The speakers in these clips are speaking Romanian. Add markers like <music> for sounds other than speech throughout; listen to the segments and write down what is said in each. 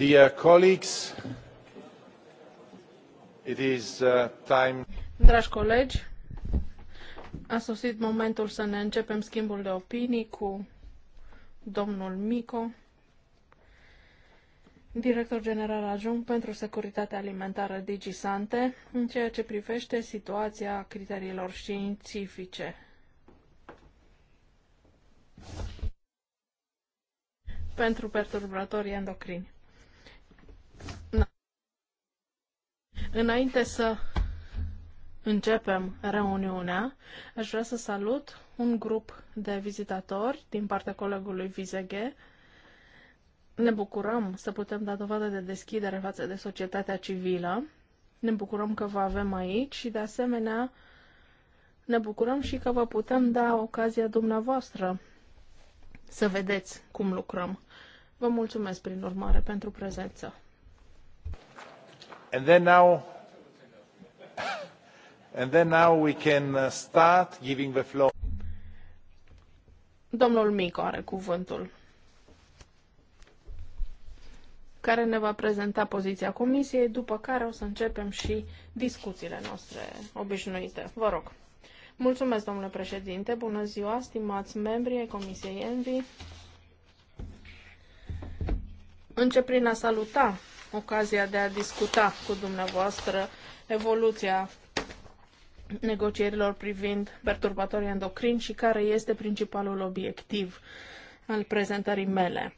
Dear colleagues, it is uh, time. Dragi colegi, a sosit momentul să ne începem schimbul de opinii cu domnul Mico, director general adjunct pentru securitatea alimentară DigiSante, în ceea ce privește situația criteriilor științifice. pentru perturbatorii endocrini. Înainte să începem reuniunea, aș vrea să salut un grup de vizitatori din partea colegului Vizeghe. Ne bucurăm să putem da dovadă de deschidere față de societatea civilă. Ne bucurăm că vă avem aici și, de asemenea, ne bucurăm și că vă putem da ocazia dumneavoastră să vedeți cum lucrăm. Vă mulțumesc, prin urmare, pentru prezență. And then now, <laughs> and then now we can uh, start giving the floor. Domnul Mico are cuvântul, care ne va prezenta poziția comisiei, după care o să începem și discuțiile noastre obișnuite. Vă rog. Mulțumesc, domnule președinte. Bună ziua, stimați membri ai Comisiei Envi. Încep prin a saluta ocazia de a discuta cu dumneavoastră evoluția negocierilor privind perturbatorii endocrini și care este principalul obiectiv al prezentării mele.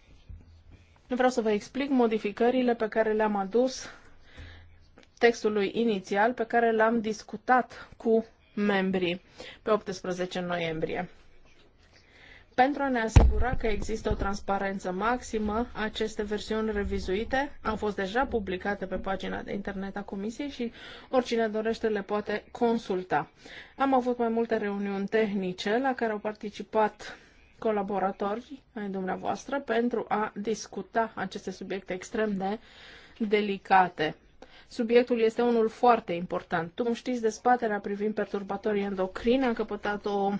Vreau să vă explic modificările pe care le-am adus textului inițial pe care l-am discutat cu membrii pe 18 noiembrie. Pentru a ne asigura că există o transparență maximă, aceste versiuni revizuite au fost deja publicate pe pagina de internet a Comisiei și oricine dorește le poate consulta. Am avut mai multe reuniuni tehnice la care au participat colaboratori ai dumneavoastră pentru a discuta aceste subiecte extrem de delicate. Subiectul este unul foarte important. Cum știți, dezbaterea privind perturbatorii endocrini a căpătat o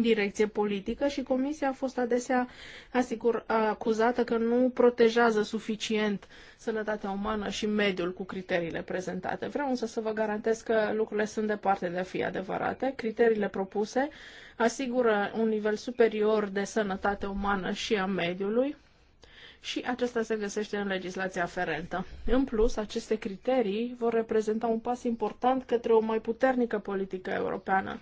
direcție politică și Comisia a fost adesea asigur, acuzată că nu protejează suficient sănătatea umană și mediul cu criteriile prezentate. Vreau însă să vă garantez că lucrurile sunt departe de a fi adevărate. Criteriile propuse asigură un nivel superior de sănătate umană și a mediului, și acesta se găsește în legislația aferentă. În plus, aceste criterii vor reprezenta un pas important către o mai puternică politică europeană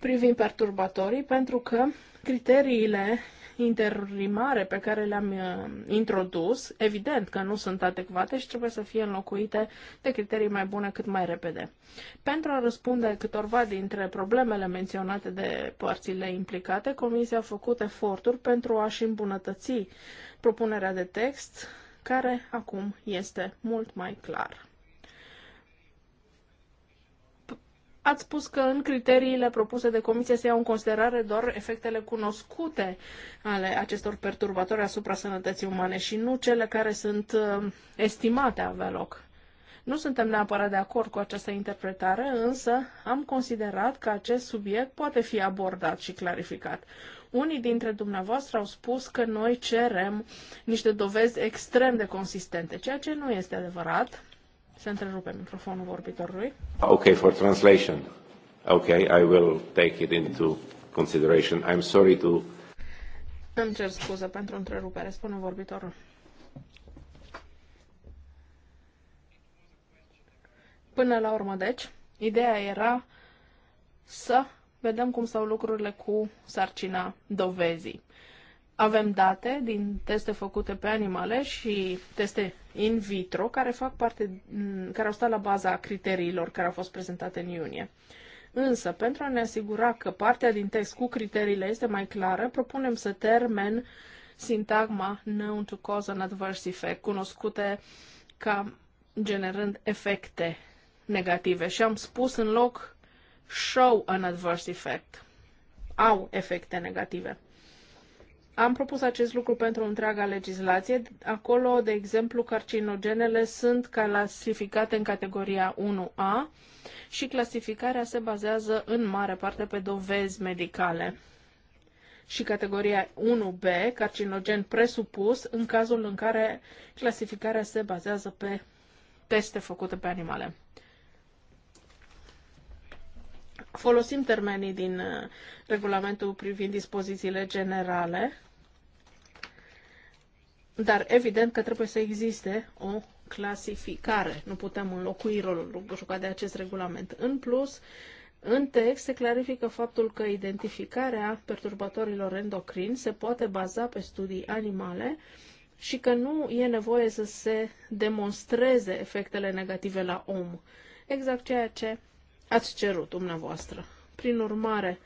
privind perturbatorii, pentru că criteriile interrimare pe care le-am uh, introdus, evident că nu sunt adecvate și trebuie să fie înlocuite de criterii mai bune cât mai repede. Pentru a răspunde câtorva dintre problemele menționate de părțile implicate, Comisia a făcut eforturi pentru a-și îmbunătăți propunerea de text, care acum este mult mai clar. Ați spus că în criteriile propuse de comisie se iau în considerare doar efectele cunoscute ale acestor perturbatori asupra sănătății umane și nu cele care sunt uh, estimate a avea loc. Nu suntem neapărat de acord cu această interpretare, însă am considerat că acest subiect poate fi abordat și clarificat. Unii dintre dumneavoastră au spus că noi cerem niște dovezi extrem de consistente, ceea ce nu este adevărat. Se întrerupe microfonul vorbitorului. Ok, for translation. Ok, I will take it into consideration. I'm sorry to... Îmi cer scuză pentru întrerupere, spune vorbitorul. Până la urmă, deci, ideea era să vedem cum stau lucrurile cu sarcina dovezii. Avem date din teste făcute pe animale și teste in vitro care fac parte, care au stat la baza criteriilor care au fost prezentate în iunie. Însă, pentru a ne asigura că partea din text cu criteriile este mai clară, propunem să termen sintagma known to cause an adverse effect, cunoscute ca generând efecte negative. Și am spus în loc show an adverse effect, au efecte negative. Am propus acest lucru pentru întreaga legislație. Acolo, de exemplu, carcinogenele sunt clasificate în categoria 1A și clasificarea se bazează în mare parte pe dovezi medicale. Și categoria 1B, carcinogen presupus, în cazul în care clasificarea se bazează pe teste făcute pe animale. folosim termenii din uh, regulamentul privind dispozițiile generale, dar evident că trebuie să existe o clasificare. Nu putem înlocui rolul jucat de acest regulament. În plus, în text se clarifică faptul că identificarea perturbatorilor endocrini se poate baza pe studii animale și că nu e nevoie să se demonstreze efectele negative la om. Exact ceea ce ați cerut dumneavoastră. Prin urmare,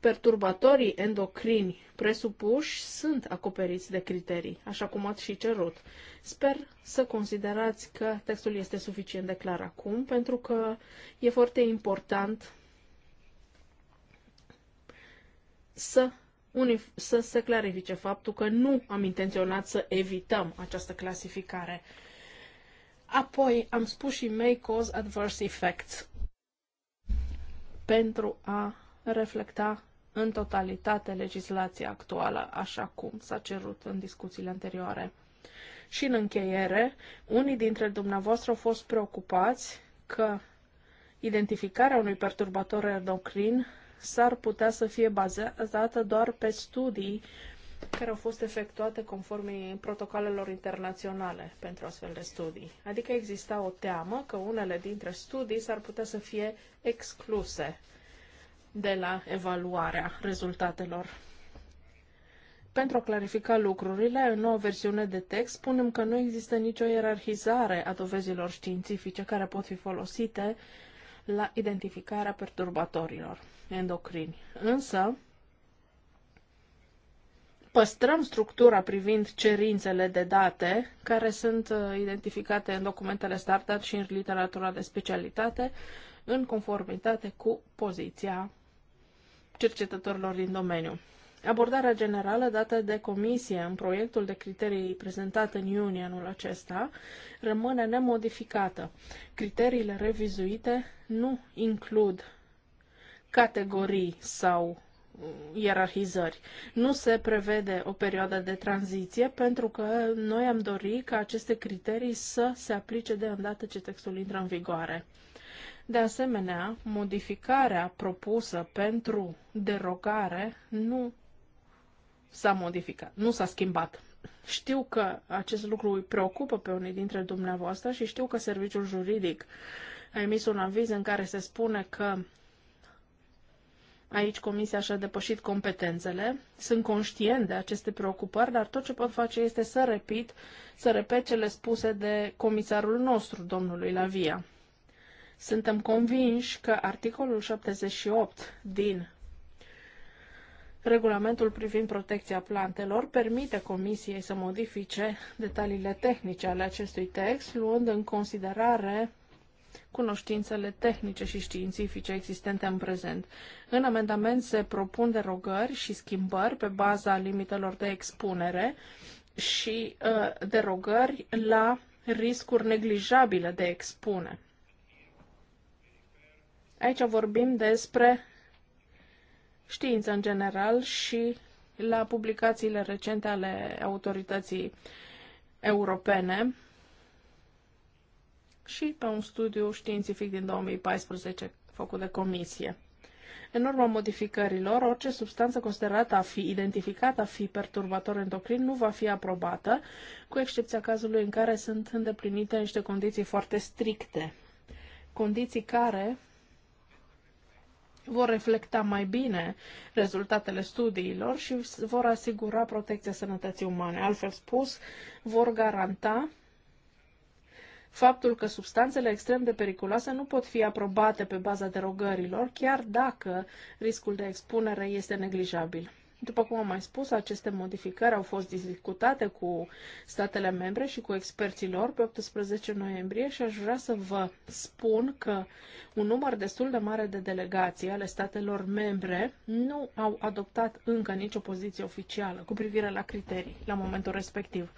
perturbatorii endocrini presupuși sunt acoperiți de criterii, așa cum ați și cerut. Sper să considerați că textul este suficient de clar acum, pentru că e foarte important să, unif- să se clarifice faptul că nu am intenționat să evităm această clasificare. Apoi am spus și May Cause Adverse Effects pentru a reflecta în totalitate legislația actuală, așa cum s-a cerut în discuțiile anterioare. Și în încheiere, unii dintre dumneavoastră au fost preocupați că identificarea unui perturbator endocrin s-ar putea să fie bazată doar pe studii care au fost efectuate conform protocolelor internaționale pentru astfel de studii. Adică exista o teamă că unele dintre studii s-ar putea să fie excluse de la evaluarea rezultatelor. Pentru a clarifica lucrurile, în noua versiune de text spunem că nu există nicio ierarhizare a dovezilor științifice care pot fi folosite la identificarea perturbatorilor endocrini. Însă, păstrăm structura privind cerințele de date care sunt uh, identificate în documentele standard și în literatura de specialitate în conformitate cu poziția cercetătorilor din domeniu. Abordarea generală dată de comisie în proiectul de criterii prezentat în iunie anul acesta rămâne nemodificată. Criteriile revizuite nu includ categorii sau ierarhizări. Nu se prevede o perioadă de tranziție pentru că noi am dorit ca aceste criterii să se aplice de îndată ce textul intră în vigoare. De asemenea, modificarea propusă pentru derogare nu s-a modificat, nu s-a schimbat. Știu că acest lucru îi preocupă pe unii dintre dumneavoastră și știu că serviciul juridic a emis un aviz în care se spune că Aici Comisia și-a depășit competențele. Sunt conștient de aceste preocupări, dar tot ce pot face este să repet, să repet cele spuse de comisarul nostru, domnului Lavia. Suntem convinși că articolul 78 din Regulamentul privind protecția plantelor permite Comisiei să modifice detaliile tehnice ale acestui text, luând în considerare cunoștințele tehnice și științifice existente în prezent. În amendament se propun derogări și schimbări pe baza limitelor de expunere și uh, derogări la riscuri neglijabile de expune. Aici vorbim despre știință în general și la publicațiile recente ale autorității europene și pe un studiu științific din 2014 făcut de comisie. În urma modificărilor, orice substanță considerată a fi identificată a fi perturbator endocrin nu va fi aprobată, cu excepția cazului în care sunt îndeplinite niște condiții foarte stricte. Condiții care vor reflecta mai bine rezultatele studiilor și vor asigura protecția sănătății umane. Altfel spus, vor garanta faptul că substanțele extrem de periculoase nu pot fi aprobate pe baza derogărilor, chiar dacă riscul de expunere este neglijabil. După cum am mai spus, aceste modificări au fost discutate cu statele membre și cu experții lor pe 18 noiembrie și aș vrea să vă spun că un număr destul de mare de delegații ale statelor membre nu au adoptat încă nicio poziție oficială cu privire la criterii la momentul respectiv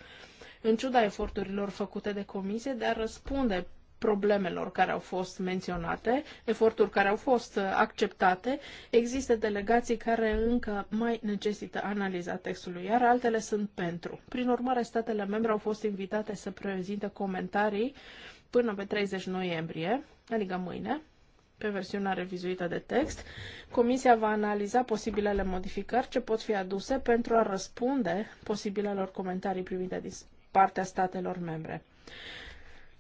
în ciuda eforturilor făcute de comisie de a răspunde problemelor care au fost menționate, eforturi care au fost uh, acceptate, există delegații care încă mai necesită analiza textului, iar altele sunt pentru. Prin urmare, statele membre au fost invitate să prezinte comentarii până pe 30 noiembrie, adică mâine, pe versiunea revizuită de text, Comisia va analiza posibilele modificări ce pot fi aduse pentru a răspunde posibilelor comentarii primite partea statelor membre.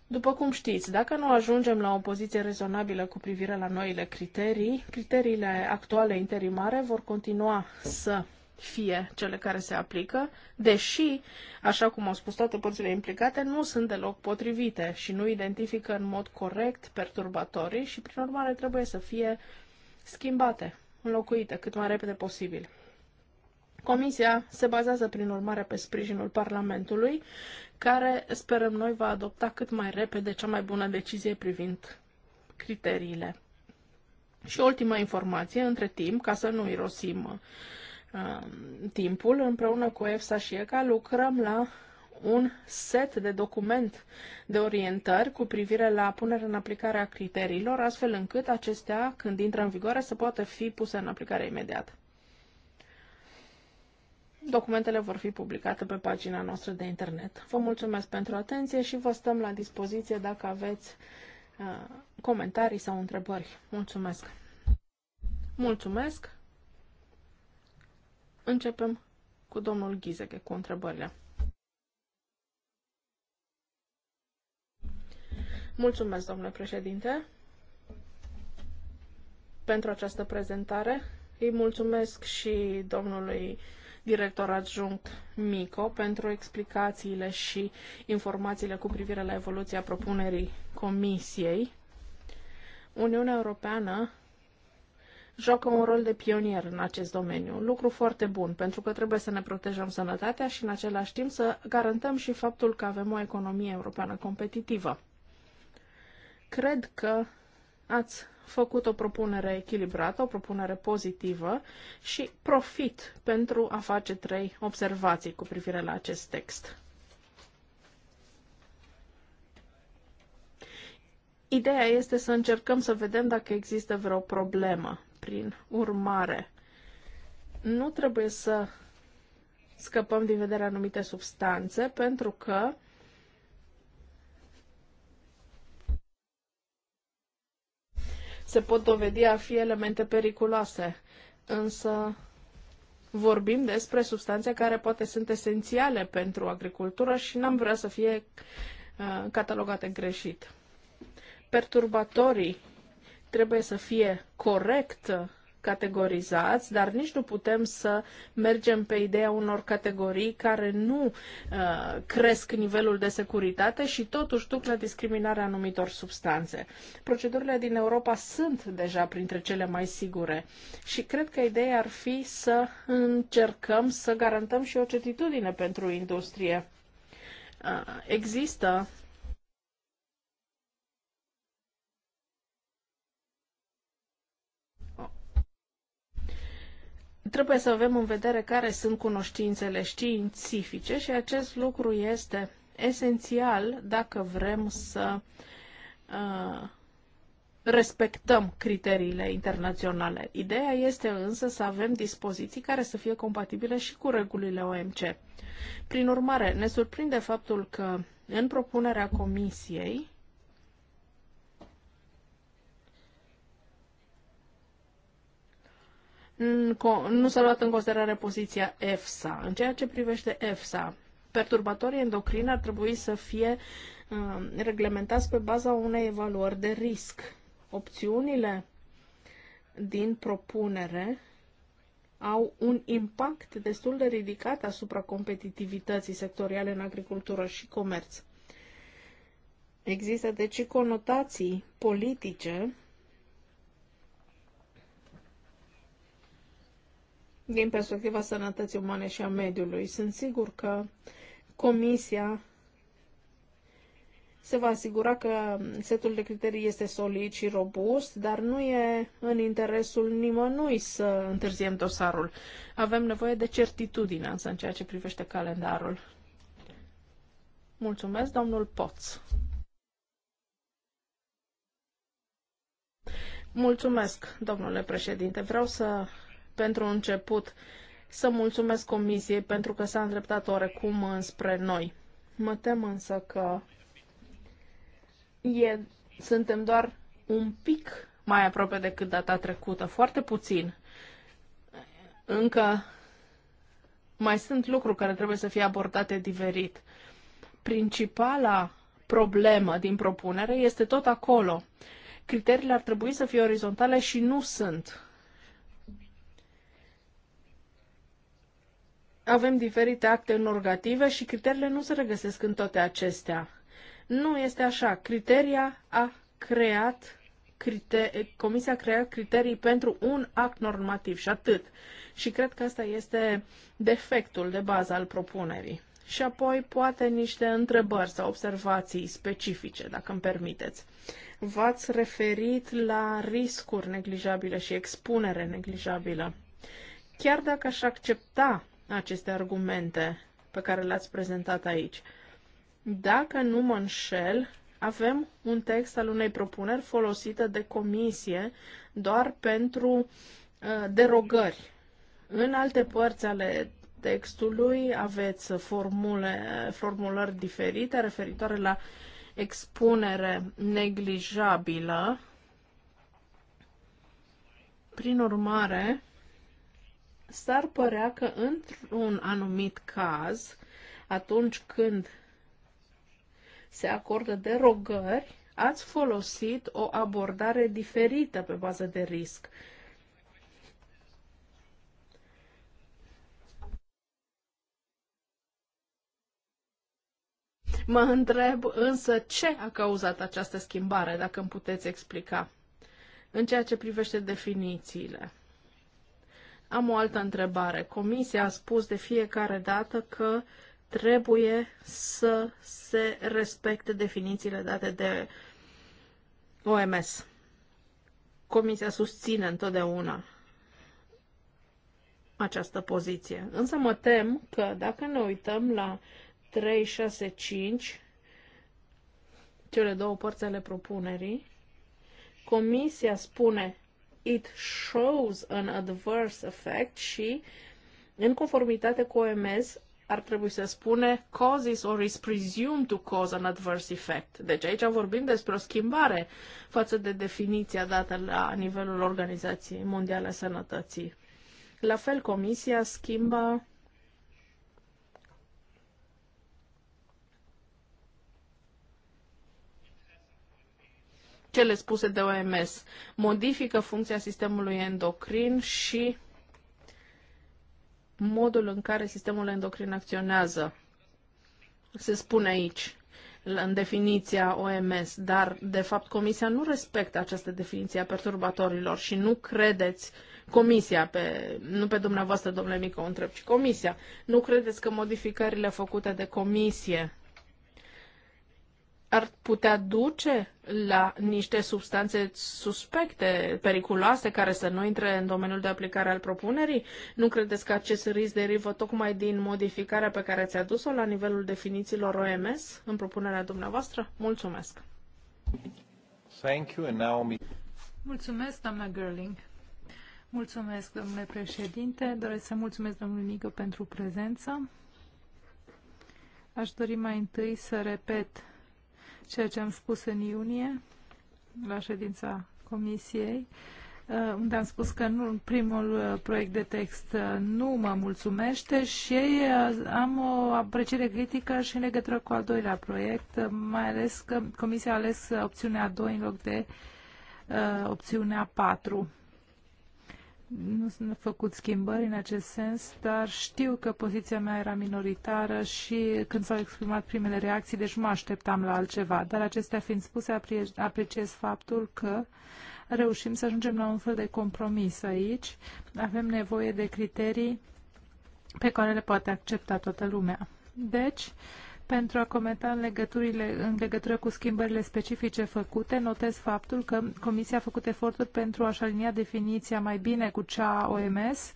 După cum știți, dacă nu ajungem la o poziție rezonabilă cu privire la noile criterii, criteriile actuale interimare vor continua să fie cele care se aplică, deși, așa cum au spus toate părțile implicate, nu sunt deloc potrivite și nu identifică în mod corect perturbatorii și, prin urmare, trebuie să fie schimbate, înlocuite cât mai repede posibil. Comisia se bazează, prin urmare, pe sprijinul Parlamentului, care sperăm noi va adopta cât mai repede cea mai bună decizie privind criteriile. Și ultima informație, între timp, ca să nu irosim uh, timpul, împreună cu EFSA și ECA lucrăm la un set de document de orientări cu privire la punerea în aplicare a criteriilor, astfel încât acestea, când intră în vigoare, să poată fi puse în aplicare imediat. Documentele vor fi publicate pe pagina noastră de internet. Vă mulțumesc pentru atenție și vă stăm la dispoziție dacă aveți uh, comentarii sau întrebări. Mulțumesc! Mulțumesc! Începem cu domnul Ghizeche, cu întrebările. Mulțumesc, domnule președinte, pentru această prezentare. Îi mulțumesc și domnului uh, director adjunct Mico pentru explicațiile și informațiile cu privire la evoluția propunerii Comisiei. Uniunea Europeană joacă un rol de pionier în acest domeniu. Lucru foarte bun, pentru că trebuie să ne protejăm sănătatea și în același timp să garantăm și faptul că avem o economie europeană competitivă. Cred că ați făcut o propunere echilibrată, o propunere pozitivă și profit pentru a face trei observații cu privire la acest text. Ideea este să încercăm să vedem dacă există vreo problemă. Prin urmare, nu trebuie să scăpăm din vedere anumite substanțe, pentru că se pot dovedi a fi elemente periculoase. Însă vorbim despre substanțe care poate sunt esențiale pentru agricultură și n-am vrea să fie uh, catalogate greșit. Perturbatorii trebuie să fie corect categorizați, dar nici nu putem să mergem pe ideea unor categorii care nu uh, cresc nivelul de securitate și totuși duc la discriminarea anumitor substanțe. Procedurile din Europa sunt deja printre cele mai sigure și cred că ideea ar fi să încercăm să garantăm și o certitudine pentru industrie. Uh, există trebuie să avem în vedere care sunt cunoștințele științifice și acest lucru este esențial dacă vrem să uh, respectăm criteriile internaționale. Ideea este însă să avem dispoziții care să fie compatibile și cu regulile OMC. Prin urmare, ne surprinde faptul că în propunerea Comisiei nu s-a luat în considerare poziția EFSA. În ceea ce privește EFSA, perturbatorii endocrini ar trebui să fie um, reglementați pe baza unei evaluări de risc. Opțiunile din propunere au un impact destul de ridicat asupra competitivității sectoriale în agricultură și comerț. Există deci conotații politice din perspectiva sănătății umane și a mediului. Sunt sigur că Comisia se va asigura că setul de criterii este solid și robust, dar nu e în interesul nimănui să întârziem dosarul. Avem nevoie de certitudine însă în ceea ce privește calendarul. Mulțumesc, domnul Poț. Mulțumesc, domnule președinte. Vreau să pentru început să mulțumesc Comisiei pentru că s-a îndreptat oarecum înspre noi. Mă tem însă că e, suntem doar un pic mai aproape decât data trecută, foarte puțin. Încă mai sunt lucruri care trebuie să fie abordate diferit. Principala problemă din propunere este tot acolo. Criteriile ar trebui să fie orizontale și nu sunt. avem diferite acte normative și criteriile nu se regăsesc în toate acestea. Nu este așa. Criteria a creat criteri, Comisia a creat criterii pentru un act normativ și atât. Și cred că asta este defectul de bază al propunerii. Și apoi poate niște întrebări sau observații specifice, dacă îmi permiteți. V-ați referit la riscuri neglijabile și expunere neglijabilă. Chiar dacă aș accepta aceste argumente pe care le-ați prezentat aici. Dacă nu mă înșel, avem un text al unei propuneri folosită de comisie doar pentru uh, derogări. În alte părți ale textului aveți formule, formulări diferite referitoare la expunere neglijabilă. Prin urmare, s-ar părea că într-un anumit caz, atunci când se acordă derogări, ați folosit o abordare diferită pe bază de risc. Mă întreb însă ce a cauzat această schimbare, dacă îmi puteți explica, în ceea ce privește definițiile. Am o altă întrebare. Comisia a spus de fiecare dată că trebuie să se respecte definițiile date de OMS. Comisia susține întotdeauna această poziție. Însă mă tem că dacă ne uităm la 365, cele două părți ale propunerii, Comisia spune it shows an adverse effect și, în conformitate cu OMS, ar trebui să spune causes or is presumed to cause an adverse effect. Deci aici vorbim despre o schimbare față de definiția dată la nivelul Organizației Mondiale a Sănătății. La fel, Comisia schimbă cele spuse de OMS. Modifică funcția sistemului endocrin și modul în care sistemul endocrin acționează. Se spune aici în definiția OMS, dar de fapt Comisia nu respectă această definiție a perturbatorilor și nu credeți Comisia, pe, nu pe dumneavoastră, domnule Mică, o întreb, ci Comisia. Nu credeți că modificările făcute de Comisie ar putea duce la niște substanțe suspecte, periculoase, care să nu intre în domeniul de aplicare al propunerii? Nu credeți că acest risc derivă tocmai din modificarea pe care ți-a dus-o la nivelul definițiilor OMS în propunerea dumneavoastră? Mulțumesc! Thank you, and now... Mulțumesc, doamna Gerling! Mulțumesc, domnule președinte! Doresc să mulțumesc domnului Nică pentru prezență. Aș dori mai întâi să repet ceea ce am spus în iunie la ședința Comisiei, uh, unde am spus că nu, primul uh, proiect de text uh, nu mă mulțumește și am o apreciere critică și în legătură cu al doilea proiect, mai ales că Comisia a ales opțiunea 2 în loc de uh, opțiunea 4 nu sunt făcut schimbări în acest sens, dar știu că poziția mea era minoritară și când s-au exprimat primele reacții, deci mă așteptam la altceva. Dar acestea fiind spuse, apreciez faptul că reușim să ajungem la un fel de compromis aici. Avem nevoie de criterii pe care le poate accepta toată lumea. Deci, uh, pentru a comenta în, legăturile, în legătură cu schimbările specifice făcute, notez faptul că Comisia a făcut eforturi pentru a-și alinia definiția mai bine cu cea OMS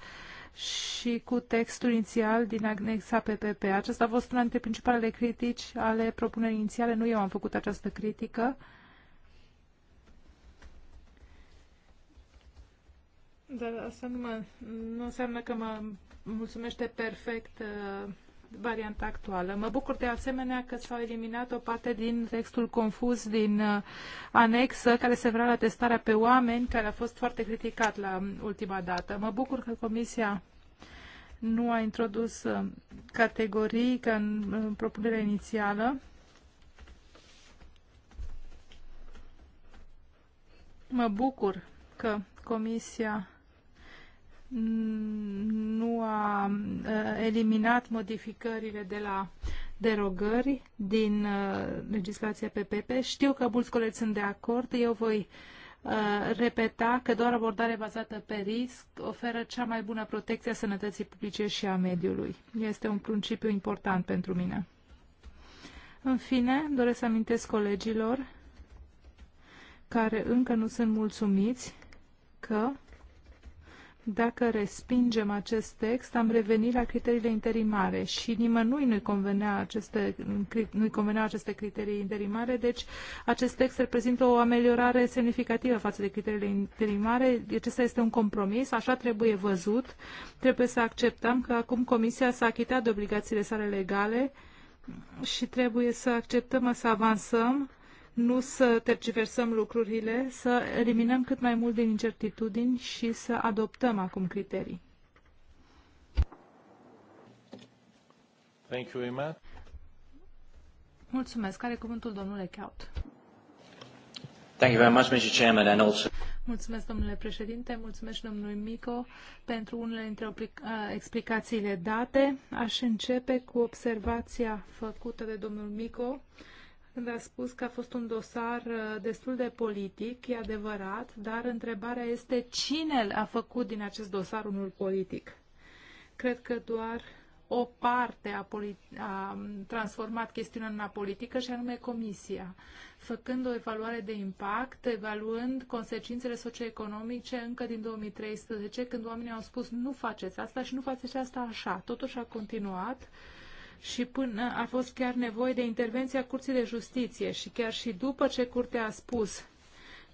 și cu textul inițial din anexa PPP. Aceasta a fost una dintre principalele critici ale propunerii inițiale. Nu eu am făcut această critică. Dar asta nu, mă, nu înseamnă că mă mulțumește perfect uh, varianta actuală. Mă bucur de asemenea că s-au eliminat o parte din textul confuz din uh, anexă care se vrea la testarea pe oameni, care a fost foarte criticat la ultima dată. Mă bucur că Comisia nu a introdus uh, categorii ca în, în propunerea inițială. Mă bucur că Comisia nu a eliminat modificările de la derogări din legislația PPP. Știu că mulți colegi sunt de acord. Eu voi repeta că doar abordare bazată pe risc oferă cea mai bună protecție a sănătății publice și a mediului. Este un principiu important pentru mine. În fine, doresc să amintesc colegilor care încă nu sunt mulțumiți că dacă respingem acest text, am revenit la criteriile interimare și nimănui nu-i convenea aceste, nu convenea aceste criterii interimare, deci acest text reprezintă o ameliorare semnificativă față de criteriile interimare. Acesta este un compromis, așa trebuie văzut. Trebuie să acceptăm că acum Comisia s-a achitat de obligațiile sale legale și trebuie să acceptăm să avansăm nu să tergiversăm lucrurile, să eliminăm cât mai mult din incertitudini și să adoptăm acum criterii. Thank you, Emma. Mulțumesc. Care cuvântul domnule Caut? Thank you very much, Mr. Chairman, and also... Mulțumesc, domnule președinte, mulțumesc domnului Mico pentru unele dintre explicațiile date. Aș începe cu observația făcută de domnul Mico când a spus că a fost un dosar uh, destul de politic, e adevărat, dar întrebarea este cine a făcut din acest dosar unul politic. Cred că doar o parte a, a transformat chestiunea în una politică și anume Comisia, făcând o evaluare de impact, evaluând consecințele socioeconomice încă din 2013, când oamenii au spus nu faceți asta și nu faceți asta așa. Totuși a continuat uh, și până a fost chiar nevoie de intervenția Curții de Justiție și chiar și după ce Curtea a spus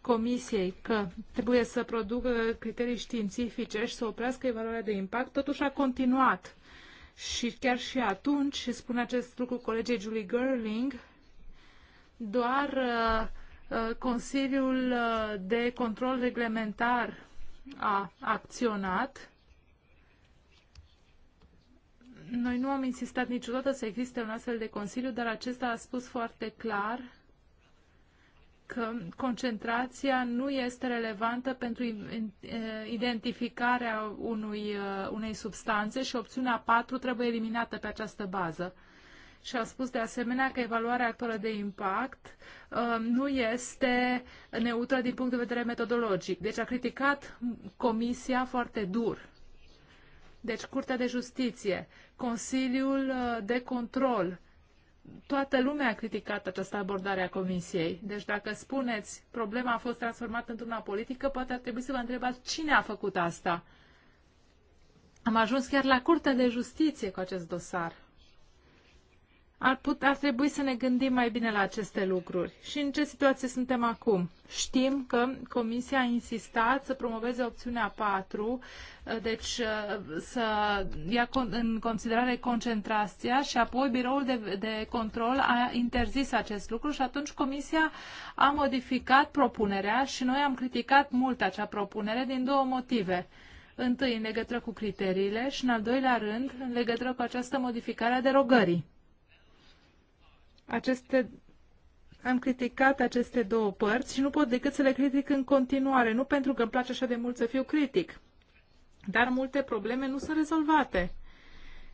Comisiei că trebuie să producă criterii științifice și să oprească evaluarea de impact, totuși a continuat. Și chiar și atunci, și spune acest lucru colegii Julie Gerling, doar uh, uh Consiliul uh, de Control Reglementar a acționat noi nu am insistat niciodată să existe un astfel de consiliu, dar acesta a spus foarte clar că concentrația nu este relevantă pentru identificarea unui, unei substanțe și opțiunea 4 trebuie eliminată pe această bază. Și a spus de asemenea că evaluarea actuală de impact uh, nu este neutră din punct de vedere metodologic. Deci a criticat Comisia foarte dur deci Curtea de Justiție, Consiliul uh, de Control, toată lumea a criticat această abordare a Comisiei. Deci dacă spuneți problema a fost transformată într-una politică, poate ar trebui să vă întrebați cine a făcut asta. Am ajuns chiar la Curtea de Justiție cu acest dosar ar, put, ar trebui să ne gândim mai bine la aceste lucruri. Și în ce situație suntem acum? Știm că Comisia a insistat să promoveze opțiunea 4, uh, deci uh, să ia în considerare concentrația și apoi biroul de, de control a interzis acest lucru și atunci Comisia a modificat propunerea și noi am criticat mult acea propunere din două motive întâi în legătură cu criteriile și, în al doilea rând, în legătură cu această modificare a derogării. Aceste, am criticat aceste două părți și nu pot decât să le critic în continuare, nu pentru că îmi place așa de mult să fiu critic, dar multe probleme nu sunt rezolvate.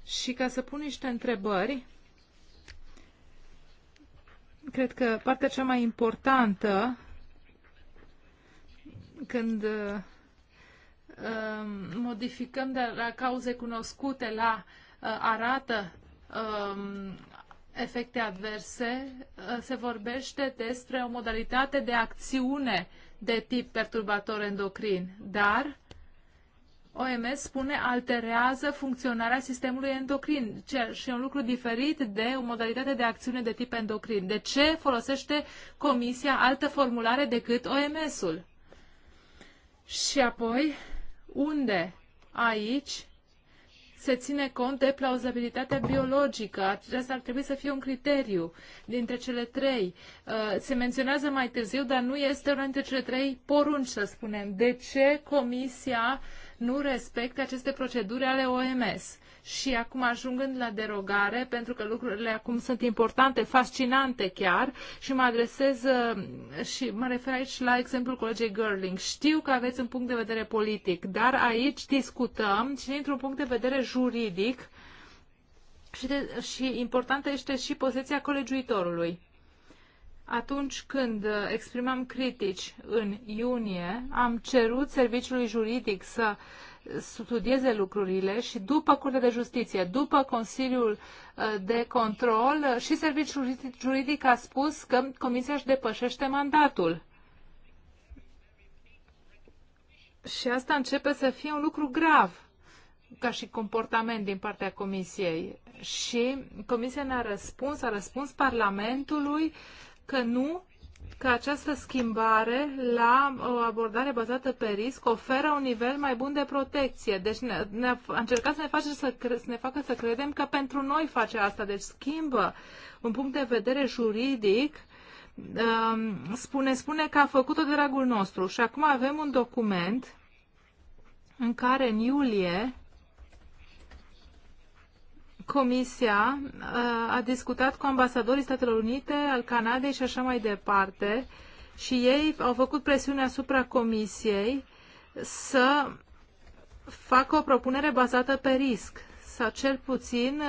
Și ca să pun niște întrebări, cred că partea cea mai importantă când uh, modificăm de la cauze cunoscute la uh, arată uh, efecte adverse, uh, se vorbește despre o modalitate de acțiune de tip perturbator endocrin, dar OMS spune alterează funcționarea sistemului endocrin, ceea ce e un lucru diferit de o modalitate de acțiune de tip endocrin. De ce folosește Comisia altă formulare decât OMS-ul? Și apoi, unde aici se ține cont de plauzabilitatea biologică. Acesta ar trebui să fie un criteriu dintre cele trei. Uh, se menționează mai târziu, dar nu este una dintre cele trei porunci, să spunem. De ce Comisia nu respectă aceste proceduri ale OMS? și acum ajungând la derogare, pentru că lucrurile acum sunt importante, fascinante chiar, și mă adresez uh, și mă refer aici la exemplul colegei Girling. Știu că aveți un punct de vedere politic, dar aici discutăm și dintr-un punct de vedere juridic și, de, și importantă este și poziția colegiuitorului. Atunci când uh, exprimam critici în iunie, am cerut serviciului juridic să uh, studieze lucrurile și după Curtea de Justiție, după Consiliul uh, de Control uh, și Serviciul Juridic a spus că Comisia își depășește mandatul. Și asta începe să fie un lucru grav ca și comportament din partea Comisiei. Și Comisia ne-a răspuns, a răspuns Parlamentului că nu că această schimbare la o abordare bazată pe risc oferă un nivel mai bun de protecție. Deci ne, ne, a încercat să ne, face să, cre, să ne facă să credem că pentru noi face asta. Deci schimbă un punct de vedere juridic um, spune, spune că a făcut-o de dragul nostru. Și acum avem un document în care în iulie Comisia uh, a discutat cu ambasadorii Statelor Unite, al Canadei și așa mai departe și ei au făcut presiune asupra Comisiei să facă o propunere bazată pe risc sau cel puțin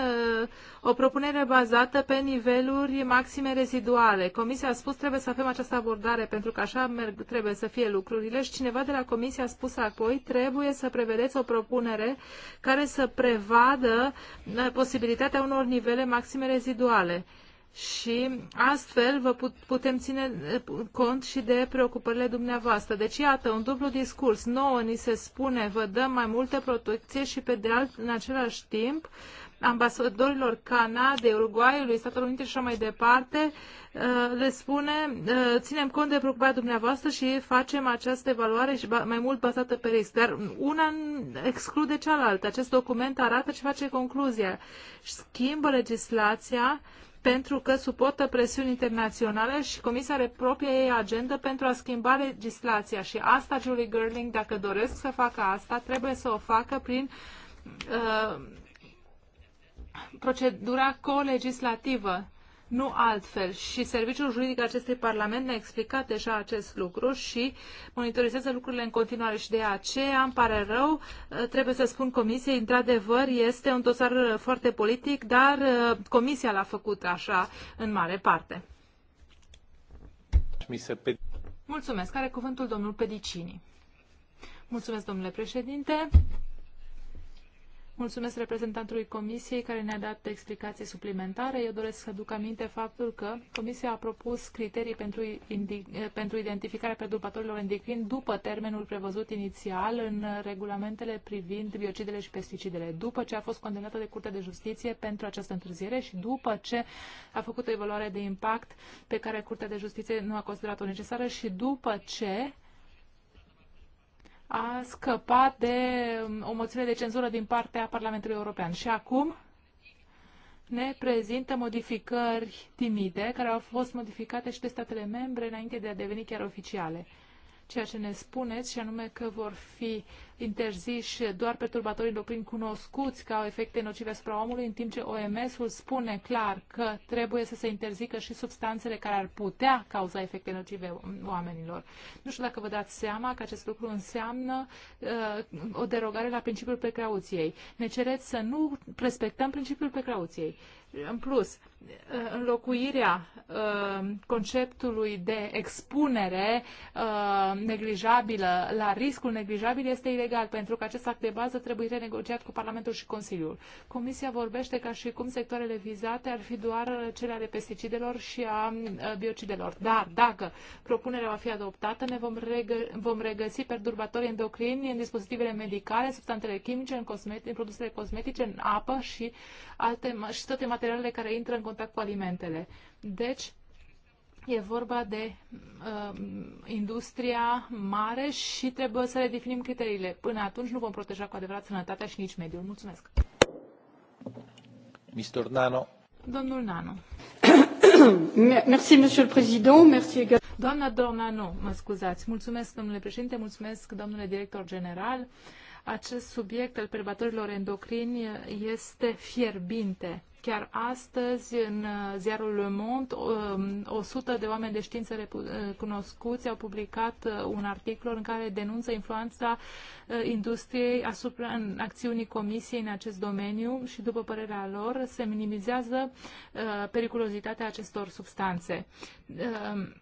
uh, o propunere bazată pe niveluri maxime reziduale. Comisia a spus trebuie să avem această abordare pentru că așa merg, trebuie să fie lucrurile și cineva de la Comisie a spus apoi trebuie să prevedeți o propunere care să prevadă uh, posibilitatea unor nivele maxime reziduale și astfel vă putem ține eh, cont și de preocupările dumneavoastră. Deci, iată, un dublu discurs. Nouă ni se spune, vă dăm mai multă protecție și pe de alt, în același timp, ambasadorilor Canadei, Uruguayului, Statelor Unite și așa mai departe, eh, le spune, eh, ținem cont de preocuparea dumneavoastră și facem această evaluare și mai mult bazată pe risc. Dar una exclude cealaltă. Acest document arată și face concluzia. Schimbă legislația pentru că suportă presiuni internaționale și Comisia are propria ei agendă pentru a schimba legislația. Și asta, Julie Gerling, dacă doresc să facă asta, trebuie să o facă prin uh, procedura colegislativă nu altfel. Și serviciul juridic acestui Parlament ne-a explicat deja acest lucru și monitorizează lucrurile în continuare și de aceea îmi pare rău, ă, trebuie să spun Comisiei, într-adevăr este un dosar foarte politic, dar ă, Comisia l-a făcut așa în mare parte. Mulțumesc. Are cuvântul domnul Pedicini. Mulțumesc, domnule președinte. Mulțumesc reprezentantului Comisiei care ne-a dat explicații suplimentare. Eu doresc să aduc aminte faptul că Comisia a propus criterii pentru, pentru identificarea perturbatorilor endocrini după termenul prevăzut inițial în regulamentele privind biocidele și pesticidele, după ce a fost condamnată de Curtea de Justiție pentru această întârziere și după ce a făcut o evaluare de impact pe care Curtea de Justiție nu a considerat-o necesară și după ce a scăpat de um, o moțiune de cenzură din partea Parlamentului European. Și acum ne prezintă modificări timide, care au fost modificate și de statele membre înainte de a deveni chiar oficiale ceea ce ne spuneți, și anume că vor fi interziși doar perturbatorii endocrini cunoscuți ca efecte nocive asupra omului, în timp ce OMS-ul spune clar că trebuie să se interzică și substanțele care ar putea cauza efecte nocive oamenilor. Nu știu dacă vă dați seama că acest lucru înseamnă uh, o derogare la principiul precauției. Ne cereți să nu respectăm principiul precauției. În plus, înlocuirea ă, conceptului de expunere ă, neglijabilă la riscul neglijabil este ilegal, pentru că acest act de bază trebuie renegociat cu Parlamentul și Consiliul. Comisia vorbește ca și cum sectoarele vizate ar fi doar cele ale pesticidelor și a ă, biocidelor. Dar dacă propunerea va fi adoptată, ne vom, regă- vom regăsi perturbatorii endocrini în dispozitivele medicale, substanțele chimice, în, cosmet- în produsele cosmetice, în apă și, alte, și toate materialele care intră în contact cu alimentele. Deci, E vorba de uh, industria mare și trebuie să redefinim criteriile. Până atunci nu vom proteja cu adevărat sănătatea și nici mediul. Mulțumesc. Mr. Nano. Domnul Nano. <coughs> Merci, Monsieur le Président. Merci Doamna, doamna, nu, mă scuzați. Mulțumesc, domnule președinte, mulțumesc, domnule director general. Acest subiect al perturbatorilor endocrini este fierbinte Chiar astăzi, în uh, ziarul Le Monde, 100 um, de oameni de știință uh, cunoscuți au publicat uh, un articol în care denunță influența industriei asupra în acțiunii comisiei în acest domeniu și, după părerea lor, se minimizează periculozitatea acestor substanțe. Um,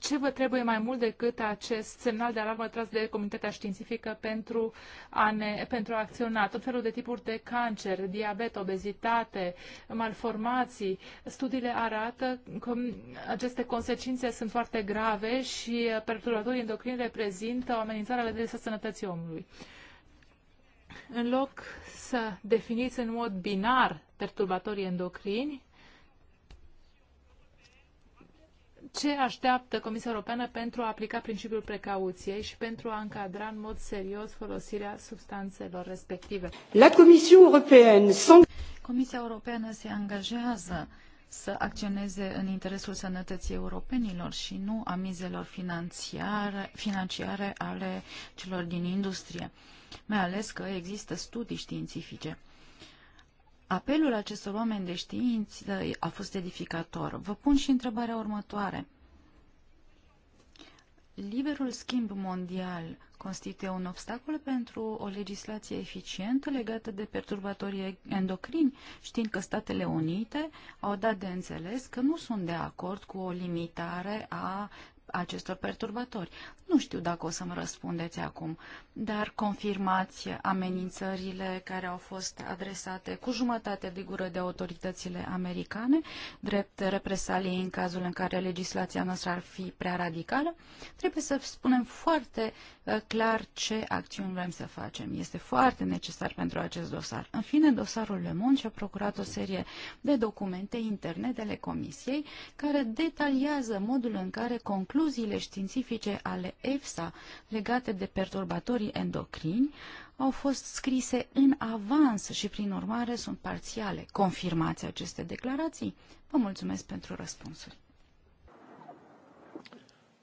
ce vă trebuie mai mult decât acest semnal de alarmă tras de comunitatea științifică pentru a, ne, pentru a acționa? Tot felul de tipuri de cancer, diabet, obezitate, malformații. Studiile arată că aceste consecințe sunt foarte grave și perturbatorii endocrini reprezintă o amenințare la adresa sănătății omului. În loc să definiți în mod binar perturbatorii endocrini, ce așteaptă Comisia Europeană pentru a aplica principiul precauției și pentru a încadra în mod serios folosirea substanțelor respective. La Comisia Europeană, sans... Comisia Europeană se angajează să acționeze în interesul sănătății europenilor și nu a mizelor financiare, financiare ale celor din industrie, mai ales că există studii științifice Apelul acestor oameni de știință a fost edificator. Vă pun și întrebarea următoare. Liberul schimb mondial constituie un obstacol pentru o legislație eficientă legată de perturbatorii endocrini, știind că Statele Unite au dat de înțeles că nu sunt de acord cu o limitare a acestor perturbatori. Nu știu dacă o să-mi răspundeți acum, dar confirmați amenințările care au fost adresate cu jumătate de gură de autoritățile americane, drept represalii în cazul în care legislația noastră ar fi prea radicală. Trebuie să spunem foarte uh, clar ce acțiuni vrem să facem. Este foarte necesar pentru acest dosar. În fine, dosarul Le Monde și-a procurat o serie de documente interne ale Comisiei care detaliază modul în care conclu concluziile științifice ale EFSA legate de perturbatorii endocrini au fost scrise în avans și, prin urmare, sunt parțiale. Confirmați aceste declarații? Vă mulțumesc pentru răspunsuri.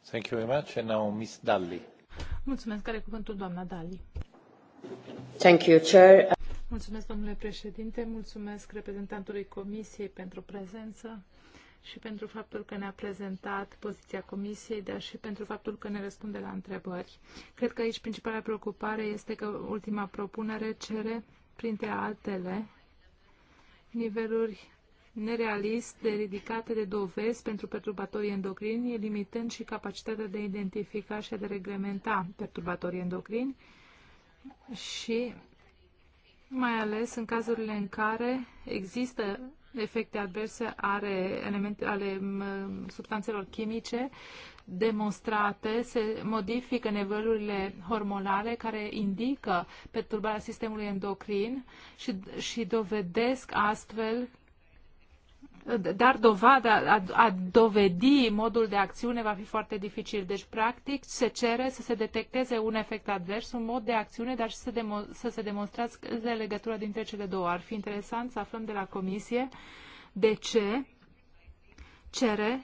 Thank you very much. And now, Ms. Dalli. Mulțumesc. Care cuvântul, doamna Dalli? Thank you, Chair. Mulțumesc, domnule președinte. Mulțumesc reprezentantului Comisiei pentru prezență și pentru faptul că ne-a prezentat poziția Comisiei, dar și pentru faptul că ne răspunde la întrebări. Cred că aici principala preocupare este că ultima propunere cere, printre altele, niveluri nerealiste ridicate de dovezi pentru perturbatorii endocrini, limitând și capacitatea de a identifica și de reglementa perturbatorii endocrini și mai ales în cazurile în care există efecte adverse are elemente, ale substanțelor chimice demonstrate, se modifică nivelurile hormonale care indică perturbarea sistemului endocrin și, și dovedesc astfel dar dovada, a, a dovedi modul de acțiune va fi foarte dificil. Deci, practic, se cere să se detecteze un efect advers, un mod de acțiune, dar și să, demo- să se demonstreze legătura dintre cele două. Ar fi interesant să aflăm de la Comisie de ce cere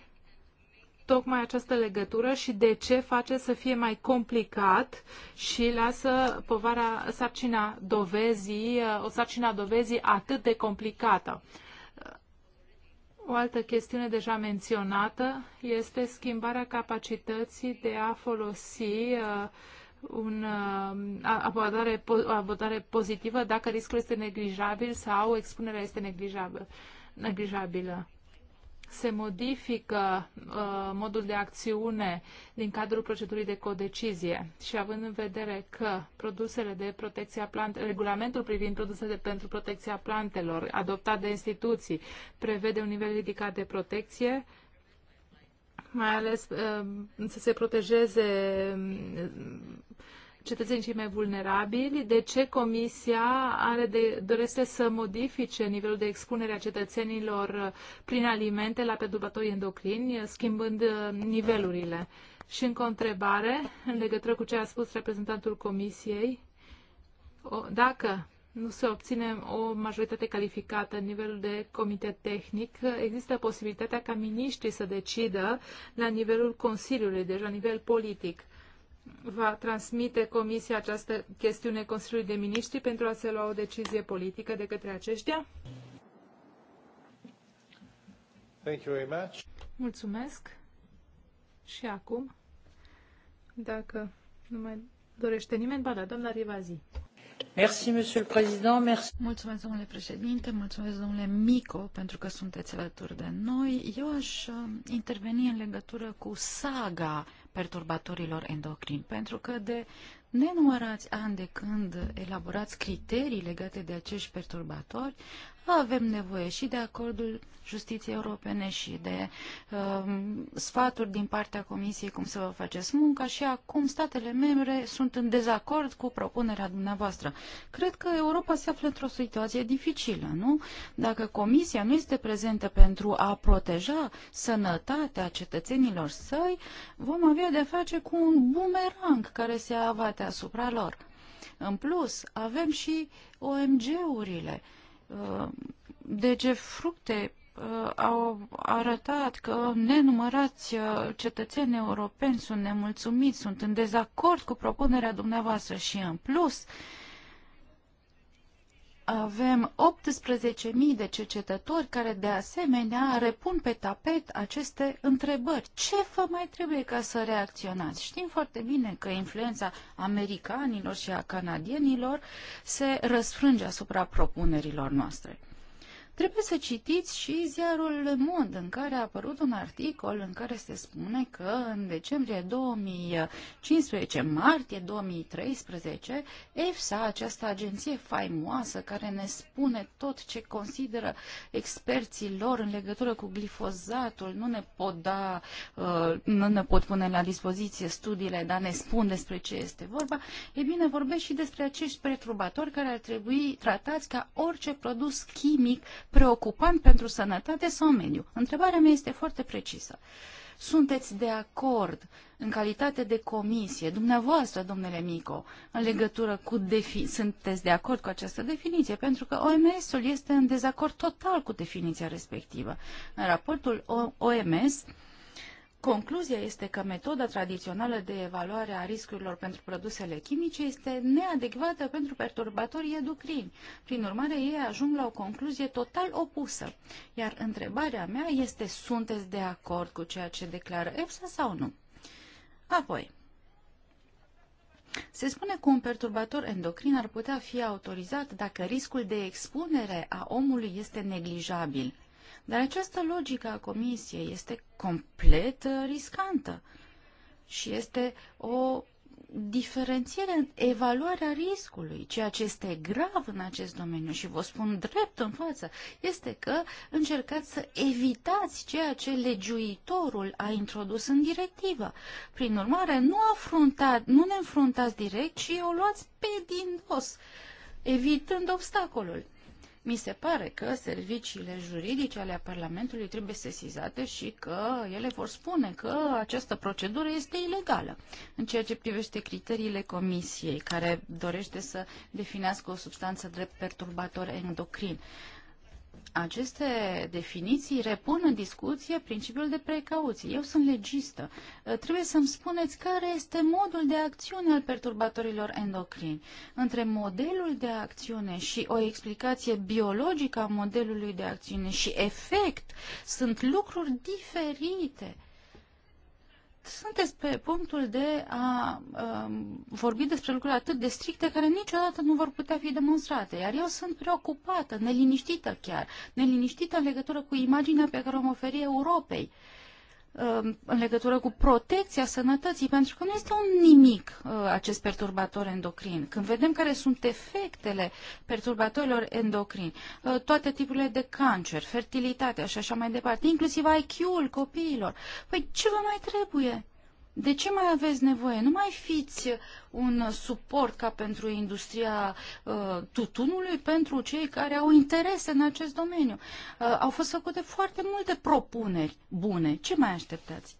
tocmai această legătură și de ce face să fie mai complicat și lasă povara sarcina dovezii, o sarcina dovezii atât de complicată o altă chestiune deja menționată este schimbarea capacității de a folosi uh, un uh, abordare, o abordare pozitivă dacă riscul este neglijabil sau expunerea este neglijabilă se modifică uh, modul de acțiune din cadrul procedurii de codecizie și având în vedere că produsele de protecție a plantelor, regulamentul privind produsele pentru protecția plantelor adoptat de instituții prevede un nivel ridicat de protecție, mai ales uh, să se protejeze uh, cetățenii cei mai vulnerabili, de ce Comisia are de, dorește să modifice nivelul de expunere a cetățenilor prin alimente la perturbatorii endocrini, schimbând uh, nivelurile. Și încă o întrebare în legătură cu ce a spus reprezentantul Comisiei. O, dacă nu se obține o majoritate calificată în nivelul de comitet tehnic, există posibilitatea ca miniștrii să decidă la nivelul Consiliului, deci la nivel politic va transmite Comisia această chestiune Consiliului de Miniștri pentru a se lua o decizie politică de către aceștia? Thank you very much. Mulțumesc. Și acum, dacă nu mai dorește nimeni, ba da, doamna Rivazi. Merci, Monsieur le Président. Merci. Mulțumesc, domnule președinte, mulțumesc, domnule Mico, pentru că sunteți alături de noi. Eu aș uh, interveni în legătură cu saga uh, perturbatorilor endocrini, pentru că de nenumărați ani de când elaborați criterii legate de acești perturbatori, avem nevoie și de acordul justiției europene și de um, sfaturi din partea Comisiei cum să vă faceți munca și acum statele membre sunt în dezacord cu propunerea dumneavoastră. Cred că Europa se află într-o situație dificilă, nu? Dacă Comisia nu este prezentă pentru a proteja sănătatea cetățenilor săi, vom avea de face cu un bumerang care se avate asupra lor. În plus, avem și OMG-urile. Uh, Uh, DG Fructe uh, au arătat că nenumărați uh, cetățeni europeni sunt nemulțumiți, sunt în dezacord cu propunerea dumneavoastră și în plus uh, avem 18.000 de cercetători care de asemenea repun pe tapet aceste întrebări. Ce vă mai trebuie ca să reacționați? Știm foarte bine că influența americanilor și a canadienilor se răsfrânge asupra propunerilor noastre trebuie să citiți și ziarul Le Monde, în care a apărut un articol în care se spune că în decembrie 2015, martie 2013, EFSA, această agenție faimoasă care ne spune tot ce consideră experții lor în legătură cu glifozatul, nu ne pot da, uh, nu ne pot pune la dispoziție studiile, dar ne spun despre ce este vorba, e bine, vorbesc și despre acești perturbatori care ar trebui tratați ca orice produs chimic preocupant pentru sănătate sau mediu. Întrebarea mea este foarte precisă. Sunteți de acord în calitate de comisie, dumneavoastră, domnule Mico, în legătură cu defi- sunteți de acord cu această definiție? Pentru că OMS-ul este în dezacord total cu definiția respectivă. În raportul OMS, Concluzia este că metoda tradițională de evaluare a riscurilor pentru produsele chimice este neadecvată pentru perturbatorii endocrini. Prin urmare, ei ajung la o concluzie total opusă. Iar întrebarea mea este, sunteți de acord cu ceea ce declară EFSA sau nu? Apoi, se spune că un perturbator endocrin ar putea fi autorizat dacă riscul de expunere a omului este neglijabil. Dar această logică a Comisiei este complet uh, riscantă și este o diferențiere în evaluarea riscului. Ceea ce este grav în acest domeniu și vă spun drept în față este că încercați să evitați ceea ce legiuitorul a introdus în directivă. Prin urmare, nu, afruntați, nu ne înfruntați direct, ci o luați pe din dos, evitând obstacolul. Mi se pare că serviciile juridice ale Parlamentului trebuie sesizate și că ele vor spune că această procedură este ilegală. În ceea ce privește criteriile Comisiei, care dorește să definească o substanță drept perturbator endocrin, aceste definiții repun în discuție principiul de precauție. Eu sunt legistă. Uh, trebuie să-mi spuneți care este modul de acțiune al perturbatorilor endocrini. Între modelul de acțiune și o explicație biologică a modelului de acțiune și efect sunt lucruri diferite sunteți pe punctul de a um, vorbi despre lucruri atât de stricte care niciodată nu vor putea fi demonstrate. Iar eu sunt preocupată, neliniștită chiar, neliniștită în legătură cu imaginea pe care o oferi Europei. Uh, Um, în legătură cu protecția sănătății, pentru că nu este un nimic uh, acest perturbator endocrin. Când vedem care sunt efectele perturbatorilor endocrini, uh, toate tipurile de cancer, fertilitate și așa mai departe, inclusiv IQ-ul copiilor, păi ce vă mai trebuie? De ce mai aveți nevoie? Nu mai fiți un suport ca pentru industria uh, tutunului, pentru cei care au interese în acest domeniu. Uh, au fost făcute foarte multe propuneri bune. Ce mai așteptați?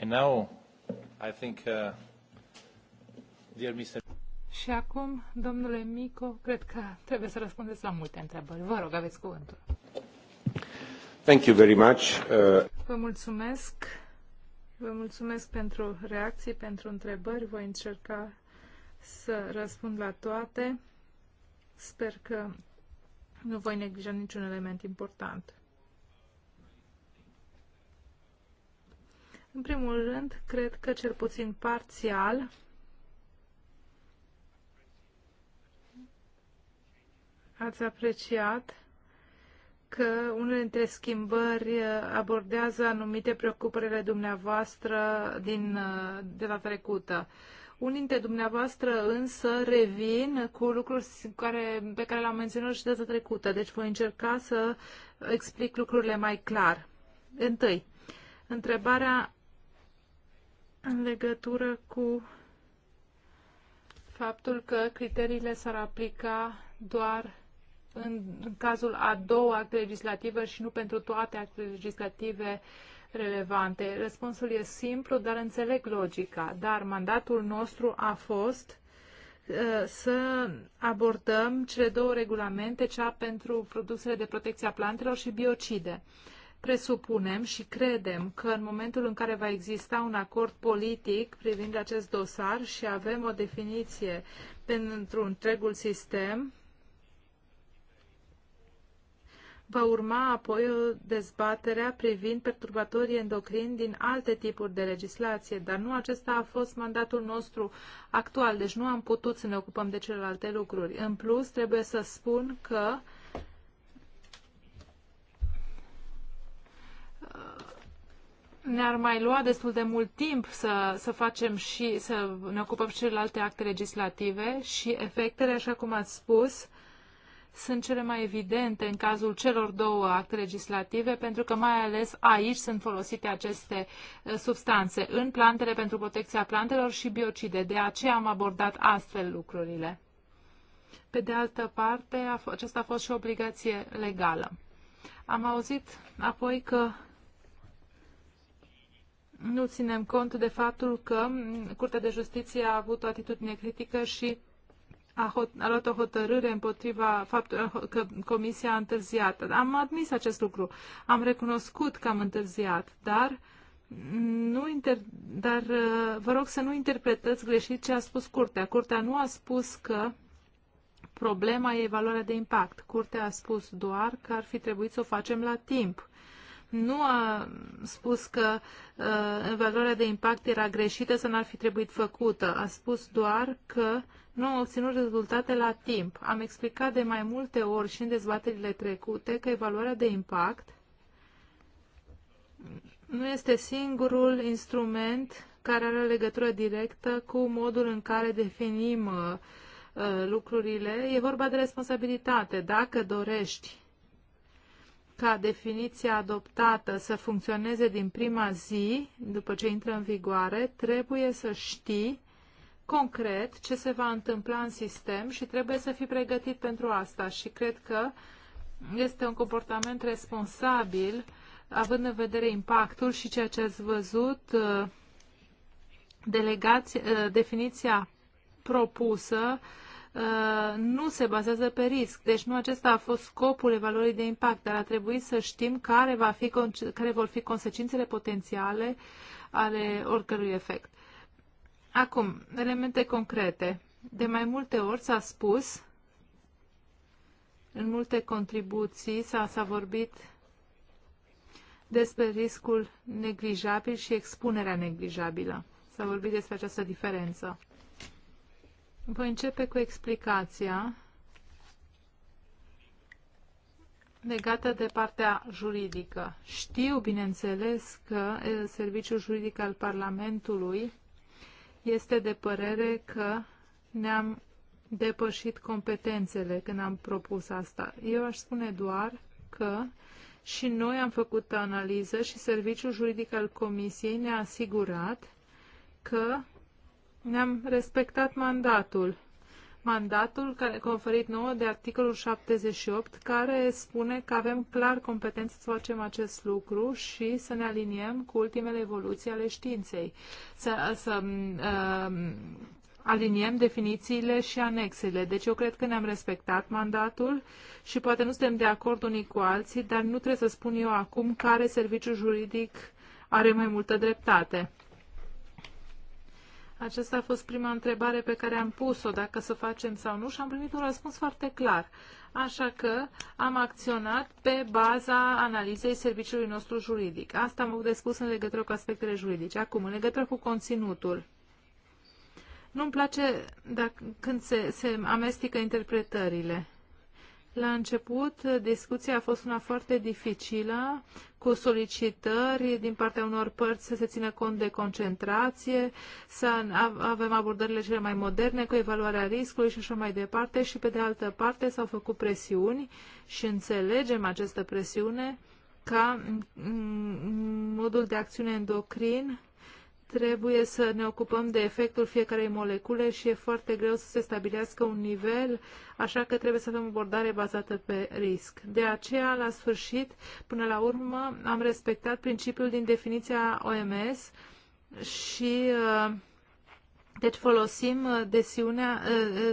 And now, I think, uh, dear Mr. Și acum, domnule Mico, cred că trebuie să răspundeți la multe întrebări. Vă rog, aveți cuvântul. Thank you very much. Uh... Vă mulțumesc. Vă mulțumesc pentru reacții, pentru întrebări. Voi încerca să răspund la toate. Sper că nu voi neglija niciun element important. În primul rând, cred că cel puțin parțial ați apreciat că unele dintre schimbări uh, abordează anumite preocupările dumneavoastră din, uh, de la trecută. Unii dintre dumneavoastră însă revin cu lucruri care, pe care le-am menționat și data trecută, deci voi încerca să explic lucrurile mai clar. Întâi, întrebarea în legătură cu faptul că criteriile s-ar aplica doar în, cazul a două acte legislative și nu pentru toate actele legislative relevante. Răspunsul e simplu, dar înțeleg logica. Dar mandatul nostru a fost uh, să abordăm cele două regulamente, cea pentru produsele de protecție a plantelor și biocide. Presupunem și credem că în momentul în care va exista un acord politic privind acest dosar și avem o definiție pentru întregul sistem, Va urma apoi o dezbaterea privind perturbatorii endocrini din alte tipuri de legislație, dar nu acesta a fost mandatul nostru actual, deci nu am putut să ne ocupăm de celelalte lucruri. În plus, trebuie să spun că uh, ne-ar mai lua destul de mult timp să, să facem și să ne ocupăm și celelalte acte legislative și efectele, așa cum ați spus, sunt cele mai evidente în cazul celor două acte legislative, pentru că mai ales aici sunt folosite aceste uh, substanțe în plantele pentru protecția plantelor și biocide. De aceea am abordat astfel lucrurile. Pe de altă parte, aceasta a fost și o obligație legală. Am auzit apoi că nu ținem cont de faptul că mm, Curtea de Justiție a avut o atitudine critică și a, hot, a luat o hotărâre împotriva faptului că comisia a întârziat. Am admis acest lucru. Am recunoscut că am întârziat, dar nu inter... dar uh, vă rog să nu interpretați greșit ce a spus curtea. Curtea nu a spus că problema e evaluarea de impact. Curtea a spus doar că ar fi trebuit să o facem la timp nu a spus că uh, evaluarea de impact era greșită sau n-ar fi trebuit făcută. A spus doar că nu au obținut rezultate la timp. Am explicat de mai multe ori și în dezbaterile trecute că evaluarea de impact nu este singurul instrument care are legătură directă cu modul în care definim uh, uh lucrurile. E vorba de responsabilitate. Dacă dorești ca definiția adoptată să funcționeze din prima zi, după ce intră în vigoare, trebuie să știi concret ce se va întâmpla în sistem și trebuie să fii pregătit pentru asta și cred că este un comportament responsabil având în vedere impactul și ceea ce ați văzut uh, delegați, uh, definiția propusă uh, nu se bazează pe risc. Deci nu acesta a fost scopul evaluării de impact, dar a trebuit să știm care, va fi, care vor fi consecințele potențiale ale oricărui efect. Acum, elemente concrete. De mai multe ori s-a spus, în multe contribuții s-a vorbit despre riscul neglijabil și expunerea neglijabilă. S-a vorbit despre această diferență. Voi începe cu explicația legată de partea juridică. Știu, bineînțeles, că eh, Serviciul Juridic al Parlamentului este de părere că ne-am depășit competențele când am propus asta. Eu aș spune doar că și noi am făcut analiză și serviciul juridic al Comisiei ne-a asigurat că ne-am respectat mandatul mandatul care conferit nouă de articolul 78, care spune că avem clar competență să facem acest lucru și să ne aliniem cu ultimele evoluții ale științei. Să, să uh, aliniem definițiile și anexele. Deci eu cred că ne-am respectat mandatul și poate nu suntem de acord unii cu alții, dar nu trebuie să spun eu acum care serviciu juridic are mai multă dreptate. Aceasta a fost prima întrebare pe care am pus-o, dacă să facem sau nu, și am primit un răspuns foarte clar. Așa că am acționat pe baza analizei serviciului nostru juridic. Asta am avut de spus în legătură cu aspectele juridice. Acum, în legătură cu conținutul. Nu-mi place dacă, când se, se amestecă interpretările. La început, discuția a fost una foarte dificilă cu solicitări din partea unor părți să se țină cont de concentrație, să avem abordările cele mai moderne cu evaluarea riscului și așa mai departe și pe de altă parte s-au făcut presiuni și înțelegem această presiune ca modul de acțiune endocrin trebuie să ne ocupăm de efectul fiecarei molecule și e foarte greu să se stabilească un nivel, așa că trebuie să avem o abordare bazată pe risc. De aceea, la sfârșit, până la urmă, am respectat principiul din definiția OMS și uh, deci folosim uh, uh,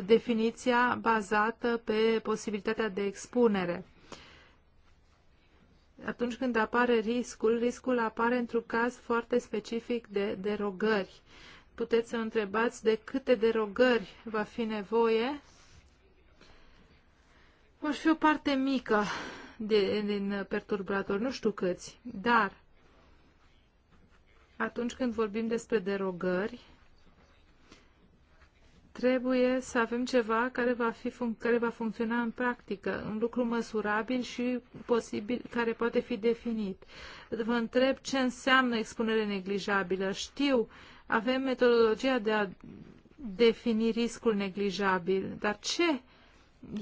definiția bazată pe posibilitatea de expunere atunci când apare riscul, riscul apare într-un caz foarte specific de derogări. Puteți să întrebați de câte derogări va fi nevoie. Vor fi o parte mică de, din perturbator, nu știu câți, dar atunci când vorbim despre derogări, Trebuie să avem ceva care va, fi func- care va funcționa în practică, un lucru măsurabil și posibil, care poate fi definit. Vă întreb ce înseamnă expunere neglijabilă. Știu, avem metodologia de a defini riscul neglijabil, dar ce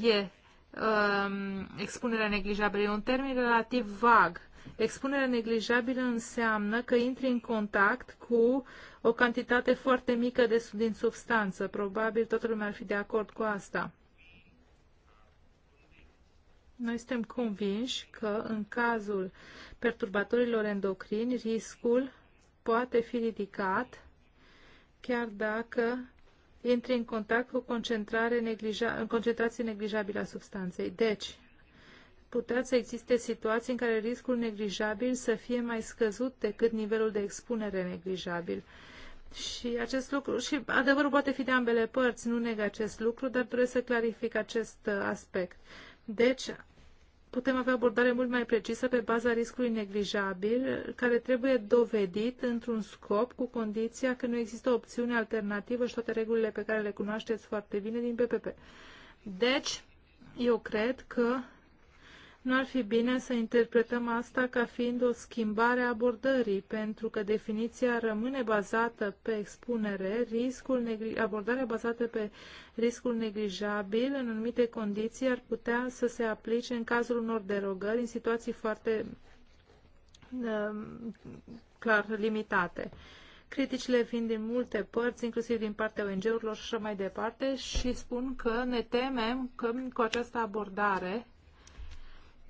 e um, expunerea neglijabilă? E un termen relativ vag Expunerea neglijabilă înseamnă că intri în contact cu o cantitate foarte mică de, din substanță. Probabil toată lumea ar fi de acord cu asta. Noi suntem convinși că în cazul perturbatorilor endocrini, riscul poate fi ridicat chiar dacă intri în contact cu concentrare neglija- concentrație neglijabilă a substanței. Deci, putea să existe situații în care riscul neglijabil să fie mai scăzut decât nivelul de expunere neglijabil. Și acest lucru, și adevărul poate fi de ambele părți, nu neg acest lucru, dar trebuie să clarific acest uh, aspect. Deci, putem avea abordare mult mai precisă pe baza riscului neglijabil, care trebuie dovedit într-un scop cu condiția că nu există opțiune alternativă și toate regulile pe care le cunoașteți foarte bine din PPP. Deci, eu cred că nu ar fi bine să interpretăm asta ca fiind o schimbare a abordării, pentru că definiția rămâne bazată pe expunere, riscul negri- abordarea bazată pe riscul neglijabil în anumite condiții ar putea să se aplice în cazul unor derogări în situații foarte um, clar limitate. Criticile vin din multe părți, inclusiv din partea ONG-urilor și așa mai departe, și spun că ne temem că cu această abordare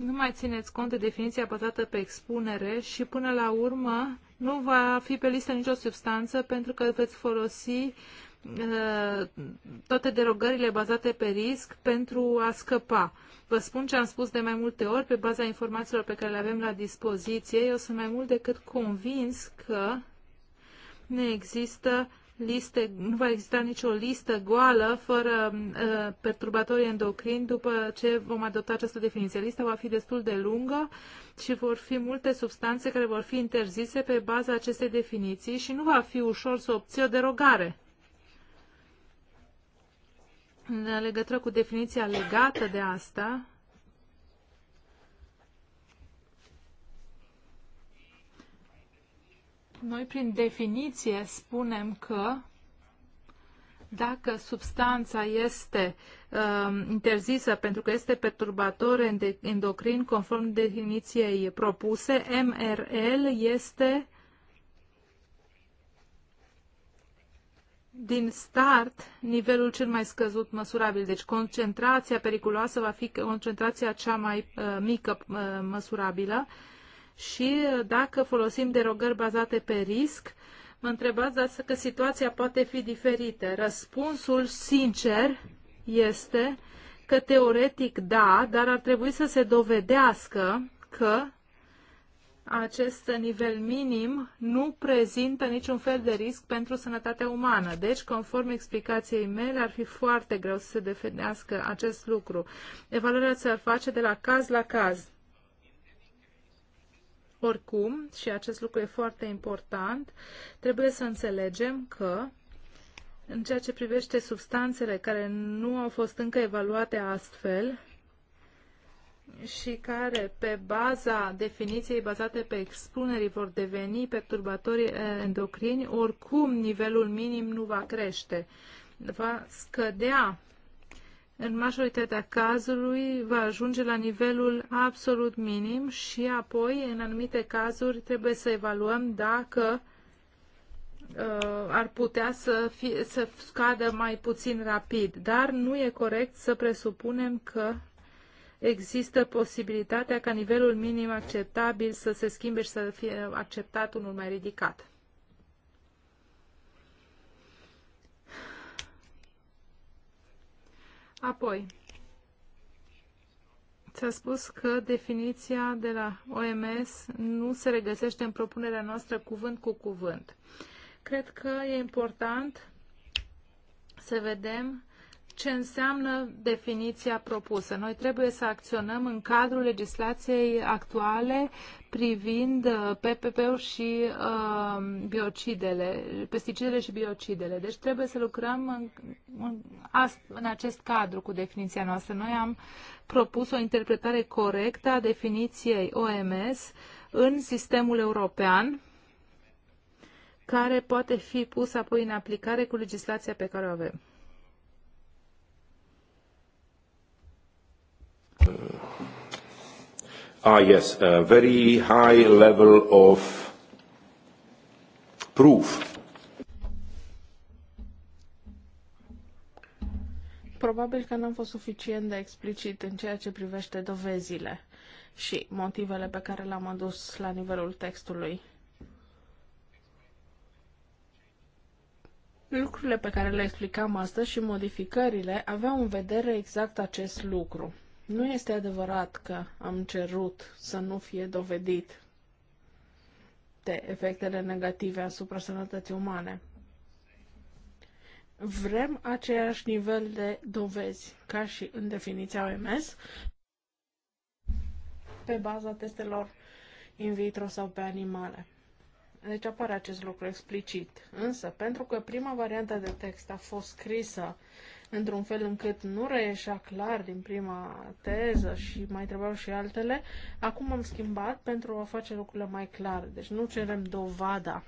nu mai țineți cont de definiția bazată pe expunere și până la urmă nu va fi pe listă nicio substanță pentru că veți folosi uh, toate derogările bazate pe risc pentru a scăpa. Vă spun ce am spus de mai multe ori, pe baza informațiilor pe care le avem la dispoziție, eu sunt mai mult decât convins că ne există liste, nu va exista nicio listă goală fără uh, perturbatori endocrini după ce vom adopta această definiție. Lista va fi destul de lungă și vor fi multe substanțe care vor fi interzise pe baza acestei definiții și nu va fi ușor să obții o derogare. În legătură cu definiția legată de asta, Noi, prin definiție, spunem că dacă substanța este uh, interzisă pentru că este perturbator endocrin conform definiției propuse, MRL este din start nivelul cel mai scăzut măsurabil. Deci concentrația periculoasă va fi concentrația cea mai uh, mică uh, măsurabilă. Uh, și dacă folosim derogări bazate pe risc, mă întrebați dacă că situația poate fi diferită. Răspunsul sincer este că teoretic da, dar ar trebui să se dovedească că acest nivel minim nu prezintă niciun fel de risc pentru sănătatea umană. Deci, conform explicației mele, ar fi foarte greu să se definească acest lucru. Evaluarea se ar face de la caz la caz. Oricum, și acest lucru e foarte important, trebuie să înțelegem că în ceea ce privește substanțele care nu au fost încă evaluate astfel și care, pe baza definiției bazate pe expunerii, vor deveni perturbatorii eh, endocrini, oricum nivelul minim nu va crește. Va scădea în majoritatea cazului va ajunge la nivelul absolut minim și apoi, în anumite cazuri, trebuie să evaluăm dacă uh, ar putea să, fie, să scadă mai puțin rapid, dar nu e corect să presupunem că există posibilitatea ca nivelul minim acceptabil să se schimbe și să fie acceptat unul mai ridicat. Apoi, s-a spus că definiția de la OMS nu se regăsește în propunerea noastră cuvânt cu cuvânt. Cred că e important să vedem ce înseamnă definiția propusă. Noi trebuie să acționăm în cadrul legislației actuale privind uh, PPP-ul și uh, biocidele, pesticidele și biocidele. Deci trebuie să lucrăm în, în, în acest cadru cu definiția noastră. Noi am propus o interpretare corectă a definiției OMS în sistemul european care poate fi pusă apoi în aplicare cu legislația pe care o avem. Uh, ah, yes, a very high level of proof. Probabil că n-am fost suficient de explicit în ceea ce privește dovezile și motivele pe care le-am adus la nivelul textului. Lucrurile pe care le explicam astăzi și modificările aveau în vedere exact acest lucru. Nu este adevărat că am cerut să nu fie dovedit de efectele negative asupra sănătății umane. Vrem aceeași nivel de dovezi ca și în definiția OMS pe baza testelor in vitro sau pe animale. Deci apare acest lucru explicit. Însă, pentru că prima variantă de text a fost scrisă într-un fel încât nu reieșea clar din prima teză și mai trebuiau și altele. Acum am schimbat pentru a face lucrurile mai clare. Deci nu cerem dovada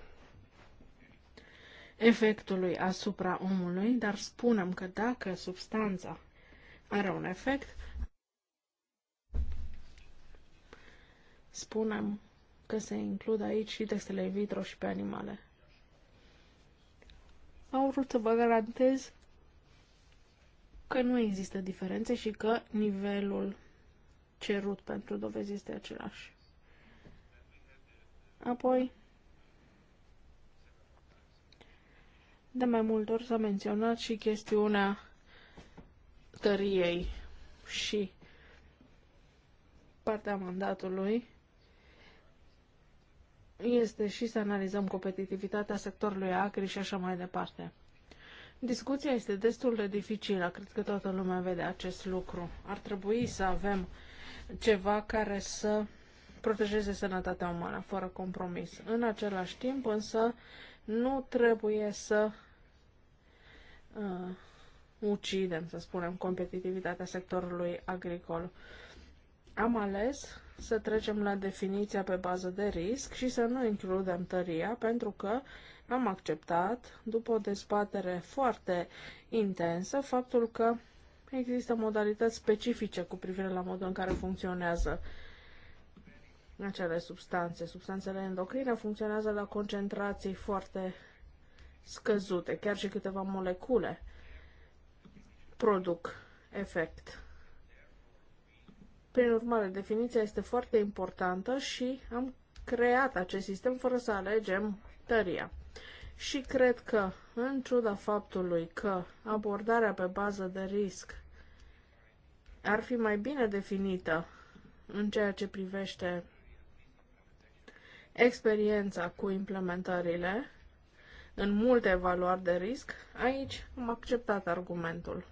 efectului asupra omului, dar spunem că dacă substanța are un efect, spunem că se includ aici și testele vitro și pe animale. Am vrut să vă garantez că nu există diferențe și că nivelul cerut pentru dovezi este același. Apoi, de mai multe ori s-a menționat și chestiunea tăriei și partea mandatului este și să analizăm competitivitatea sectorului acri și așa mai departe. Discuția este destul de dificilă, cred că toată lumea vede acest lucru. Ar trebui să avem ceva care să protejeze sănătatea umană, fără compromis. În același timp, însă, nu trebuie să uh, ucidem, să spunem, competitivitatea sectorului agricol. Am ales să trecem la definiția pe bază de risc și să nu includem tăria, pentru că uh, am acceptat, după o dezbatere foarte intensă, faptul că există modalități specifice cu privire la modul în care funcționează acele substanțe. Substanțele endocrine funcționează la concentrații foarte scăzute, chiar și câteva molecule produc efect. Prin urmare, definiția este foarte importantă și am creat acest sistem fără să alegem tăria și cred că, în ciuda faptului că abordarea pe bază de risc ar fi mai bine definită în ceea ce privește experiența cu implementările în multe evaluări de risc, aici am acceptat argumentul.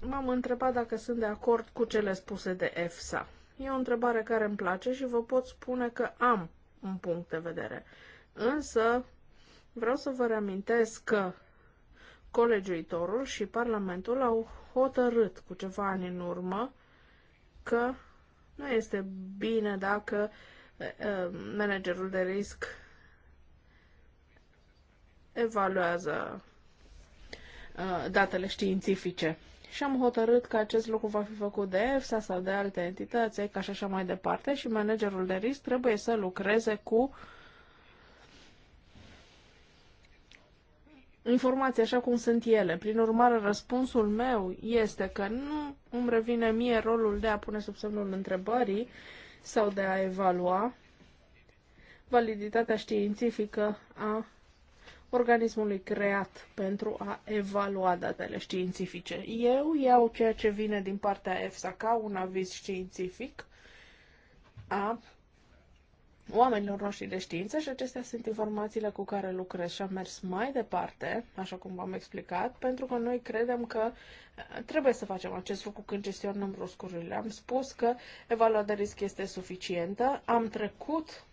M-am întrebat dacă sunt de acord cu cele spuse de EFSA. E o întrebare care îmi place și vă pot spune că am un punct de vedere. Însă, vreau să vă reamintesc că colegiuitorul și Parlamentul au hotărât cu ceva ani în urmă că nu este bine dacă managerul de risc evaluează datele științifice. Și am hotărât că acest lucru va fi făcut de EFSA sau de alte entități, ca și așa mai departe, și managerul de risc trebuie să lucreze cu informații așa cum sunt ele. Prin urmare, răspunsul meu este că nu îmi revine mie rolul de a pune sub semnul întrebării sau de a evalua validitatea științifică a organismului creat pentru a evalua datele științifice. Eu iau ceea ce vine din partea EFSA ca un aviz științific a oamenilor noștri de știință și acestea sunt informațiile cu care lucrez și am mers mai departe, așa cum v-am explicat, pentru că noi credem că uh, trebuie să facem acest lucru când gestionăm riscurile. Am spus că evaluarea de risc este suficientă, am trecut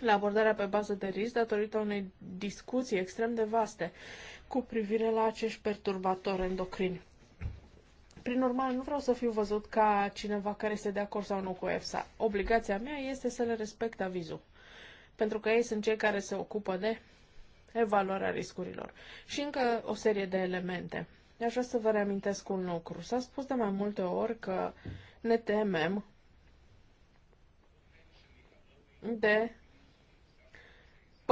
la abordarea pe bază de risc datorită unei discuții extrem de vaste cu privire la acești perturbatori endocrini. Prin urmare, nu vreau să fiu văzut ca cineva care este de acord sau nu cu EFSA. Obligația mea este să le respect avizul, pentru că ei sunt cei care se ocupă de evaluarea riscurilor. Și încă o serie de elemente. Aș vrea să vă reamintesc un lucru. S-a spus de mai multe ori că ne temem de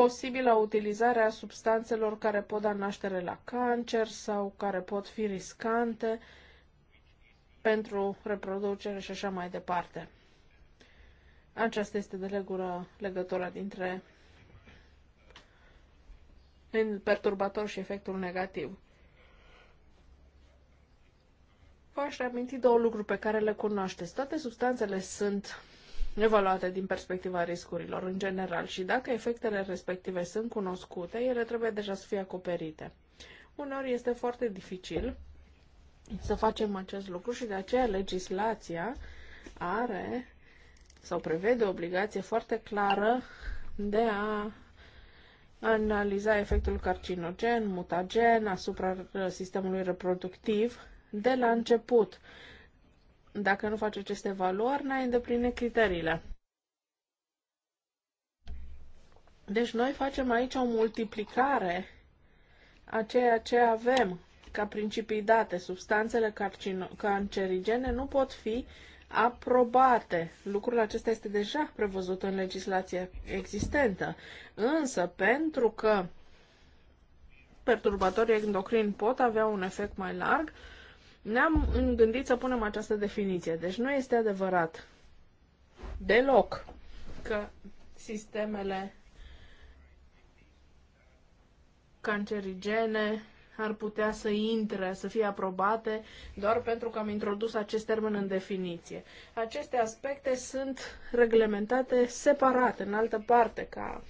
posibilă utilizare a substanțelor care pot da naștere la cancer sau care pot fi riscante pentru reproducere și așa mai departe. Aceasta este de legură, legătura dintre perturbator și efectul negativ. V-aș reaminti două lucruri pe care le cunoașteți. Toate substanțele sunt evaluate din perspectiva riscurilor în general și dacă efectele respective sunt cunoscute, ele trebuie deja să fie acoperite. Uneori este foarte dificil să facem acest lucru și de aceea legislația are sau prevede o obligație foarte clară de a analiza efectul carcinogen, mutagen asupra sistemului reproductiv de la început dacă nu faci aceste valori, n-ai îndeplinit criteriile. Deci noi facem aici o multiplicare a ceea ce avem ca principii date. Substanțele cancerigene nu pot fi aprobate. Lucrul acesta este deja prevăzut în legislația existentă. Însă, pentru că perturbatorii endocrini pot avea un efect mai larg, ne-am gândit să punem această definiție. Deci nu este adevărat deloc că sistemele cancerigene ar putea să intre, să fie aprobate, doar pentru că am introdus acest termen în definiție. Aceste aspecte sunt reglementate separat, în altă parte, ca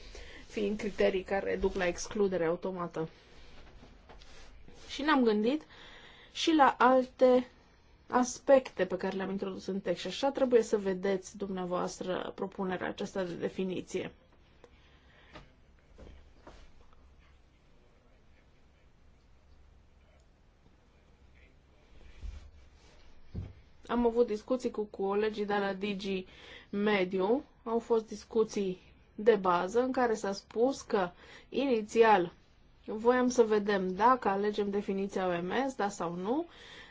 fiind criterii care duc la excludere automată. Și ne-am gândit și la alte aspecte pe care le-am introdus în text. Și așa trebuie să vedeți dumneavoastră propunerea aceasta de definiție. Am avut discuții cu colegii de la Digi Mediu, au fost discuții de bază în care s-a spus că inițial Voiam să vedem dacă alegem definiția OMS, da sau nu,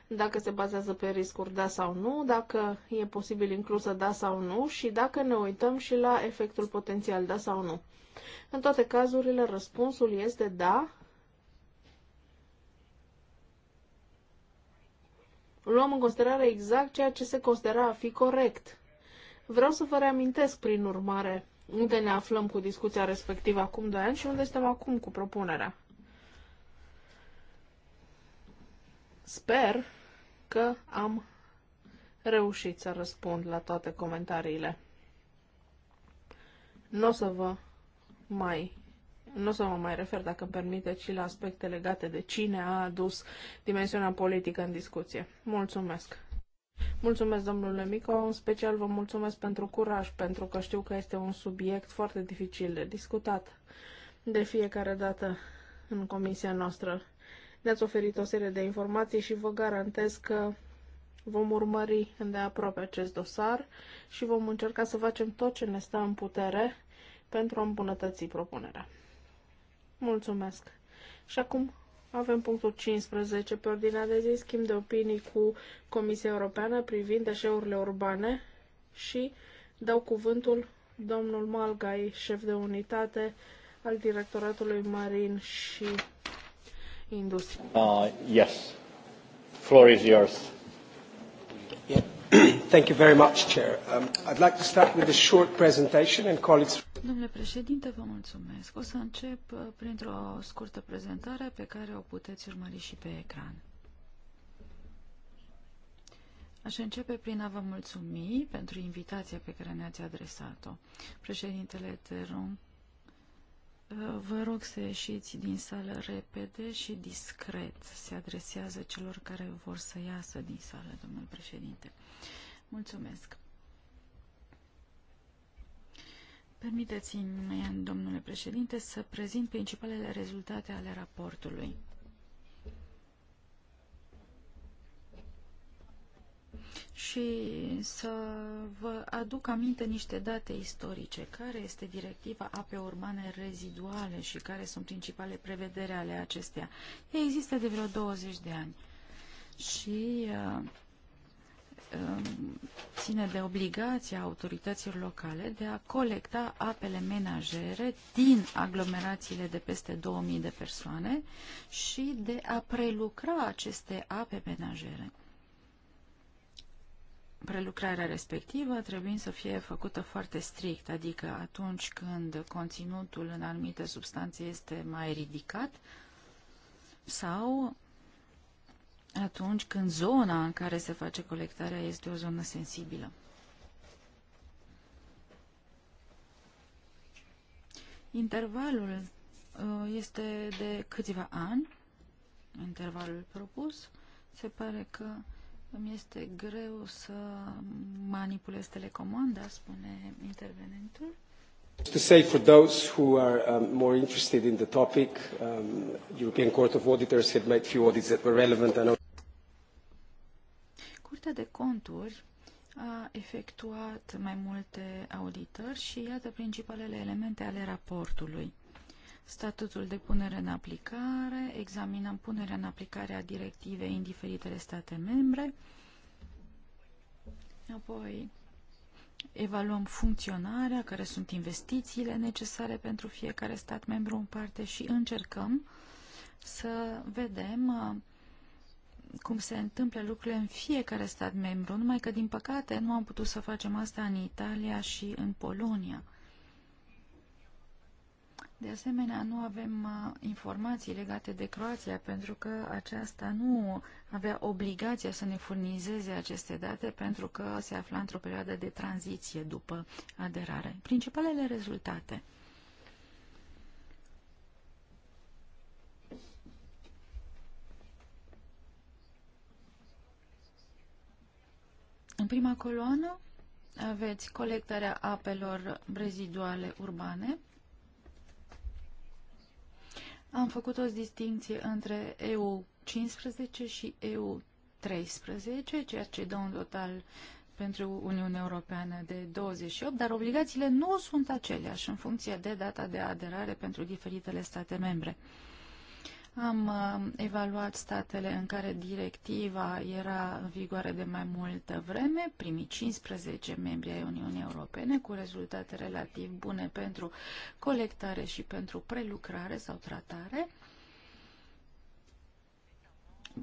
dacă se bazează pe riscuri, da sau nu, dacă e posibil inclusă, da sau nu, și dacă ne uităm și la efectul potențial, da sau nu. În toate cazurile, răspunsul este da. Luăm în considerare exact ceea ce se considera a fi corect. Vreau să vă reamintesc, prin urmare, unde ne aflăm cu discuția respectivă acum 2 ani și unde suntem acum cu propunerea. Sper că am reușit să răspund la toate comentariile. Nu o să vă mai nu o să mă mai refer, dacă îmi permiteți, și la aspecte legate de cine a adus dimensiunea politică în discuție. Mulțumesc! Mulțumesc, domnule Mico, în special vă mulțumesc pentru curaj, pentru că știu că este un subiect foarte dificil de discutat de fiecare dată în comisia noastră. Ne-ați oferit o serie de informații și vă garantez că vom urmări îndeaproape acest dosar și vom încerca să facem tot ce ne stă în putere pentru a îmbunătăți propunerea. Mulțumesc! Și acum avem punctul 15 pe ordinea de zi, schimb de opinii cu Comisia Europeană privind deșeurile urbane și dau cuvântul domnul Malgai, șef de unitate al Directoratului Marin și industrie. Uh, yes. Floor is yours. Yeah. <clears throat> Thank you very much, Chair. Um, I'd like to start with a short presentation and colleagues. Domnule președinte, vă mulțumesc. O să încep uh, printr-o scurtă prezentare pe care o puteți urmări și pe ecran. Aș începe prin a vă mulțumi pentru invitația pe care ne-ați adresat-o. Președintele Teron Vă rog să ieșiți din sală repede și discret. Se adresează celor care vor să iasă din sală, domnul președinte. Mulțumesc. Permiteți-mi, domnule președinte, să prezint principalele rezultate ale raportului. și să vă aduc aminte niște date istorice. Care este directiva ape urbane reziduale și care sunt principale prevedere ale acesteia? Ea există de vreo 20 de ani și uh, um, ține de obligația autorităților locale de a colecta apele menajere din aglomerațiile de peste 2000 de persoane și de a prelucra aceste ape menajere prelucrarea respectivă trebuie să fie făcută foarte strict, adică atunci când conținutul în anumite substanțe este mai ridicat sau atunci când zona în care se face colectarea este o zonă sensibilă. Intervalul uh, este de câțiva ani, intervalul propus. Se pare că îmi este greu să manipulez telecomanda, spune intervenentul. To say for those who are um, more interested in the topic, um, European Court of Auditors had made few audits that were relevant and Curtea de conturi a efectuat mai multe auditări și iată principalele elemente ale raportului statutul de punere în aplicare, examinăm punerea în aplicare a directivei în diferitele state membre, apoi evaluăm funcționarea, care sunt investițiile necesare pentru fiecare stat membru în parte și încercăm să vedem uh, cum se întâmplă lucrurile în fiecare stat membru, numai că, din păcate, nu am putut să facem asta în Italia și în Polonia. De asemenea, nu avem uh, informații legate de Croația, pentru că aceasta nu avea obligația să ne furnizeze aceste date, pentru că se afla într-o perioadă de tranziție după aderare. Principalele rezultate. În prima coloană aveți colectarea apelor reziduale urbane, am făcut o distinție între EU 15 și EU 13, ceea ce dă un total pentru Uniunea Europeană de 28, dar obligațiile nu sunt aceleași în funcție de data de aderare pentru diferitele state membre. Am uh, evaluat statele în care directiva era în vigoare de mai multă vreme, primii 15 membri ai Uniunii Europene, cu rezultate relativ bune pentru colectare și pentru prelucrare sau tratare.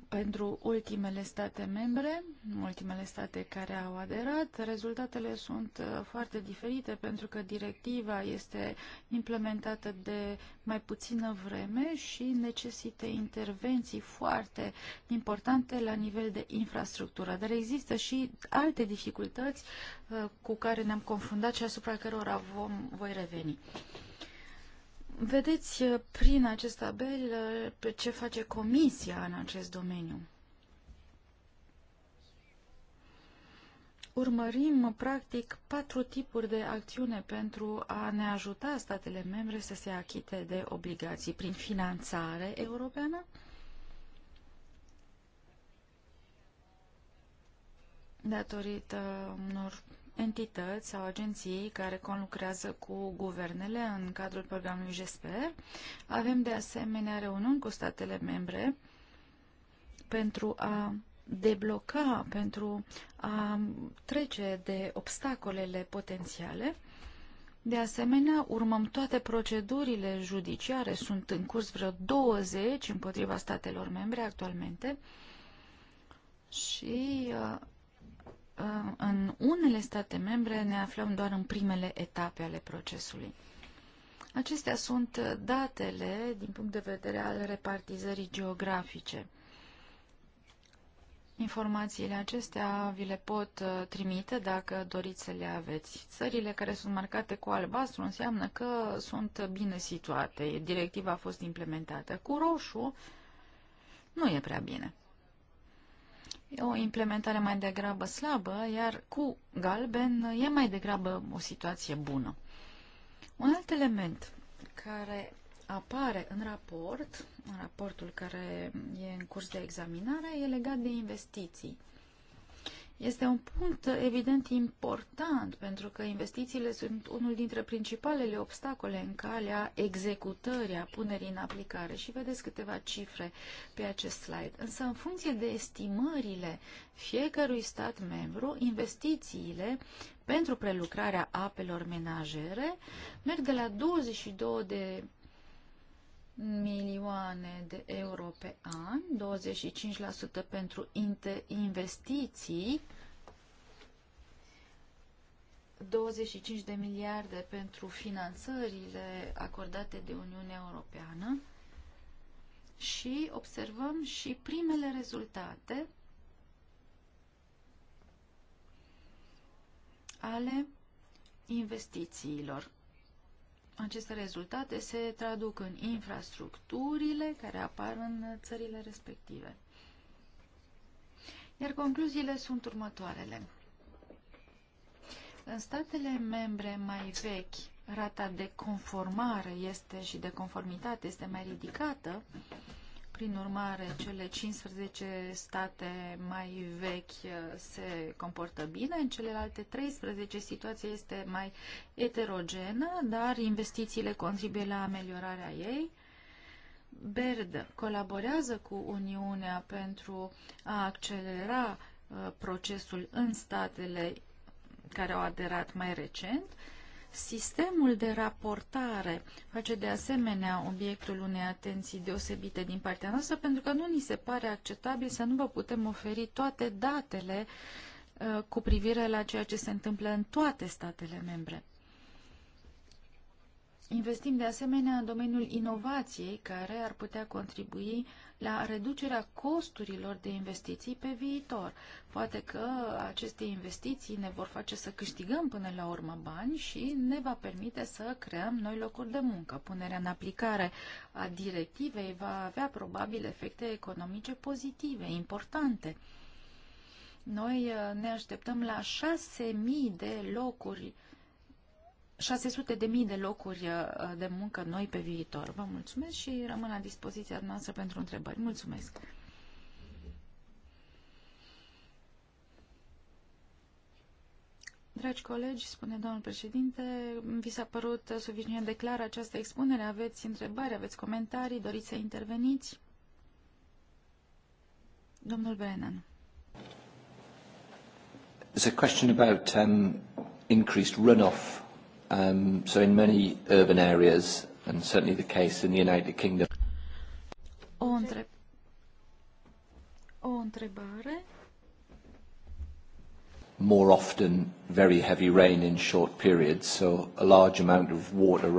Pentru ultimele state membre, ultimele state care au aderat, rezultatele sunt uh, foarte diferite pentru că directiva este implementată de mai puțină vreme și necesită intervenții foarte importante la nivel de infrastructură. Dar există și alte dificultăți uh, cu care ne-am confundat și asupra cărora vom, voi reveni. Vedeți uh, prin acest tabel uh, pe ce face Comisia în acest domeniu. Urmărim, uh, practic, patru tipuri de acțiune pentru a ne ajuta statele membre să se achite de obligații prin finanțare europeană, datorită unor entități sau agenții care conlucrează cu guvernele în cadrul programului GESPER. Avem de asemenea reuniuni cu statele membre pentru a debloca, pentru a trece de obstacolele potențiale. De asemenea, urmăm toate procedurile judiciare, sunt în curs vreo 20 împotriva statelor membre actualmente și uh, Uh, în unele state membre ne aflăm doar în primele etape ale procesului. Acestea sunt datele din punct de vedere al repartizării geografice. Informațiile acestea vi le pot uh, trimite dacă doriți să le aveți. Țările care sunt marcate cu albastru înseamnă că sunt bine situate. Directiva a fost implementată. Cu roșu nu e prea bine. E o implementare mai degrabă slabă, iar cu galben e mai degrabă o situație bună. Un alt element care apare în raport, în raportul care e în curs de examinare, e legat de investiții. Este un punct evident important pentru că investițiile sunt unul dintre principalele obstacole în calea executării, a punerii în aplicare și vedeți câteva cifre pe acest slide. Însă în funcție de estimările fiecărui stat membru, investițiile pentru prelucrarea apelor menajere merg de la 22 de milioane de euro pe an, 25% pentru investiții, 25 de miliarde pentru finanțările acordate de Uniunea Europeană și observăm și primele rezultate ale investițiilor aceste rezultate se traduc în infrastructurile care apar în țările respective. Iar concluziile sunt următoarele. În statele membre mai vechi, rata de conformare este și de conformitate este mai ridicată, prin urmare, cele 15 state mai vechi uh, se comportă bine, în celelalte 13 situația este mai eterogenă, dar investițiile contribuie la ameliorarea ei. BERD colaborează cu Uniunea pentru a accelera uh, procesul în statele care au aderat mai recent Sistemul de raportare face de asemenea obiectul unei atenții deosebite din partea noastră pentru că nu ni se pare acceptabil să nu vă putem oferi toate datele uh, cu privire la ceea ce se întâmplă în toate statele membre. Investim de asemenea în domeniul inovației care ar putea contribui uh, la reducerea costurilor de investiții pe viitor. Poate că aceste investiții ne vor face să câștigăm până la urmă bani și ne va permite să creăm noi locuri de muncă. Punerea în aplicare a directivei va avea probabil efecte economice pozitive, importante. Noi eh, ne așteptăm la 6.000 de locuri 600 de mii de locuri uh, de muncă noi pe viitor. Vă mulțumesc și rămân la dispoziția noastră pentru întrebări. Mulțumesc! Dragi colegi, spune domnul președinte, vi s-a părut suficient de clar această expunere? Aveți întrebări, aveți comentarii, doriți să interveniți? Domnul Brennan. There's a question about um, increased runoff Um, so in many urban areas, and certainly the case in the United Kingdom. O, între... o întrebare. More often, very heavy rain in short periods, so a large amount of water.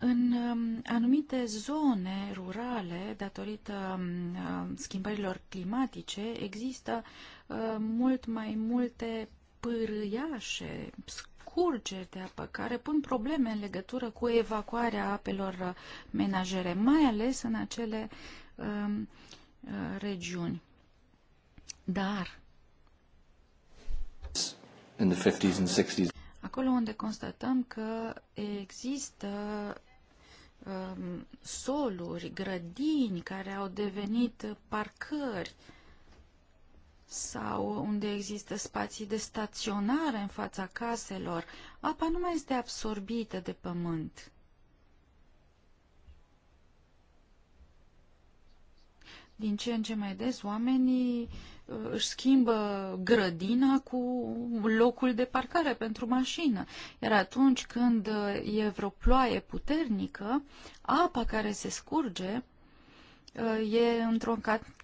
În um, anumite zone rurale, datorită um, schimbărilor climatice, există uh, mult mai multe pârâiașe, scurgeri de apă care pun probleme în legătură cu evacuarea apelor menajere, mai ales în acele um, uh, regiuni. Dar in the 50s and 60s. Acolo unde constatăm că există um, soluri, grădini care au devenit parcări uh, sau unde există spații de staționare în fața caselor, apa nu mai este absorbită de pământ. Din ce în ce mai des, oamenii uh, își schimbă grădina cu locul de parcare pentru mașină. Iar atunci când uh, e vreo ploaie puternică, apa care se scurge uh, e într-o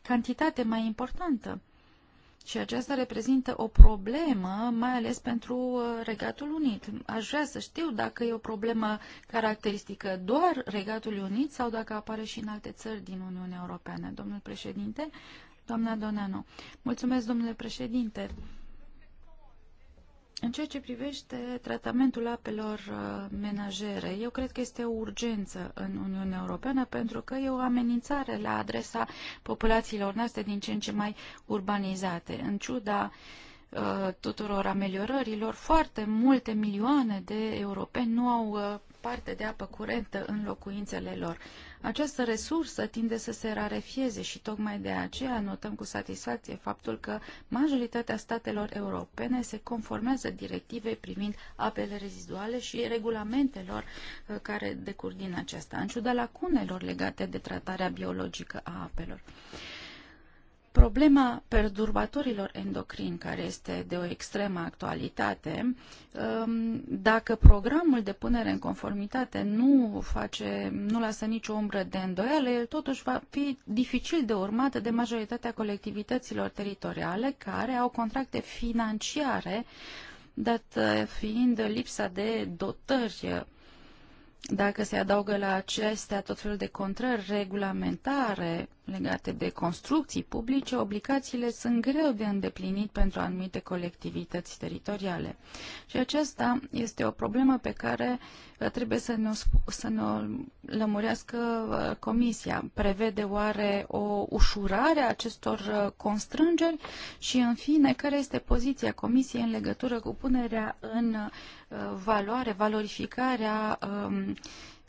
cantitate mai importantă. Și aceasta reprezintă o problemă, mai ales pentru uh, Regatul Unit. Aș vrea să știu dacă e o problemă caracteristică doar Regatului Unit sau dacă apare și în alte țări din Uniunea Europeană. Domnul președinte, doamna Donano. Mulțumesc, domnule președinte. În ceea ce privește tratamentul apelor uh, menajere, eu cred că este o urgență în Uniunea Europeană pentru că e o amenințare la adresa populațiilor noastre din ce în ce mai urbanizate. În ciuda uh, tuturor ameliorărilor, foarte multe milioane de europeni nu au uh, parte de apă curentă în locuințele lor. Această resursă tinde să se rarefieze și tocmai de aceea notăm cu satisfacție faptul că majoritatea statelor europene se conformează directivei privind apele reziduale și regulamentelor uh, care decur din aceasta, în ciuda lacunelor legate de tratarea biologică a apelor. Problema perturbatorilor endocrini, care este de o extremă actualitate, um, dacă programul de punere în conformitate nu face, nu lasă nicio umbră de îndoială, el totuși va fi dificil de urmat de majoritatea colectivităților teritoriale care au contracte financiare, dat uh, fiind lipsa de dotări dacă se adaugă la acestea tot felul de contrări regulamentare legate de construcții publice, obligațiile sunt greu de îndeplinit pentru anumite colectivități teritoriale. Și aceasta este o problemă pe care uh, trebuie să ne, să ne lămurească uh, Comisia. Prevede oare o ușurare a acestor uh, constrângeri și, în fine, care este poziția Comisiei în legătură cu punerea în valoare, valorificarea um,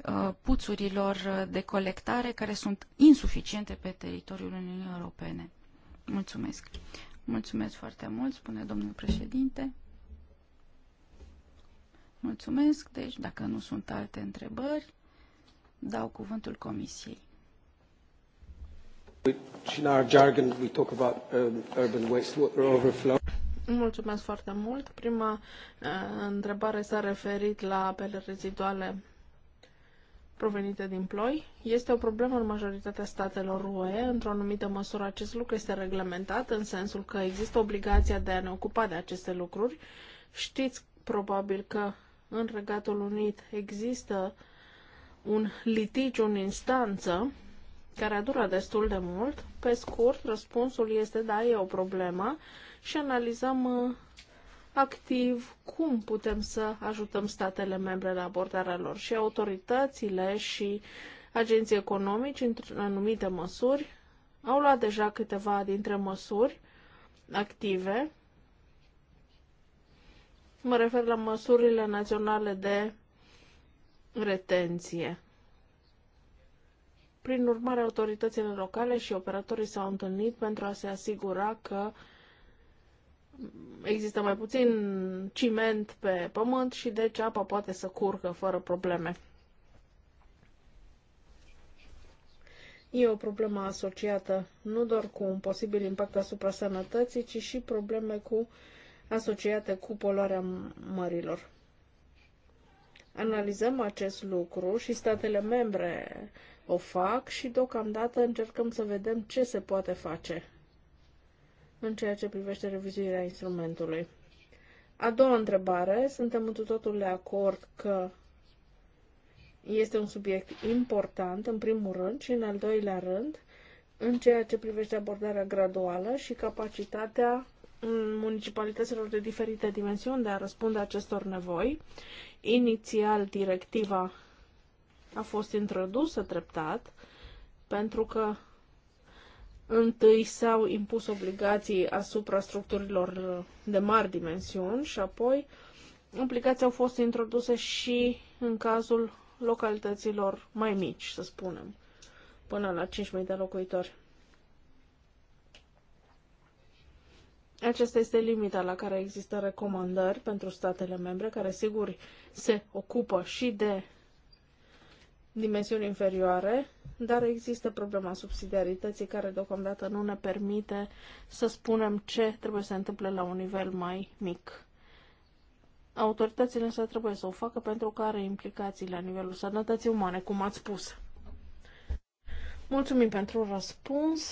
Uh, puțurilor de colectare care sunt insuficiente pe teritoriul Uniunii Europene. Mulțumesc. Mulțumesc foarte mult, spune domnul președinte. Mulțumesc. Deci, dacă nu sunt alte întrebări, dau cuvântul comisiei. Și în jargon we talk about um, urban wastewater overflow. Mulțumesc foarte mult. Prima uh, întrebare s-a referit la apele reziduale provenite din ploi. Este o problemă în majoritatea statelor UE. Într-o anumită măsură acest lucru este reglementat în sensul că există obligația de a ne ocupa de aceste lucruri. Știți probabil că în Regatul Unit există un litigiu în instanță care a durat destul de mult. Pe scurt, răspunsul este da, e o problemă și analizăm uh, activ cum putem să ajutăm statele membre la abordarea lor și autoritățile și agenții economici, în anumite măsuri, au luat deja câteva dintre măsuri active. Mă refer la măsurile naționale de retenție. Prin urmare, autoritățile locale și operatorii s-au întâlnit pentru a se asigura că uh, există mai puțin ciment pe pământ și deci apa poate să curgă fără probleme. E o problemă asociată nu doar cu un posibil impact asupra sănătății, ci și probleme cu, asociate cu poluarea mărilor. Analizăm acest lucru și statele membre o fac și deocamdată încercăm să vedem ce se poate face în ceea ce privește revizuirea instrumentului. A doua întrebare, suntem cu totul de acord că este un subiect important, în primul rând, și în al doilea rând, în ceea ce privește abordarea graduală și capacitatea municipalităților de diferite dimensiuni de a răspunde acestor nevoi. Inițial, directiva a fost introdusă treptat, pentru că Întâi s-au impus obligații asupra structurilor de mari dimensiuni și apoi obligații au fost introduse și în cazul localităților mai mici, să spunem, până la 5.000 de locuitori. Aceasta este limita la care există recomandări pentru statele membre, care sigur se ocupă și de dimensiuni inferioare, dar există problema subsidiarității care deocamdată nu ne permite să spunem ce trebuie să se întâmple la un nivel mai mic. Autoritățile însă trebuie să o facă pentru că are implicații la nivelul sănătății umane, cum ați spus. Mulțumim pentru răspuns.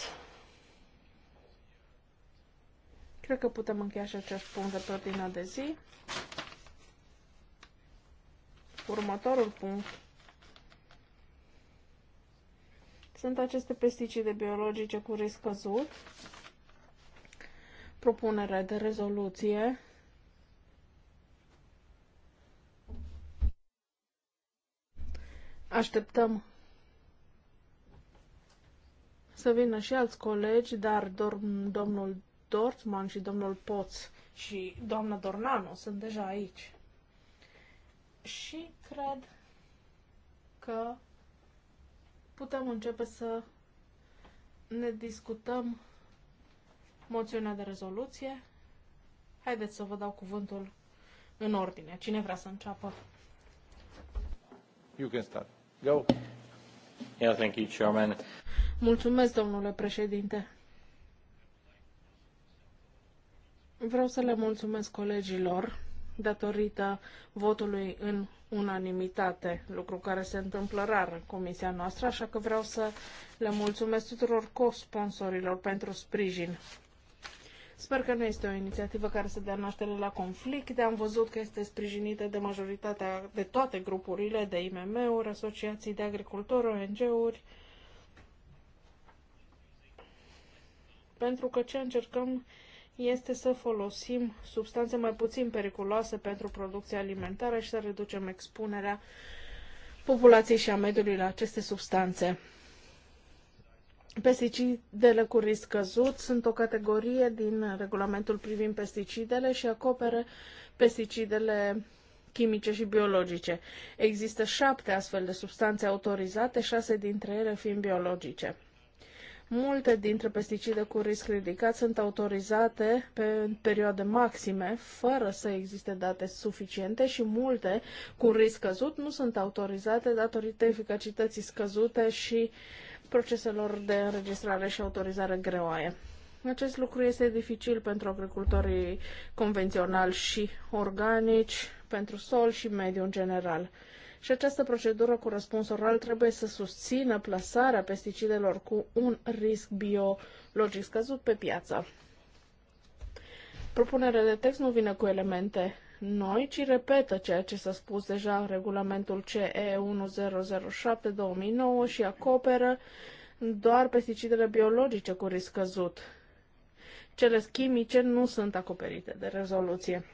Cred că putem încheia și acest punct de pe ordinea de zi. Următorul punct Sunt aceste pesticide biologice cu risc căzut. Propunere de rezoluție Așteptăm să vină și alți colegi, dar domnul Dortman și domnul Poț și doamna Dornano sunt deja aici. Și cred că putem începe să ne discutăm moțiunea de rezoluție. Haideți să vă dau cuvântul în ordine. Cine vrea să înceapă? You can start. Go. Yeah, thank you, Chairman. Mulțumesc, domnule președinte. Vreau să le mulțumesc colegilor datorită votului în unanimitate, lucru care se întâmplă rar în comisia noastră, așa că vreau să le mulțumesc tuturor co-sponsorilor pentru sprijin. Sper că nu este o inițiativă care să dea naștere la conflicte. Am văzut că este sprijinită de majoritatea, de toate grupurile, de IMM-uri, asociații de agricultori, ONG-uri. Pentru că ce încercăm este să folosim substanțe mai puțin periculoase pentru producția alimentară și să reducem expunerea populației și a mediului la aceste substanțe. Pesticidele cu risc căzut sunt o categorie din regulamentul privind pesticidele și acoperă pesticidele chimice și biologice. Există șapte astfel de substanțe autorizate, șase dintre ele fiind biologice. Multe dintre pesticide cu risc ridicat sunt autorizate pe perioade maxime, fără să existe date suficiente și multe cu risc scăzut nu sunt autorizate datorită eficacității scăzute și proceselor de înregistrare și autorizare greoaie. Acest lucru este dificil pentru agricultorii convenționali și organici, pentru sol și mediu în general. Și această procedură cu răspuns oral trebuie să susțină plasarea pesticidelor cu un risc biologic scăzut pe piață. Propunerea de text nu vine cu elemente noi, ci repetă ceea ce s-a spus deja în regulamentul CE 1007-2009 și acoperă doar pesticidele biologice cu risc scăzut. Cele chimice nu sunt acoperite de rezoluție.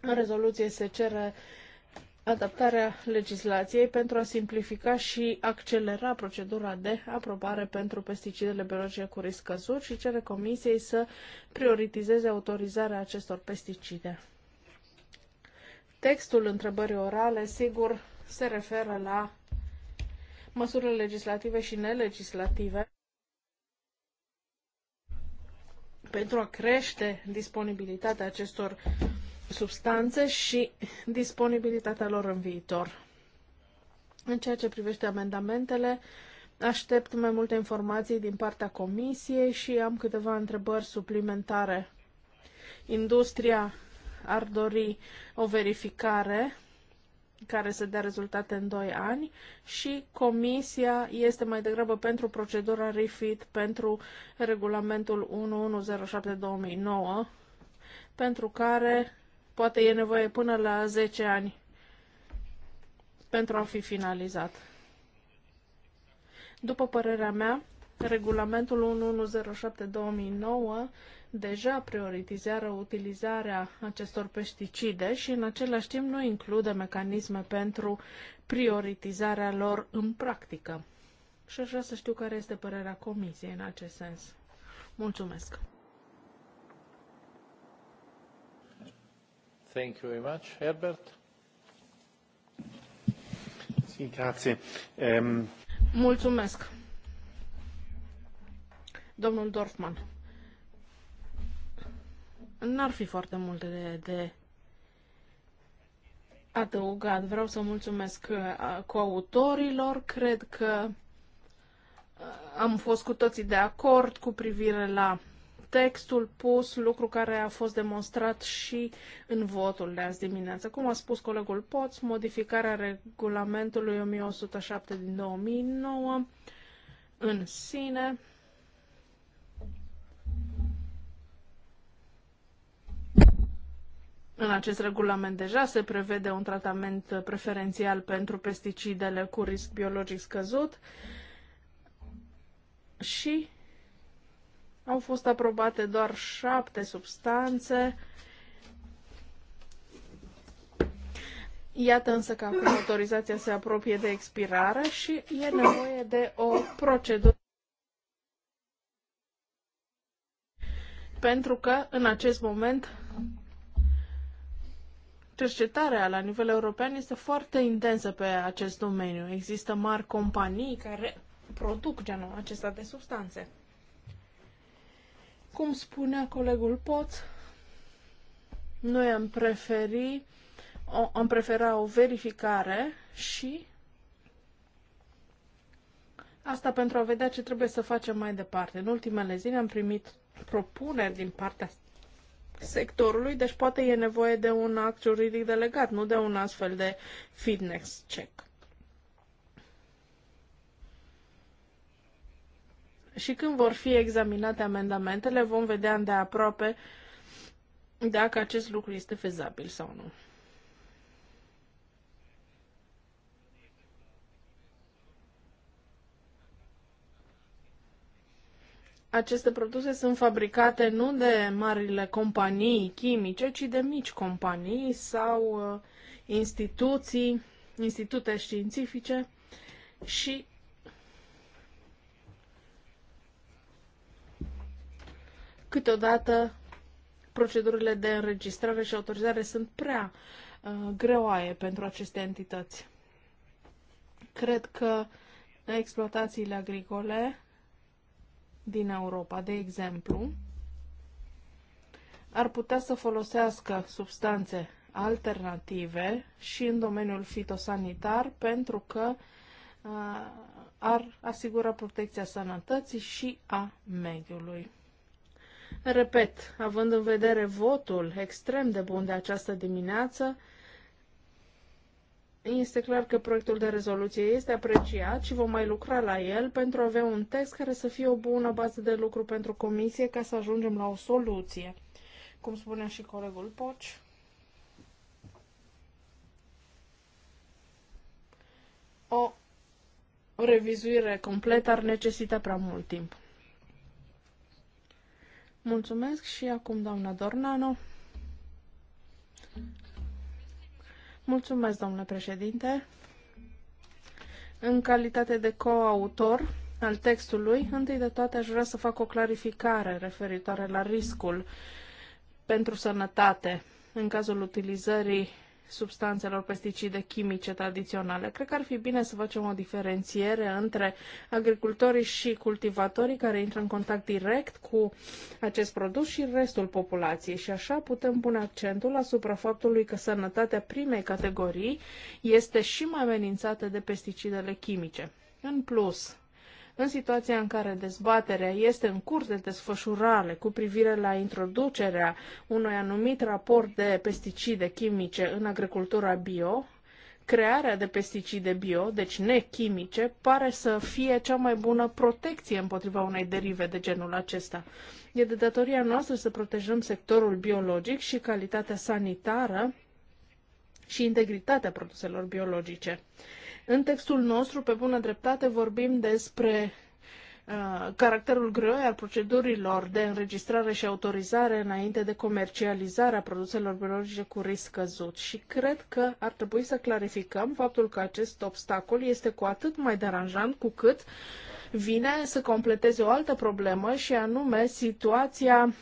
În rezoluție se cere adaptarea legislației pentru a simplifica și accelera procedura de aprobare pentru pesticidele biologice cu risc căzut și cere Comisiei să prioritizeze autorizarea acestor pesticide. Textul întrebării orale, sigur, se referă la măsurile legislative și nelegislative pentru a crește disponibilitatea acestor substanțe și disponibilitatea lor în viitor. În ceea ce privește amendamentele, aștept mai multe informații din partea comisiei și am câteva întrebări suplimentare. Industria ar dori o verificare care să dea rezultate în 2 ani și comisia este mai degrabă pentru procedura refit pentru regulamentul 1107-2009 pentru care Poate e nevoie până la 10 ani pentru a fi finalizat. După părerea mea, regulamentul 1107-2009 deja prioritizează utilizarea acestor pesticide și în același timp nu include mecanisme pentru prioritizarea lor în practică. Și aș vrea să știu care este părerea Comisiei în acest sens. Mulțumesc! Ehm, mulțumesc. Domnul Dorfman. N-ar fi foarte multe de, de adăugat. Vreau să mulțumesc uh, coautorilor. Cred că uh, am fost cu toții de acord cu privire la textul pus, lucru care a fost demonstrat și în votul de azi dimineață. Cum a spus colegul Poț, modificarea regulamentului 1107 din 2009 în sine În acest regulament deja se prevede un tratament preferențial pentru pesticidele cu risc biologic scăzut și au fost aprobate doar șapte substanțe. Iată însă că acum autorizația se apropie de expirare și e nevoie de o procedură. Pentru că în acest moment cercetarea la nivel european este foarte intensă pe acest domeniu. Există mari companii care produc genul acesta de substanțe. Cum spunea colegul Poț, noi am, preferi, o, am prefera o verificare și asta pentru a vedea ce trebuie să facem mai departe. În ultimele zile am primit propuneri din partea sectorului, deci poate e nevoie de un act juridic delegat, nu de un astfel de fitness check. Și când vor fi examinate amendamentele, vom vedea îndeaproape dacă acest lucru este fezabil sau nu. Aceste produse sunt fabricate nu de marile companii chimice, ci de mici companii sau uh, instituții, institute științifice și Câteodată procedurile de înregistrare și autorizare sunt prea uh, greoaie pentru aceste entități. Cred că exploatațiile agricole din Europa, de exemplu, ar putea să folosească substanțe alternative și în domeniul fitosanitar pentru că uh, ar asigura protecția sănătății și a mediului. Repet, având în vedere votul extrem de bun de această dimineață, este clar că proiectul de rezoluție este apreciat și vom mai lucra la el pentru a avea un text care să fie o bună bază de lucru pentru comisie ca să ajungem la o soluție. Cum spunea și colegul Poci. O revizuire completă ar necesita prea mult timp. Mulțumesc și acum doamna Dornano. Mulțumesc, domnule președinte. În calitate de coautor al textului, întâi de toate aș vrea să fac o clarificare referitoare la riscul pentru sănătate în cazul utilizării substanțelor pesticide chimice tradiționale. Cred că ar fi bine să facem o diferențiere între agricultorii și cultivatorii care intră în contact direct cu acest produs și restul populației și așa putem pune accentul asupra faptului că sănătatea primei categorii este și mai amenințată de pesticidele chimice. În plus, în situația în care dezbaterea este în curs de desfășurare cu privire la introducerea unui anumit raport de pesticide chimice în agricultura bio, crearea de pesticide bio, deci nechimice, pare să fie cea mai bună protecție împotriva unei derive de genul acesta. E de datoria noastră să protejăm sectorul biologic și calitatea sanitară și integritatea produselor biologice. În textul nostru, pe bună dreptate, vorbim despre uh, caracterul greoi al procedurilor de înregistrare și autorizare înainte de comercializarea produselor biologice cu risc căzut și cred că ar trebui să clarificăm faptul că acest obstacol este cu atât mai deranjant cu cât vine să completeze o altă problemă și anume situația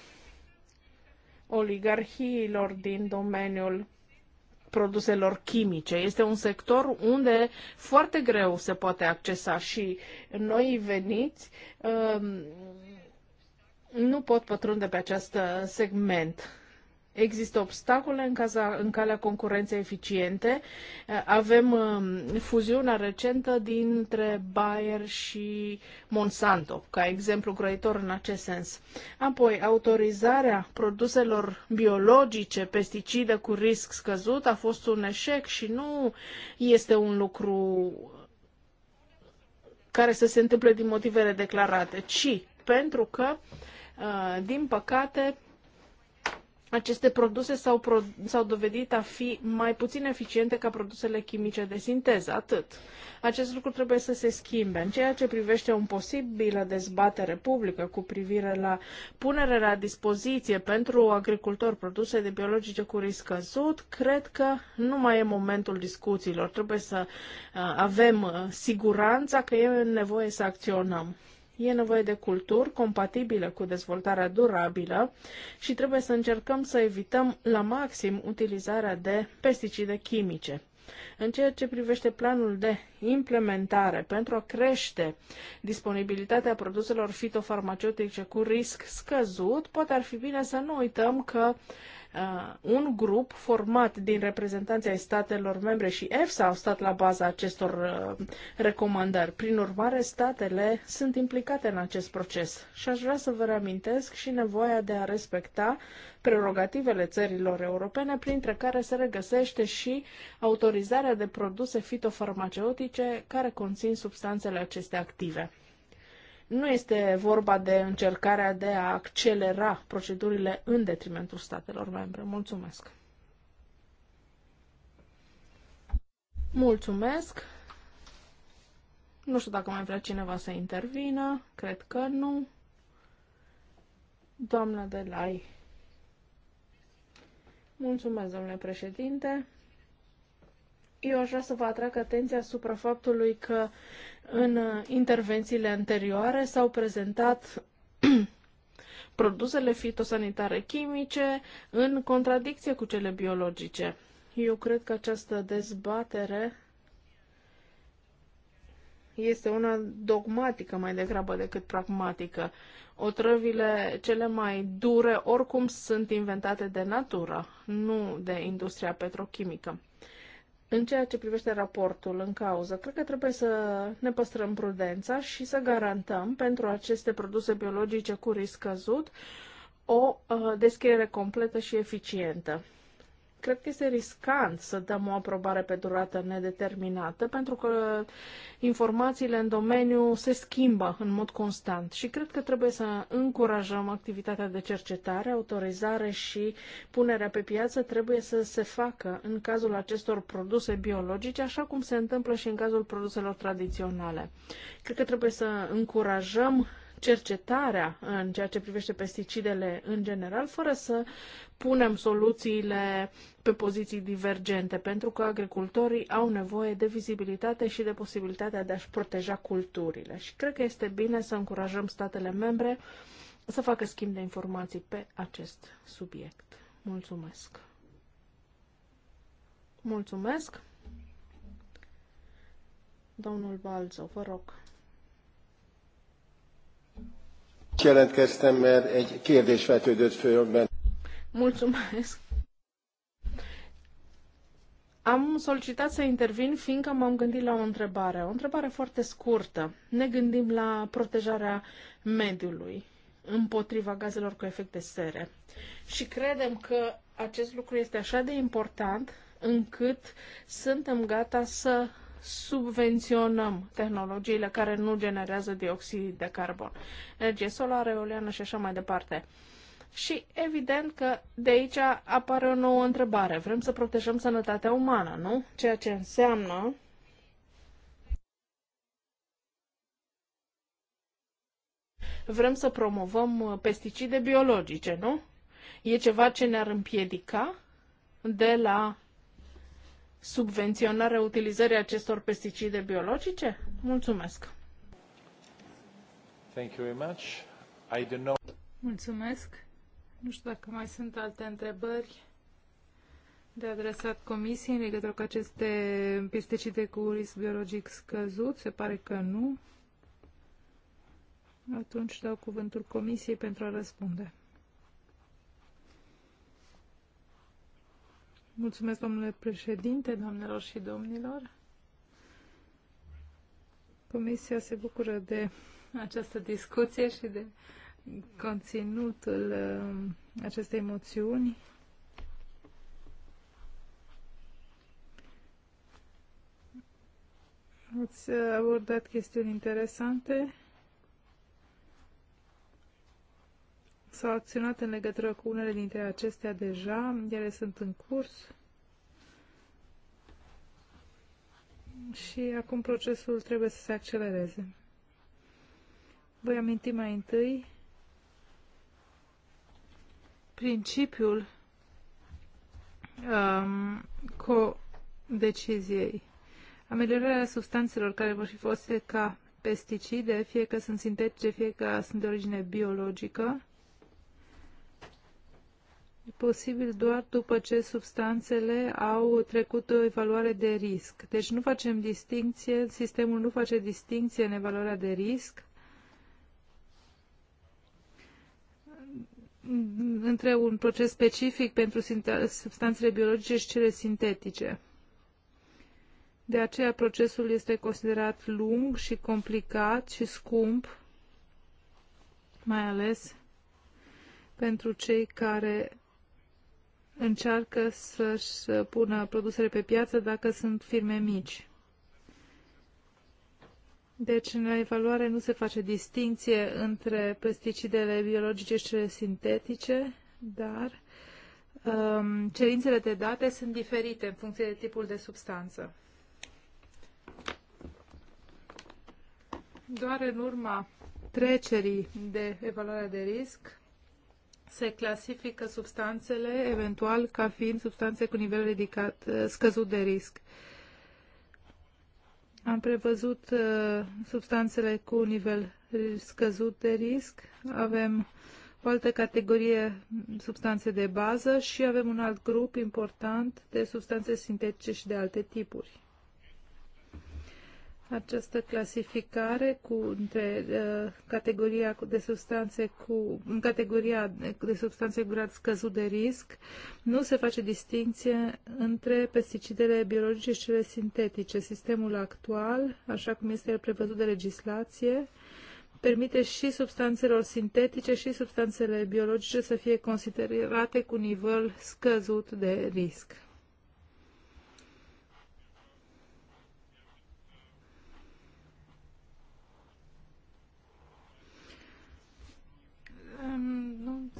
oligarhiilor din domeniul produselor chimice. Este un sector unde foarte greu se poate accesa și noi veniți um, nu pot pătrunde pe acest segment Există obstacole în, caza, în calea concurenței eficiente. Avem um, fuziunea recentă dintre Bayer și Monsanto, ca exemplu grăitor în acest sens. Apoi, autorizarea produselor biologice, pesticide cu risc scăzut, a fost un eșec și nu este un lucru care să se întâmple din motivele declarate, ci pentru că, uh, din păcate, aceste produse s-au, pro- s-au dovedit a fi mai puțin eficiente ca produsele chimice de sinteză. Atât. Acest lucru trebuie să se schimbe. În ceea ce privește o posibilă dezbatere publică cu privire la punerea la dispoziție pentru agricultori produse de biologice cu risc scăzut, cred că nu mai e momentul discuțiilor. Trebuie să uh, avem uh, siguranța că e nevoie să acționăm. E nevoie de culturi compatibile cu dezvoltarea durabilă și trebuie să încercăm să evităm la maxim utilizarea de pesticide chimice. În ceea ce privește planul de implementare pentru a crește disponibilitatea produselor fitofarmaceutice cu risc scăzut, poate ar fi bine să nu uităm că Uh, un grup format din reprezentanții ai statelor membre și EFSA au stat la baza acestor uh, recomandări. Prin urmare, statele sunt implicate în acest proces și aș vrea să vă reamintesc și nevoia de a respecta prerogativele țărilor europene, printre care se regăsește și autorizarea de produse fitofarmaceutice care conțin substanțele acestea active. Nu este vorba de încercarea de a accelera procedurile în detrimentul statelor membre. Mulțumesc! Mulțumesc! Nu știu dacă mai vrea cineva să intervină. Cred că nu. Doamna de Lai. Mulțumesc, domnule președinte. Eu aș vrea să vă atrag atenția asupra faptului că în uh, intervențiile anterioare s-au prezentat <clears throat> produsele fitosanitare chimice în contradicție cu cele biologice. Eu cred că această dezbatere este una dogmatică mai degrabă decât pragmatică. Otrăvile cele mai dure oricum sunt inventate de natură, nu de industria petrochimică. În ceea ce privește raportul în cauză, cred că trebuie să ne păstrăm prudența și să garantăm pentru aceste produse biologice cu risc scăzut o uh, descriere completă și eficientă. Cred că este riscant să dăm o aprobare pe durată nedeterminată, pentru că informațiile în domeniu se schimbă în mod constant și cred că trebuie să încurajăm activitatea de cercetare, autorizare și punerea pe piață trebuie să se facă în cazul acestor produse biologice, așa cum se întâmplă și în cazul produselor tradiționale. Cred că trebuie să încurajăm cercetarea în ceea ce privește pesticidele în general, fără să punem soluțiile pe poziții divergente, pentru că agricultorii au nevoie de vizibilitate și de posibilitatea de a-și proteja culturile. Și cred că este bine să încurajăm statele membre să facă schimb de informații pe acest subiect. Mulțumesc! Mulțumesc! Domnul Balzo, vă rog. Jelentkeztem, mert egy kérdés vetődött Mulțumesc. Am solicitat să intervin fiindcă m-am gândit la o întrebare, o întrebare foarte scurtă. Ne gândim la protejarea mediului împotriva gazelor cu efect de sere. Și credem că acest lucru este așa de important încât suntem gata să subvenționăm tehnologiile care nu generează dioxid de carbon, energie solară, eoliană și așa mai departe. Și evident că de aici apare o nouă întrebare. Vrem să protejăm sănătatea umană, nu? Ceea ce înseamnă vrem să promovăm uh, pesticide biologice, nu? E ceva ce ne-ar împiedica de la subvenționarea utilizării acestor pesticide biologice? Mulțumesc! Thank you very much. I don't know. Mulțumesc! Nu știu dacă mai sunt alte întrebări de adresat comisiei în legătură cu aceste pesticide cu risc biologic scăzut. Se pare că nu. Atunci dau cuvântul comisiei pentru a răspunde. Mulțumesc, domnule președinte, doamnelor și domnilor. Comisia se bucură de această discuție și de conținutul um, acestei moțiuni. Ați abordat chestiuni interesante s-au acționat în legătură cu unele dintre acestea deja, ele sunt în curs și acum procesul trebuie să se accelereze. Voi aminti mai întâi principiul um, co-deciziei. Ameliorarea substanțelor care vor fi foste ca pesticide, fie că sunt sintetice, fie că sunt de origine biologică, posibil doar după ce substanțele au trecut o evaluare de risc. Deci nu facem distinție, sistemul nu face distinție în evaluarea de risc între un proces specific pentru substanțele biologice și cele sintetice. De aceea procesul este considerat lung și complicat și scump, mai ales pentru cei care încearcă să-și pună produsele pe piață dacă sunt firme mici. Deci, în la evaluare nu se face distinție între pesticidele biologice și cele sintetice, dar um, cerințele de date sunt diferite în funcție de tipul de substanță. Doar în urma trecerii de evaluare de risc, se clasifică substanțele eventual ca fiind substanțe cu nivel ridicat, uh, scăzut de risc. Am prevăzut uh, substanțele cu nivel scăzut de risc, avem o altă categorie substanțe de bază și avem un alt grup important de substanțe sintetice și de alte tipuri această clasificare cu, între uh, categoria de substanțe cu în categoria de substanțe cu grad scăzut de risc, nu se face distinție între pesticidele biologice și cele sintetice. Sistemul actual, așa cum este prevăzut de legislație, permite și substanțelor sintetice și substanțele biologice să fie considerate cu nivel scăzut de risc.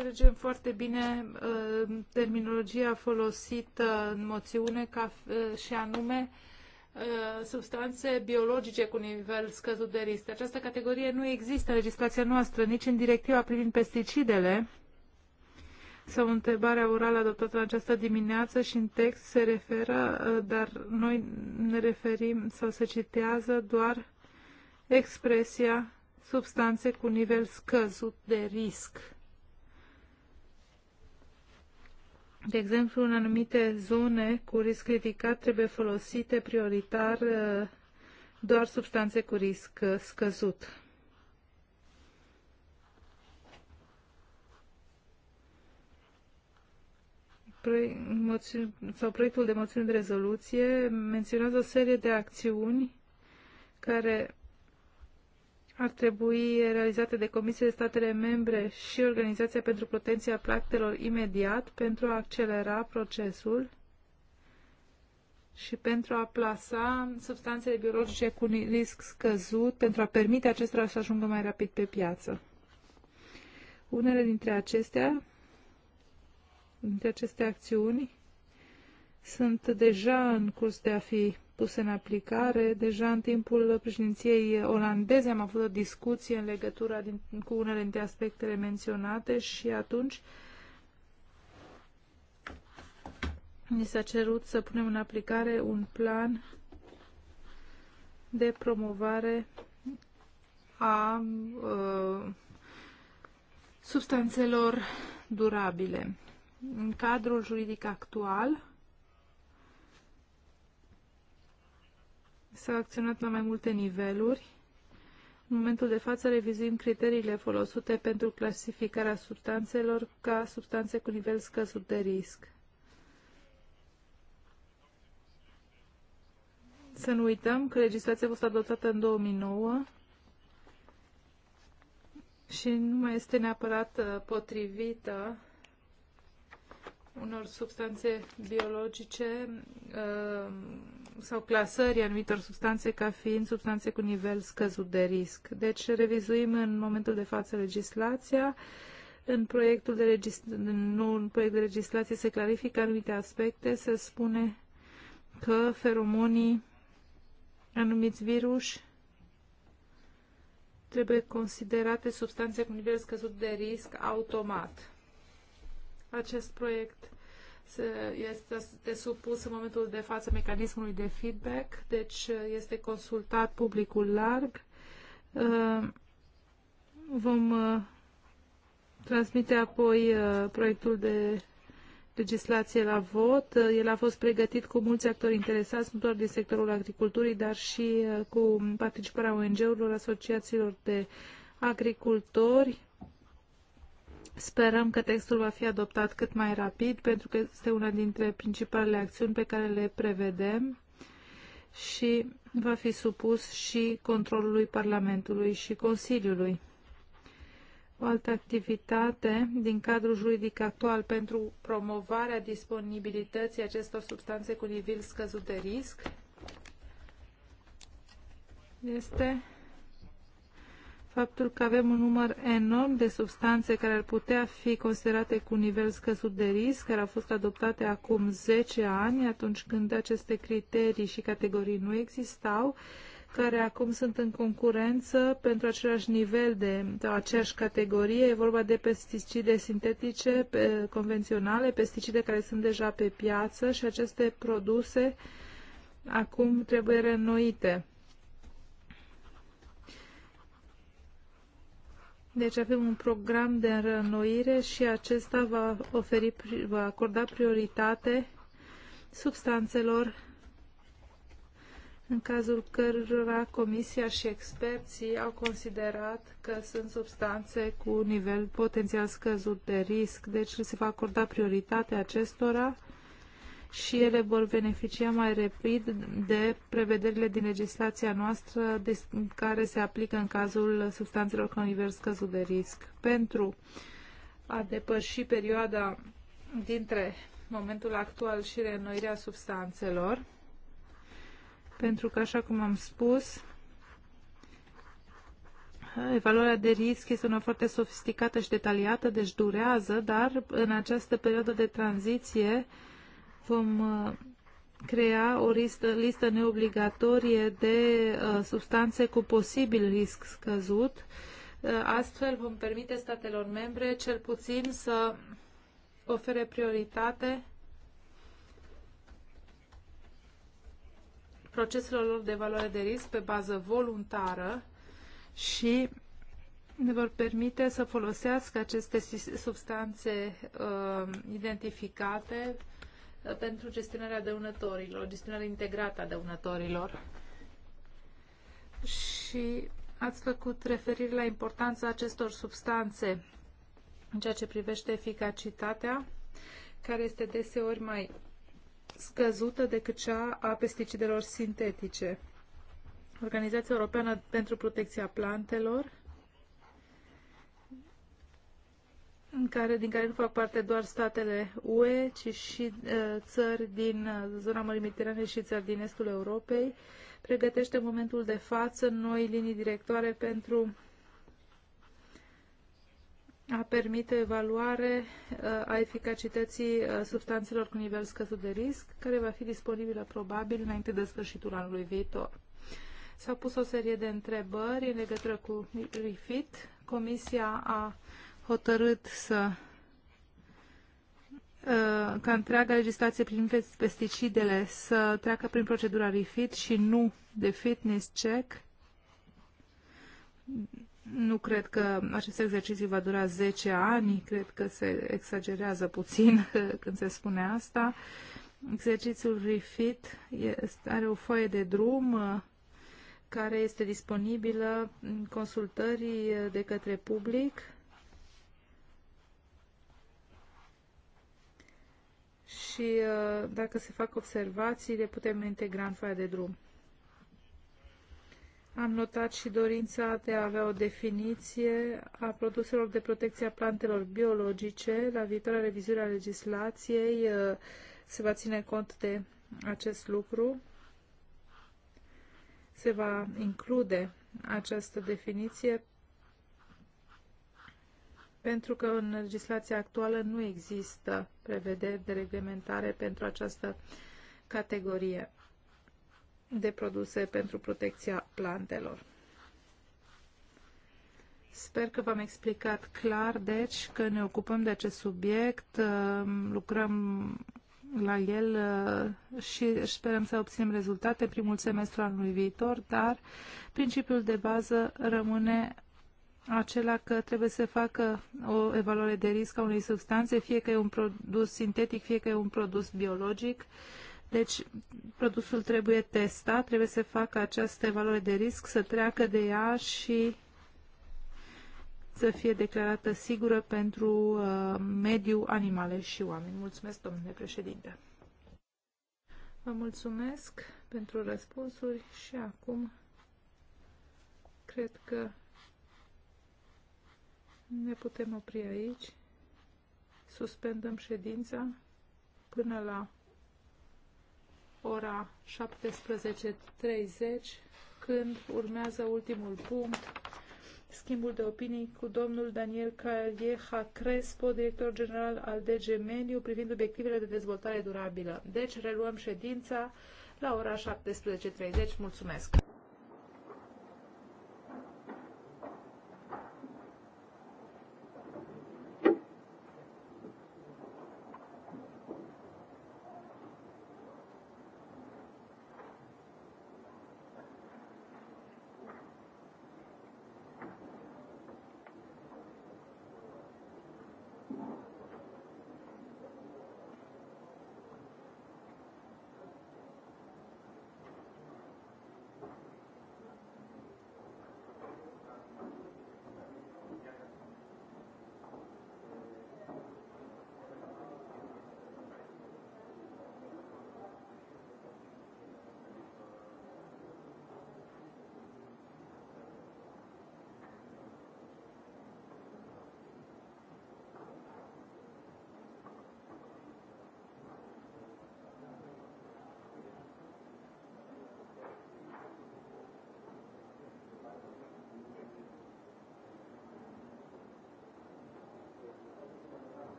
înțelegem foarte bine uh, terminologia folosită în moțiune ca, uh, și anume uh, substanțe biologice cu nivel scăzut de risc. Această categorie nu există în legislația noastră, nici în directiva privind pesticidele sau întrebarea orală adoptată în această dimineață și în text se referă, uh, dar noi ne referim sau se citează doar expresia substanțe cu nivel scăzut de risc. De exemplu, în anumite zone cu risc ridicat trebuie folosite prioritar uh, doar substanțe cu risc uh, scăzut. sau proiectul de moțiune de rezoluție menționează o serie de acțiuni care ar trebui realizate de Comisie de Statele Membre și Organizația pentru Protecția Plactelor imediat pentru a accelera procesul și pentru a plasa substanțele biologice cu risc scăzut, pentru a permite acestora să ajungă mai rapid pe piață. Unele dintre acestea, dintre aceste acțiuni, sunt deja în curs de a fi puse în aplicare. Deja în timpul președinției olandeze am avut o discuție în legătură din, cu unele dintre aspectele menționate și atunci ni s-a cerut să punem în aplicare un plan de promovare a uh, substanțelor durabile. În cadrul juridic actual, s-a acționat la mai multe niveluri. În momentul de față revizuim criteriile folosite pentru clasificarea substanțelor ca substanțe cu nivel scăzut de risc. Să nu uităm că legislația a fost adoptată în 2009 și nu mai este neapărat uh, potrivită unor substanțe biologice uh, sau clasării anumitor substanțe ca fiind substanțe cu nivel scăzut de risc. Deci revizuim în momentul de față legislația. În proiectul de, legis- nu, în proiect de legislație se clarifică anumite aspecte, se spune că feromonii anumiți viruși trebuie considerate substanțe cu nivel scăzut de risc automat. Acest proiect este supus în momentul de față mecanismului de feedback, deci este consultat publicul larg. Uh, vom uh, transmite apoi uh, proiectul de legislație la vot. El a fost pregătit cu mulți actori interesați, nu doar din sectorul agriculturii, dar și cu participarea ONG-urilor, asociațiilor de agricultori, Sperăm că textul va fi adoptat cât mai rapid, pentru că este una dintre principalele acțiuni pe care le prevedem și va fi supus și controlului Parlamentului și Consiliului. O altă activitate din cadrul juridic actual pentru promovarea disponibilității acestor substanțe cu nivel scăzut de risc este faptul că avem un număr enorm de substanțe care ar putea fi considerate cu nivel scăzut de risc, care au fost adoptate acum 10 ani, atunci când aceste criterii și categorii nu existau, care acum sunt în concurență pentru același nivel de sau aceeași categorie. E vorba de pesticide sintetice pe, convenționale, pesticide care sunt deja pe piață și aceste produse acum trebuie reînnoite Deci avem un program de înrănoire și acesta va, oferi, va acorda prioritate substanțelor în cazul cărora comisia și experții au considerat că sunt substanțe cu nivel potențial scăzut de risc, deci se va acorda prioritate acestora și ele vor beneficia mai rapid de prevederile din legislația noastră care se aplică în cazul substanțelor cu nivel scăzut de risc. Pentru a depăși perioada dintre momentul actual și reînnoirea substanțelor, pentru că, așa cum am spus, Evaluarea de risc este una foarte sofisticată și detaliată, deci durează, dar în această perioadă de tranziție Vom uh, crea o listă, listă neobligatorie de uh, substanțe cu posibil risc scăzut. Uh, astfel vom permite statelor membre cel puțin să ofere prioritate proceselor lor de valoare de risc pe bază voluntară și ne vor permite să folosească aceste substanțe uh, identificate pentru gestionarea dăunătorilor, gestionarea integrată a dăunătorilor. Și ați făcut referire la importanța acestor substanțe în ceea ce privește eficacitatea, care este deseori mai scăzută decât cea a pesticidelor sintetice. Organizația Europeană pentru Protecția Plantelor în care, din care nu fac parte doar statele UE, ci și uh, țări din uh, zona Mării Mediterane și țări din estul Europei, pregătește momentul de față noi linii directoare pentru a permite o evaluare uh, a eficacității substanțelor cu nivel scăzut de risc, care va fi disponibilă probabil înainte de sfârșitul anului viitor. S-au pus o serie de întrebări în legătură cu RIFIT. Comisia a hotărât să uh, ca întreaga legislație prin pesticidele să treacă prin procedura refit și nu de fitness check. Nu cred că acest exercițiu va dura 10 ani, cred că se exagerează puțin <laughs> când se spune asta. Exercițiul refit are o foaie de drum uh, care este disponibilă în consultării uh, de către public și uh, dacă se fac observații, le putem integra în foaia de drum. Am notat și dorința de a avea o definiție a produselor de protecție a plantelor biologice. La viitoarea revizuire a legislației uh, se va ține cont de acest lucru. Se va include această definiție pentru că în legislația actuală nu există prevederi de reglementare pentru această categorie de produse pentru protecția plantelor. Sper că v-am explicat clar, deci, că ne ocupăm de acest subiect, uh, lucrăm la el uh, și sperăm să obținem rezultate primul semestru anului viitor, dar principiul de bază rămâne acela că trebuie să facă o evaluare de risc a unei substanțe, fie că e un produs sintetic, fie că e un produs biologic. Deci, produsul trebuie testat, trebuie să facă această evaluare de risc, să treacă de ea și să fie declarată sigură pentru uh, mediu, animale și oameni. Mulțumesc, domnule președinte. Vă mulțumesc pentru răspunsuri și acum cred că ne putem opri aici. Suspendăm ședința până la ora 17.30, când urmează ultimul punct, schimbul de opinii cu domnul Daniel Calieha Crespo, director general al DG Meniu, privind obiectivele de dezvoltare durabilă. Deci reluăm ședința la ora 17.30. Mulțumesc!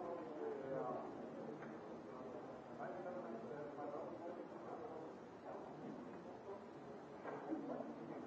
Thank you.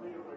clearing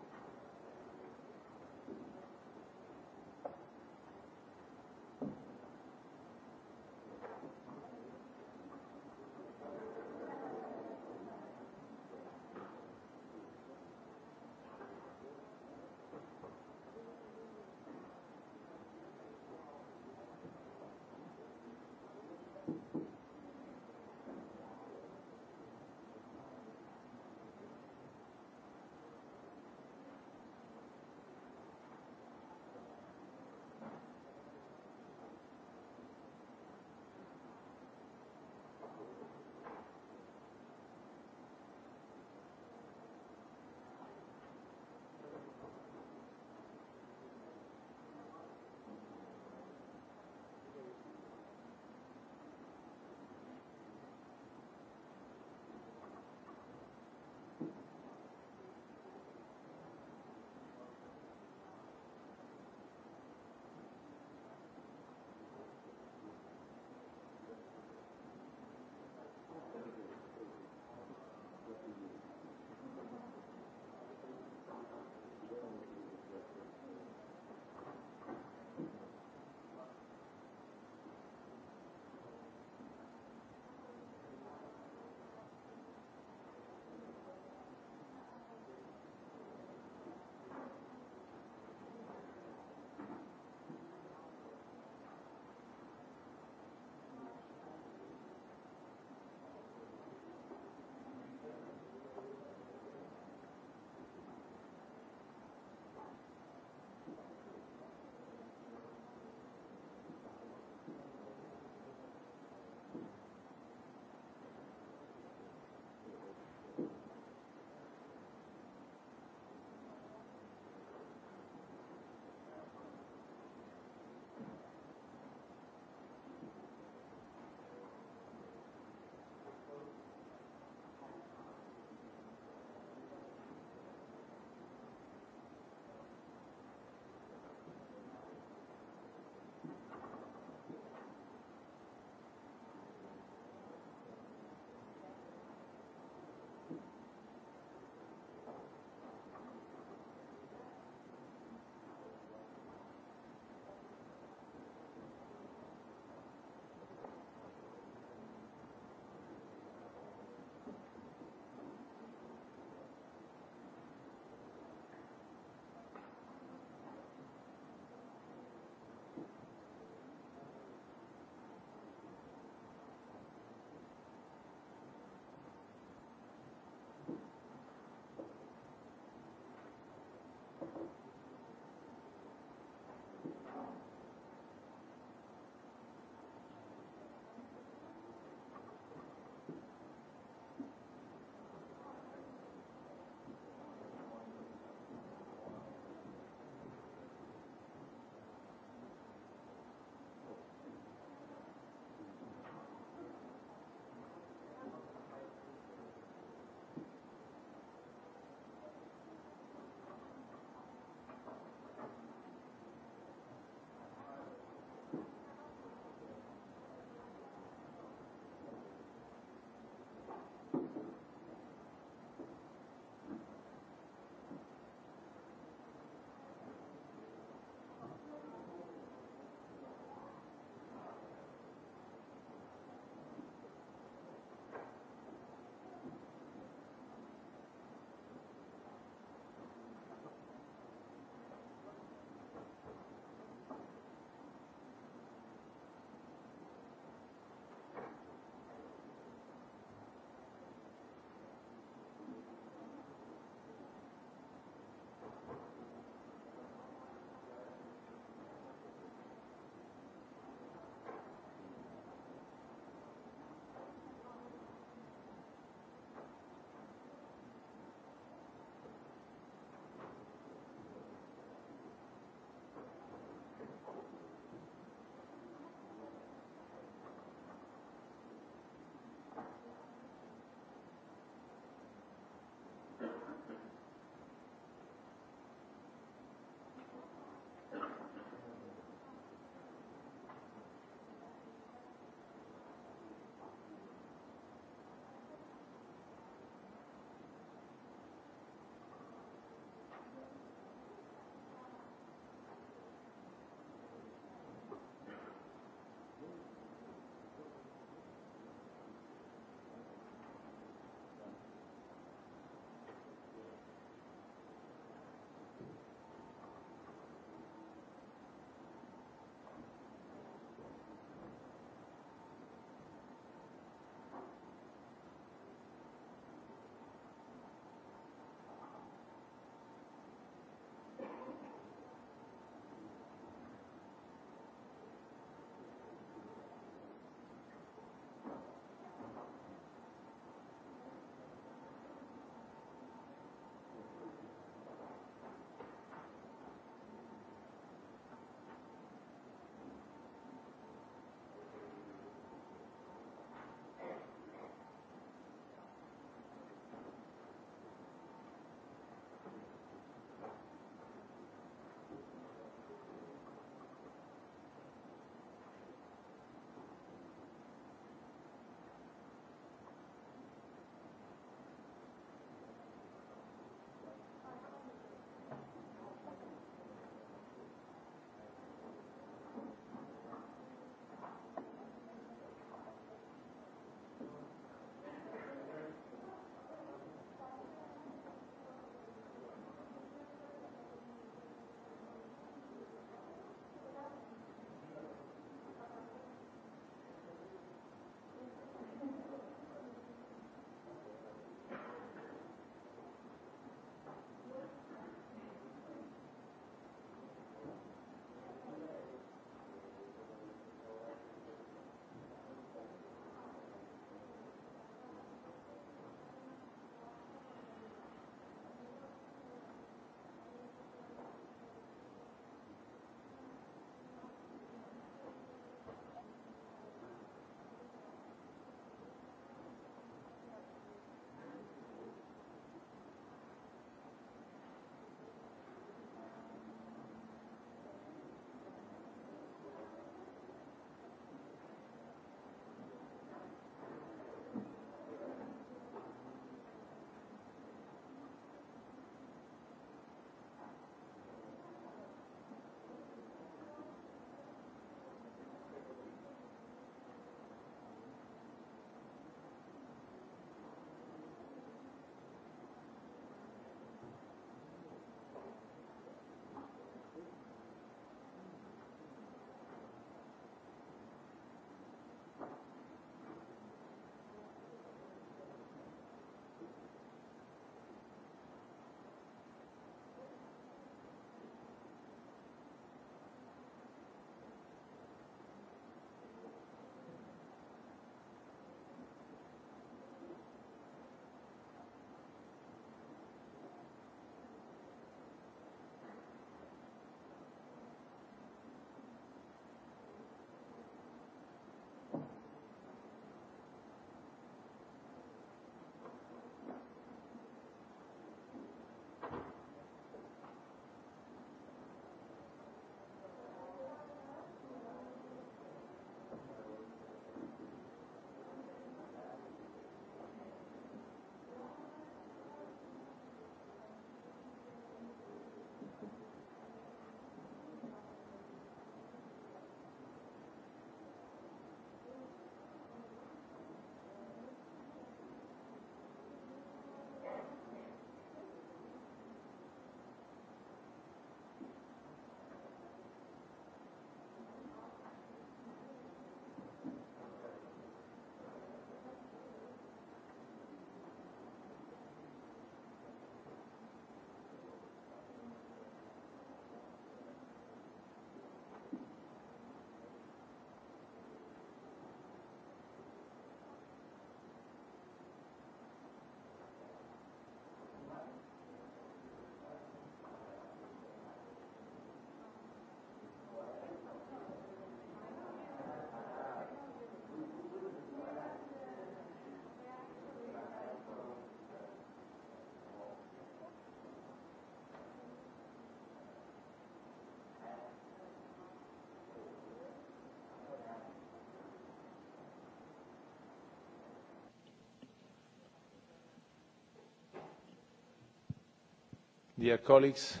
Dear colleagues,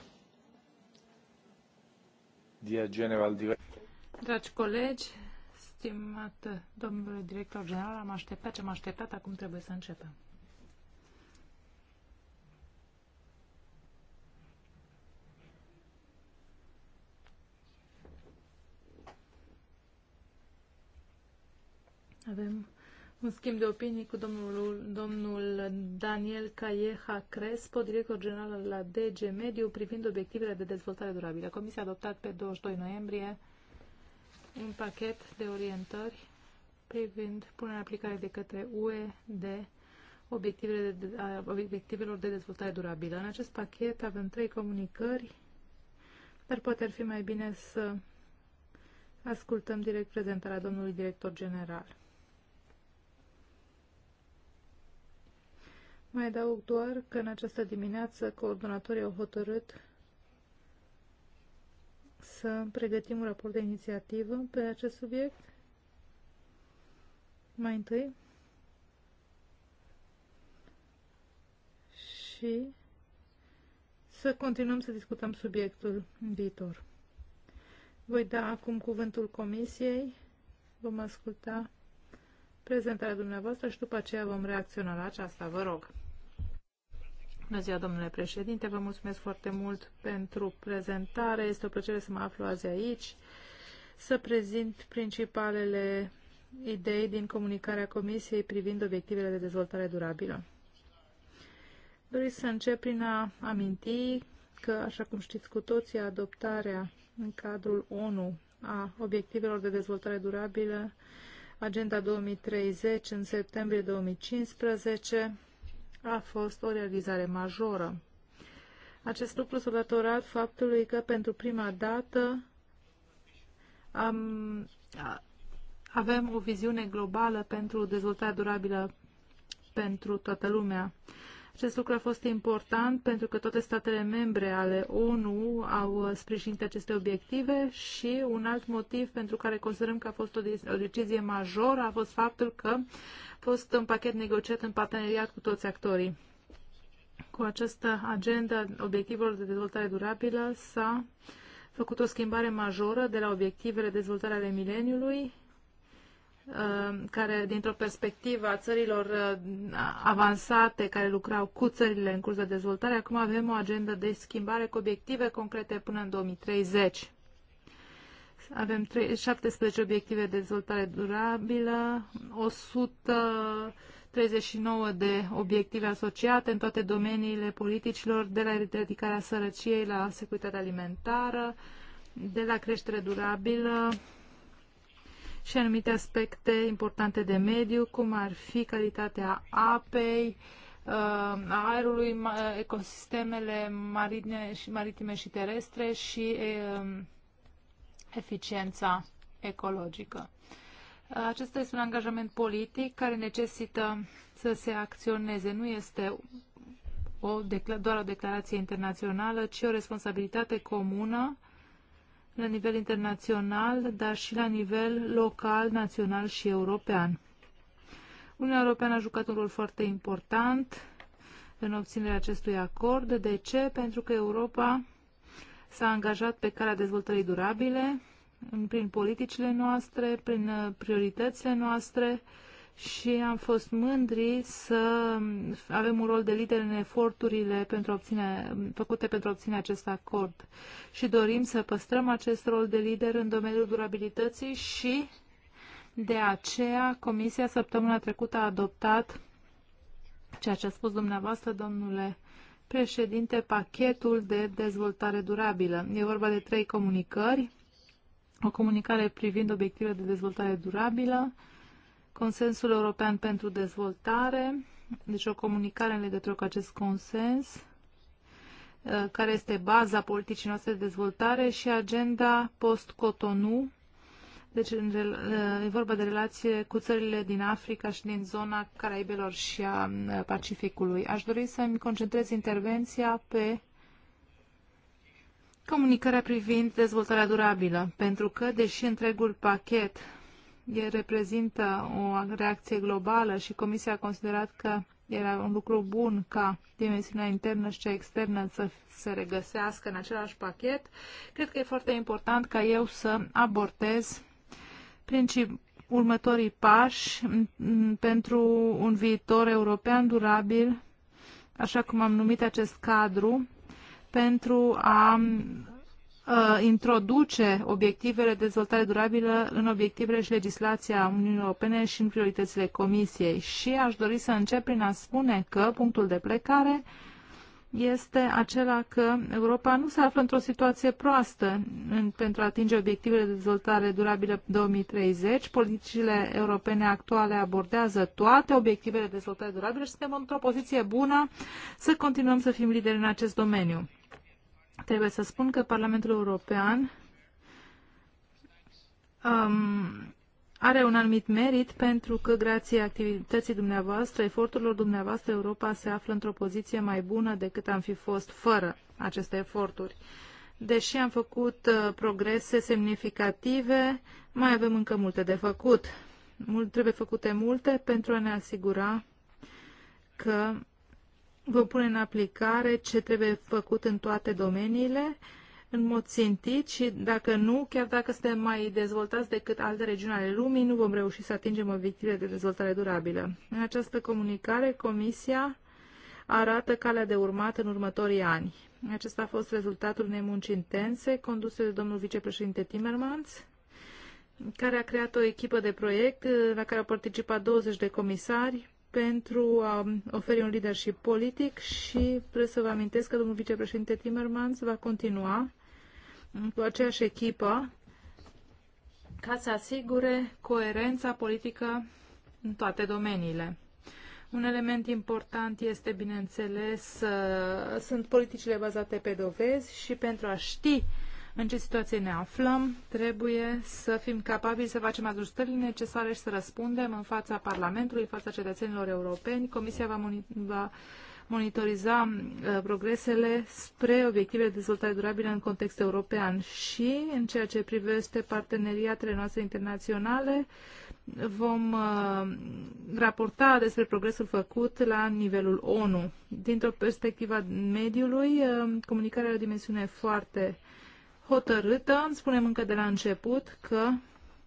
dear general Dragi colegi, stimat domnule director general, am așteptat ce am așteptat, acum trebuie să începem. un schimb de opinii cu domnul, domnul Daniel Caieha Crespo, director general la DG Mediu, privind obiectivele de dezvoltare durabilă. Comisia a adoptat pe 22 noiembrie un pachet de orientări privind punerea în aplicare de către UE de obiectivele de, a obiectivelor de dezvoltare durabilă. În acest pachet avem trei comunicări, dar poate ar fi mai bine să ascultăm direct prezentarea domnului director general. Mai adaug doar că în această dimineață coordonatorii au hotărât să pregătim un raport de inițiativă pe acest subiect. Mai întâi. Și să continuăm să discutăm subiectul în viitor. Voi da acum cuvântul comisiei. Vom asculta prezentarea dumneavoastră și după aceea vom reacționa la aceasta. Vă rog. Bună ziua, domnule președinte. Vă mulțumesc foarte mult pentru prezentare. Este o plăcere să mă aflu azi aici, să prezint principalele idei din comunicarea Comisiei privind obiectivele de dezvoltare durabilă. Doresc să încep prin a aminti că, așa cum știți cu toții, adoptarea în cadrul ONU a obiectivelor de dezvoltare durabilă, Agenda 2030 în septembrie 2015, a fost o realizare majoră. Acest lucru s-a datorat faptului că pentru prima dată am, avem o viziune globală pentru dezvoltarea durabilă pentru toată lumea. Acest lucru a fost important pentru că toate statele membre ale ONU au sprijinit aceste obiective și un alt motiv pentru care considerăm că a fost o decizie majoră a fost faptul că fost un pachet negociat în parteneriat cu toți actorii. Cu această agenda obiectivelor de dezvoltare durabilă s-a făcut o schimbare majoră de la obiectivele de dezvoltare ale mileniului uh, care, dintr-o perspectivă a țărilor uh, avansate care lucrau cu țările în curs de dezvoltare, acum avem o agendă de schimbare cu obiective concrete până în 2030. Avem 17 obiective de dezvoltare durabilă, 139 de obiective asociate în toate domeniile politicilor, de la eradicarea sărăciei la securitatea alimentară, de la creștere durabilă și anumite aspecte importante de mediu, cum ar fi calitatea apei, uh, aerului, ecosistemele marine și maritime și terestre și um, eficiența ecologică. Acesta este un angajament politic care necesită să se acționeze. Nu este o, doar o declarație internațională, ci o responsabilitate comună la nivel internațional, dar și la nivel local, național și european. Uniunea Europeană a jucat un rol foarte important în obținerea acestui acord. De ce? Pentru că Europa s-a angajat pe calea dezvoltării durabile, prin politicile noastre, prin uh, prioritățile noastre și am fost mândri să avem un rol de lider în eforturile pentru obține, făcute pentru a obține acest acord. Și dorim să păstrăm acest rol de lider în domeniul durabilității și de aceea Comisia săptămâna trecută a adoptat ceea ce a spus dumneavoastră, domnule președinte, pachetul de dezvoltare durabilă. E vorba de trei comunicări. O comunicare privind obiectivele de dezvoltare durabilă, Consensul European pentru Dezvoltare, deci o comunicare în legătură cu acest consens, uh, care este baza politicii noastre de dezvoltare și agenda post-Cotonou, deci în, e vorba de relație cu țările din Africa și din zona Caraibelor și a Pacificului. Aș dori să-mi concentrez intervenția pe comunicarea privind dezvoltarea durabilă, pentru că, deși întregul pachet e, reprezintă o reacție globală și Comisia a considerat că era un lucru bun ca dimensiunea internă și cea externă să se regăsească în același pachet, cred că e foarte important ca eu să abordez princip, următorii pași pentru un viitor european durabil, așa cum am numit acest cadru, pentru a introduce obiectivele de dezvoltare durabilă în obiectivele și legislația Uniunii Europene și în prioritățile Comisiei. Și aș dori să încep prin a spune că punctul de plecare uh, este acela că Europa nu se află într-o situație proastă în, pentru a atinge obiectivele de dezvoltare durabilă 2030. Politicile europene actuale abordează toate obiectivele de dezvoltare durabilă și suntem într-o poziție bună să continuăm să fim lideri în acest domeniu. Trebuie să spun că Parlamentul European um, are un anumit merit pentru că, grație activității dumneavoastră, eforturilor dumneavoastră, Europa se află într-o poziție mai bună decât am fi fost fără aceste eforturi. Deși am făcut uh, progrese semnificative, mai avem încă multe de făcut. Mult, trebuie făcute multe pentru a ne asigura că vom pune în aplicare ce trebuie făcut în toate domeniile, în mod țintit și dacă nu, chiar dacă suntem mai dezvoltați decât alte regiuni ale lumii, nu vom reuși să atingem obiectivele de dezvoltare durabilă. În această comunicare, Comisia arată calea de urmat în următorii ani. Acesta a fost rezultatul unei munci intense conduse de domnul vicepreședinte Timmermans, care a creat o echipă de proiect la care au participat 20 de comisari pentru a oferi un leadership politic și trebuie să vă amintesc că domnul vicepreședinte Timmermans va continua cu aceeași echipă ca să asigure coerența politică în toate domeniile. Un element important este, bineînțeles, sunt politicile bazate pe dovezi și pentru a ști în ce situație ne aflăm, trebuie să fim capabili să facem ajustările necesare și să răspundem în fața Parlamentului, în fața cetățenilor europeni. Comisia va, va monitoriza uh, progresele spre obiectivele de dezvoltare durabilă în context european și în ceea ce privește parteneriatele noastre internaționale vom uh, raporta despre progresul făcut la nivelul ONU. Dintr-o perspectivă mediului, uh, comunicarea are o dimensiune foarte hotărâtă. Spunem încă de la început că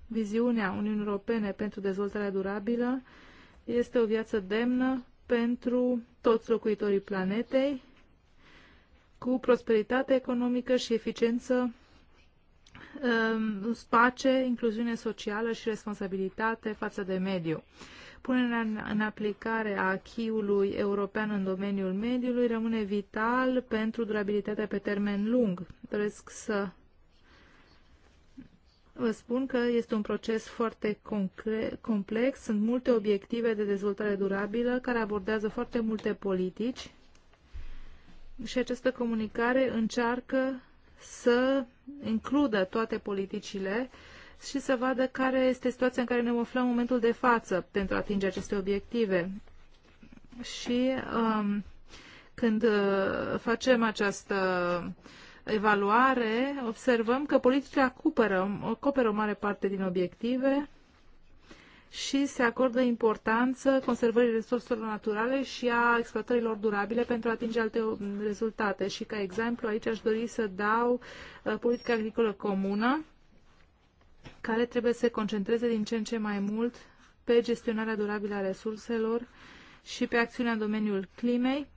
viziunea Uniunii Europene pentru dezvoltarea durabilă este o viață demnă pentru toți locuitorii planetei cu prosperitate economică și eficiență, um, pace, incluziune socială și responsabilitate față de mediu. Punerea în, aplicare a acquis european în domeniul mediului rămâne vital pentru durabilitatea pe termen lung. Doresc să Vă spun că este un proces foarte complex, sunt multe obiective de dezvoltare durabilă care abordează foarte multe politici și această comunicare încearcă să includă toate politicile și să vadă care este situația în care ne aflăm în momentul de față pentru a atinge aceste obiective. Și um, când uh, facem această uh, evaluare, observăm că politica acoperă, acoperă o mare parte din obiective și se acordă importanță conservării resurselor naturale și a exploatărilor durabile pentru a atinge alte um, rezultate. Și ca exemplu aici aș dori să dau uh, politica agricolă comună, care trebuie să se concentreze din ce în ce mai mult pe gestionarea durabilă a resurselor și pe acțiunea în domeniul climei,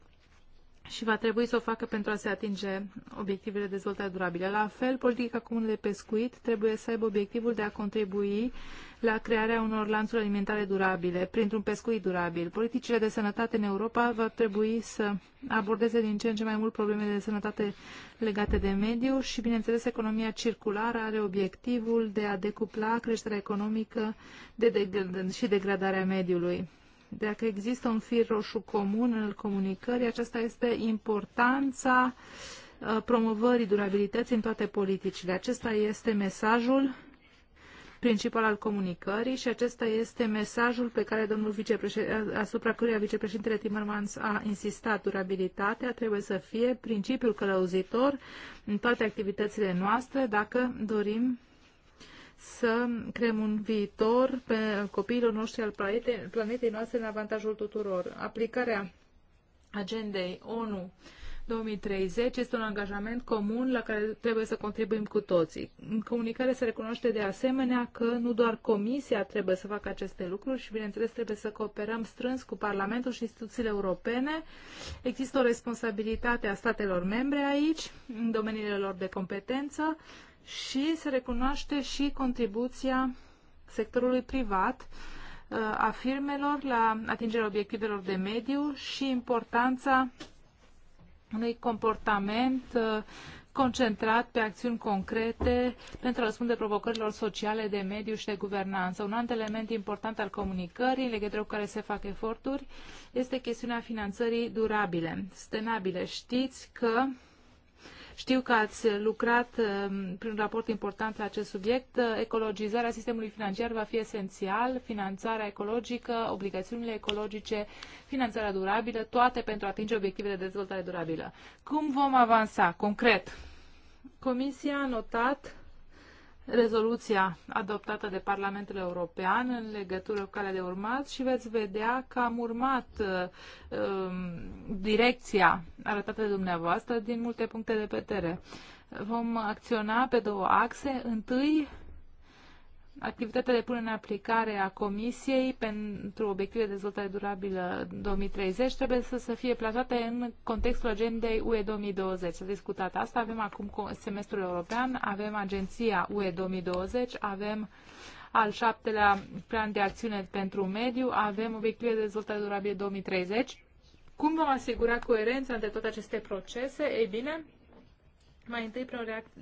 și va trebui să o facă pentru a se atinge obiectivele de dezvoltare durabilă. La fel, politica comună de pescuit trebuie să aibă obiectivul de a contribui la crearea unor lanțuri alimentare durabile, printr-un pescuit durabil. Politicile de sănătate în Europa va trebui să abordeze din ce în ce mai mult problemele de sănătate legate de mediu și, bineînțeles, economia circulară are obiectivul de a decupla creșterea economică de degrad- și degradarea mediului. Dacă există un fir roșu comun în comunicării, aceasta este importanța uh, promovării durabilității în toate politicile. Acesta este mesajul principal al comunicării și acesta este mesajul pe care domnul vicepreședinte, uh, asupra căruia vicepreședintele Timmermans a insistat. Durabilitatea trebuie să fie principiul călăuzitor în toate activitățile noastre dacă dorim să creăm un viitor pe copiilor noștri al planetei, planetei noastre în avantajul tuturor. Aplicarea agendei ONU 2030 este un angajament comun la care trebuie să contribuim cu toții. În comunicare se recunoaște de asemenea că nu doar Comisia trebuie să facă aceste lucruri și, bineînțeles, trebuie să cooperăm strâns cu Parlamentul și instituțiile europene. Există o responsabilitate a statelor membre aici, în domeniile lor de competență, și se recunoaște și contribuția sectorului privat uh, a firmelor la atingerea obiectivelor de mediu și importanța unui comportament uh, concentrat pe acțiuni concrete pentru a răspunde provocărilor sociale, de mediu și de guvernanță. Un alt element important al comunicării, în legătură cu care se fac eforturi, este chestiunea finanțării durabile, sustenabile. Știți că știu că ați lucrat uh, prin un raport important la acest subiect. Uh, ecologizarea sistemului financiar va fi esențial, finanțarea ecologică, obligațiunile ecologice, finanțarea durabilă, toate pentru a atinge obiectivele de dezvoltare durabilă. Cum vom avansa concret? Comisia a notat rezoluția adoptată de Parlamentul European în legătură cu calea de urmat și veți vedea că am urmat uh, direcția arătată de dumneavoastră din multe puncte de vedere. Vom acționa pe două axe. Întâi, activitatea de punere în aplicare a Comisiei pentru obiective de dezvoltare durabilă 2030 trebuie să, să fie plasate în contextul agendei UE 2020. S-a discutat asta, avem acum semestrul european, avem agenția UE 2020, avem al șaptelea plan de acțiune pentru mediu, avem obiective de dezvoltare durabilă 2030. Cum vom asigura coerența între toate aceste procese? Ei bine, mai întâi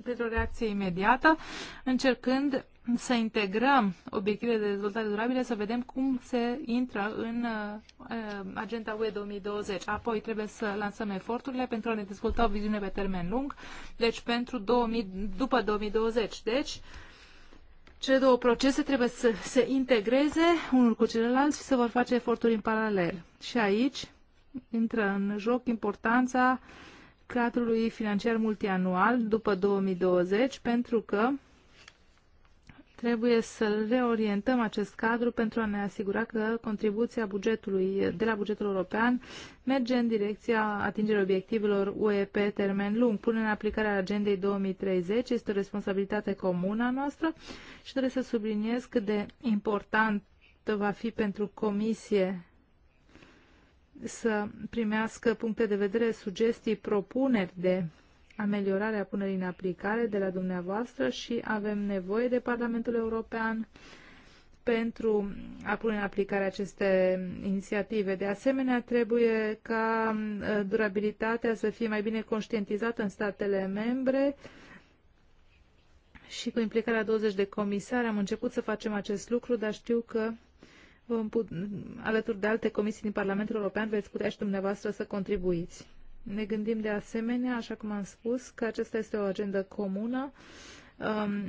pentru o reacție imediată, încercând să integrăm obiectivele de dezvoltare durabile, să vedem cum se intră în uh, agenda UE 2020. Apoi trebuie să lansăm eforturile pentru a ne dezvolta o viziune pe termen lung, deci pentru 2000, după 2020. Deci, cele două procese trebuie să se integreze unul cu celălalt și să vor face eforturi în paralel. Și aici intră în joc importanța cadrului financiar multianual după 2020, pentru că Trebuie să reorientăm acest cadru pentru a ne asigura că contribuția bugetului de la bugetul european merge în direcția atingerii obiectivelor UE pe termen lung. Până în aplicare a agendei 2030 este o responsabilitate comună a noastră și trebuie să subliniez cât de important va fi pentru Comisie să primească puncte de vedere, sugestii, propuneri de ameliorarea punerii în aplicare de la dumneavoastră și avem nevoie de Parlamentul European pentru a pune în aplicare aceste inițiative. De asemenea, trebuie ca ă, durabilitatea să fie mai bine conștientizată în statele membre și cu implicarea 20 de comisari am început să facem acest lucru, dar știu că vom put, alături de alte comisii din Parlamentul European veți putea și dumneavoastră să contribuiți. Ne gândim de asemenea, așa cum am spus, că aceasta este o agendă comună um,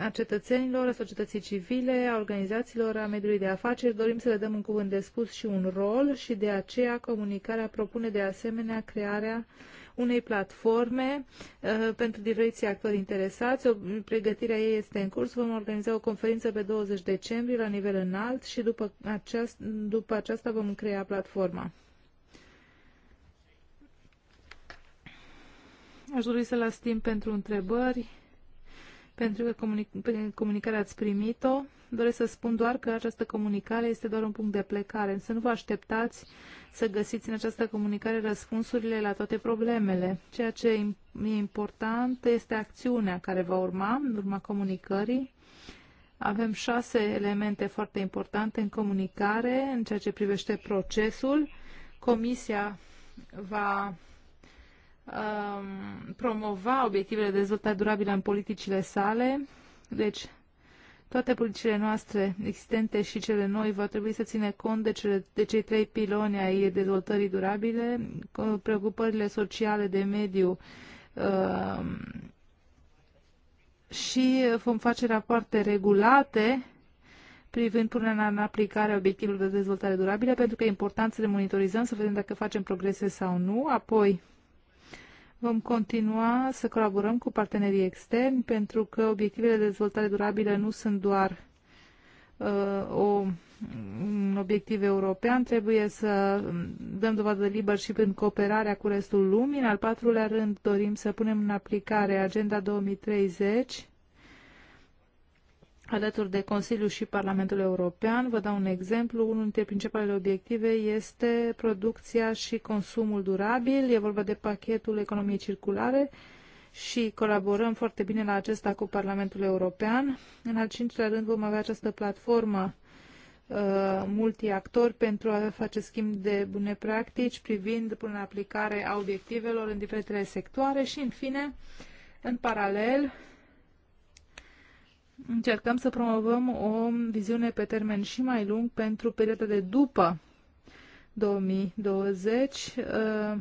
a cetățenilor, a societății civile, a organizațiilor, a mediului de afaceri. Dorim să le dăm un cuvânt de spus și un rol și de aceea comunicarea propune de asemenea crearea unei platforme uh, pentru diferiții actori interesați. O, pregătirea ei este în curs. Vom organiza o conferință pe 20 decembrie la nivel înalt și după, aceast, după aceasta vom crea platforma. Aș dori să las timp pentru întrebări, pentru că comunic- comunicarea ați primit-o. Doresc să spun doar că această comunicare este doar un punct de plecare, însă nu vă așteptați să găsiți în această comunicare răspunsurile la toate problemele. Ceea ce e important este acțiunea care va urma în urma comunicării. Avem șase elemente foarte importante în comunicare în ceea ce privește procesul. Comisia va um, promova obiectivele de dezvoltare durabilă în politicile sale. Deci, toate politicile noastre existente și cele noi vor trebui să ține cont de, cele, de cei trei piloni ai dezvoltării durabile, preocupările sociale de mediu um, și vom face rapoarte regulate privind punerea în aplicare obiectivul obiectivelor de dezvoltare durabilă, pentru că e important să le monitorizăm, să vedem dacă facem progrese sau nu. Apoi, Vom continua să colaborăm cu partenerii externi pentru că obiectivele de dezvoltare durabilă nu sunt doar uh, o, un obiectiv european, trebuie să dăm dovadă de liber și în cooperarea cu restul lumii. În al patrulea rând dorim să punem în aplicare Agenda 2030 alături de Consiliu și Parlamentul European. Vă dau un exemplu. Unul dintre principalele obiective este producția și consumul durabil. E vorba de pachetul economiei circulare și colaborăm foarte bine la acesta cu Parlamentul European. În al cincilea rând vom avea această platformă uh, multiactor pentru a face schimb de bune practici privind până în aplicare a obiectivelor în diferitele sectoare și, în fine, în paralel, încercăm să promovăm o viziune pe termen și mai lung pentru perioada de după 2020. Uh,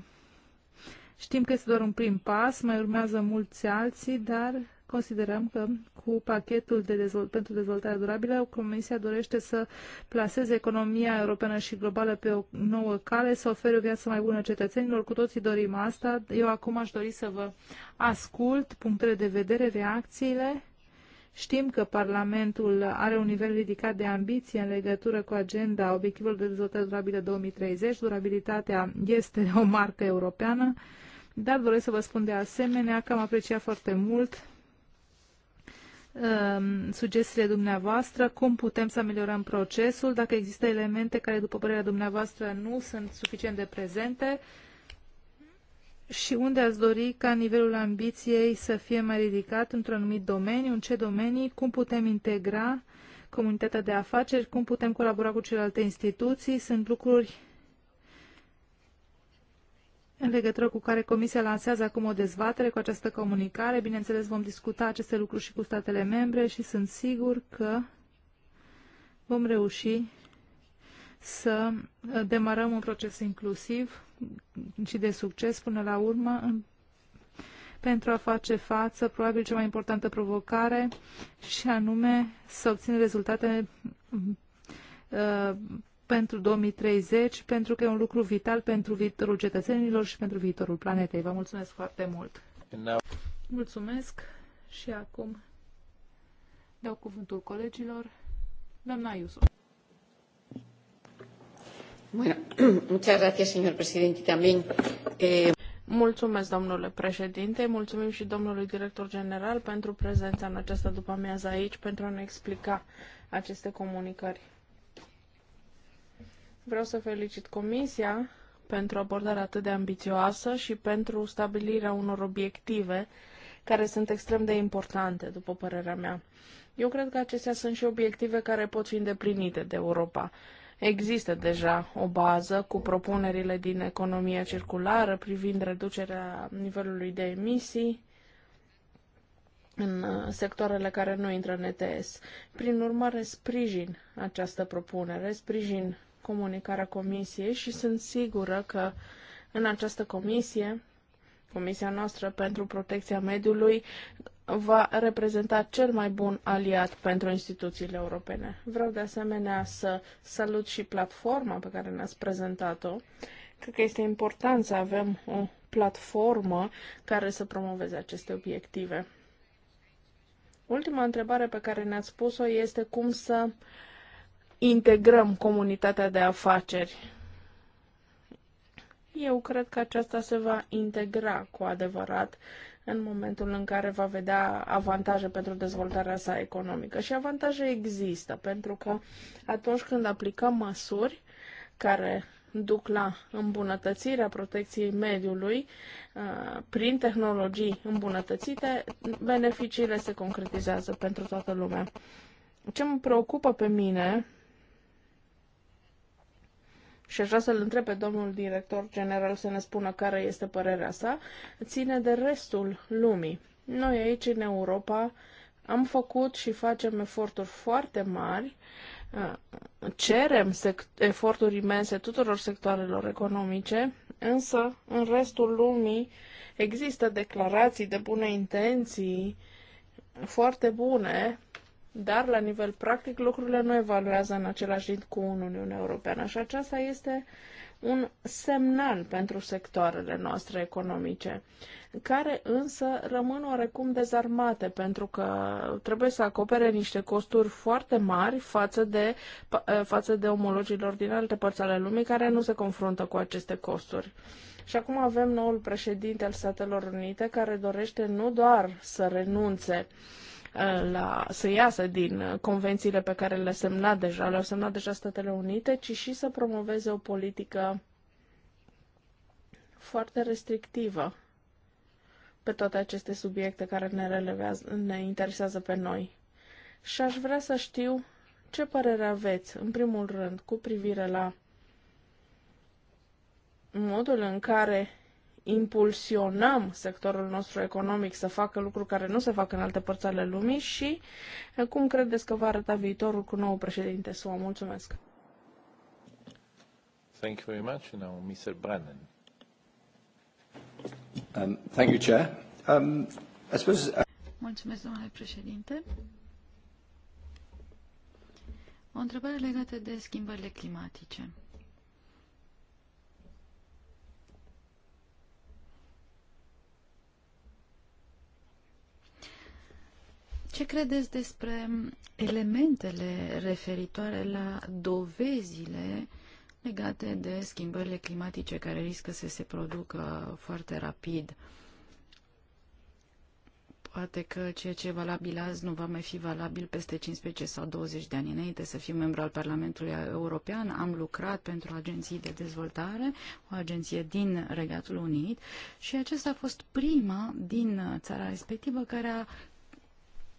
știm că este doar un prim pas, mai urmează mulți alții, dar considerăm că cu pachetul de dezvolt- pentru dezvoltare durabilă, Comisia dorește să plaseze economia europeană și globală pe o nouă cale, să ofere o viață mai bună cetățenilor. Cu toții dorim asta. Eu acum aș dori să vă ascult punctele de vedere, reacțiile Știm că Parlamentul are un nivel ridicat de ambiție în legătură cu agenda obiectivul de dezvoltare durabilă 2030. Durabilitatea este o marcă europeană, dar doresc să vă spun de asemenea că am apreciat foarte mult um, sugestiile dumneavoastră, cum putem să ameliorăm procesul, dacă există elemente care, după părerea dumneavoastră, nu sunt suficient de prezente, și unde ați dori ca nivelul ambiției să fie mai ridicat într-un anumit domeniu, în ce domenii, cum putem integra comunitatea de afaceri, cum putem colabora cu celelalte instituții. Sunt lucruri în legătură cu care Comisia lansează acum o dezbatere cu această comunicare. Bineînțeles, vom discuta aceste lucruri și cu statele membre și sunt sigur că vom reuși să demarăm un proces inclusiv și de succes până la urmă în, pentru a face față probabil cea mai importantă provocare și anume să obțin rezultate uh, pentru 2030, pentru că e un lucru vital pentru viitorul cetățenilor și pentru viitorul planetei. Vă mulțumesc foarte mult! Mulțumesc și acum dau cuvântul colegilor. Doamna Iusuf. Bueno, <clears throat> muchas gracias, señor presidente. También, eh... Mulțumesc, domnule președinte, mulțumim și domnului director general pentru prezența în această după-amiază aici pentru a ne explica aceste comunicări. Vreau să felicit Comisia pentru abordarea atât de ambițioasă și pentru stabilirea unor obiective care sunt extrem de importante, după părerea mea. Eu cred că acestea sunt și obiective care pot fi îndeplinite de Europa Există deja o bază cu propunerile din economia circulară privind reducerea nivelului de emisii în uh, sectoarele care nu intră în ETS. Prin urmare, sprijin această propunere, sprijin comunicarea Comisiei și sunt sigură că în această comisie Comisia noastră pentru protecția mediului va reprezenta cel mai bun aliat pentru instituțiile europene. Vreau de asemenea să salut și platforma pe care ne-ați prezentat-o. Cred că este important să avem o platformă care să promoveze aceste obiective. Ultima întrebare pe care ne-ați pus-o este cum să integrăm comunitatea de afaceri eu cred că aceasta se va integra cu adevărat în momentul în care va vedea avantaje pentru dezvoltarea sa economică. Și avantaje există, pentru că atunci când aplicăm măsuri care duc la îmbunătățirea protecției mediului uh, prin tehnologii îmbunătățite, beneficiile se concretizează pentru toată lumea. Ce mă preocupă pe mine și așa să-l întreb pe domnul director general să ne spună care este părerea sa, ține de restul lumii. Noi aici, în Europa, am făcut și facem eforturi foarte mari, uh, cerem eforturi imense tuturor sectoarelor economice, însă în restul lumii există declarații de bune intenții foarte bune dar, la nivel practic, lucrurile nu evaluează în același ritm cu Uniunea Europeană și aceasta este un semnal pentru sectoarele noastre economice, care însă rămân oarecum dezarmate pentru că trebuie să acopere niște costuri foarte mari față de, față de omologilor din alte părți ale lumii care nu se confruntă cu aceste costuri. Și acum avem noul președinte al Statelor Unite care dorește nu doar să renunțe uh, Uh, la, să iasă din uh, convențiile pe care le-a semnat deja, le-au semnat deja Statele Unite, ci și să promoveze o politică foarte restrictivă pe toate aceste subiecte care ne, relevează, ne interesează pe noi. Și aș vrea să știu ce părere aveți, în primul rând, cu privire la modul în care impulsionăm sectorul nostru economic să facă lucruri care nu se fac în alte părți ale lumii și cum credeți că va arăta viitorul cu nou președinte SUA? Mulțumesc! Thank you very much. Now, Mr. Brennan. Um, thank you, Chair. Um, I suppose, uh... Mulțumesc, domnule președinte. O întrebare legată de schimbările climatice. Ce credeți despre elementele referitoare la dovezile legate de schimbările climatice care riscă să se producă foarte rapid? Poate că ceea ce e valabil azi nu va mai fi valabil peste 15 sau 20 de ani înainte să fiu membru al Parlamentului European. Am lucrat pentru agenții de dezvoltare, o agenție din Regatul Unit și acesta a fost prima din țara respectivă care a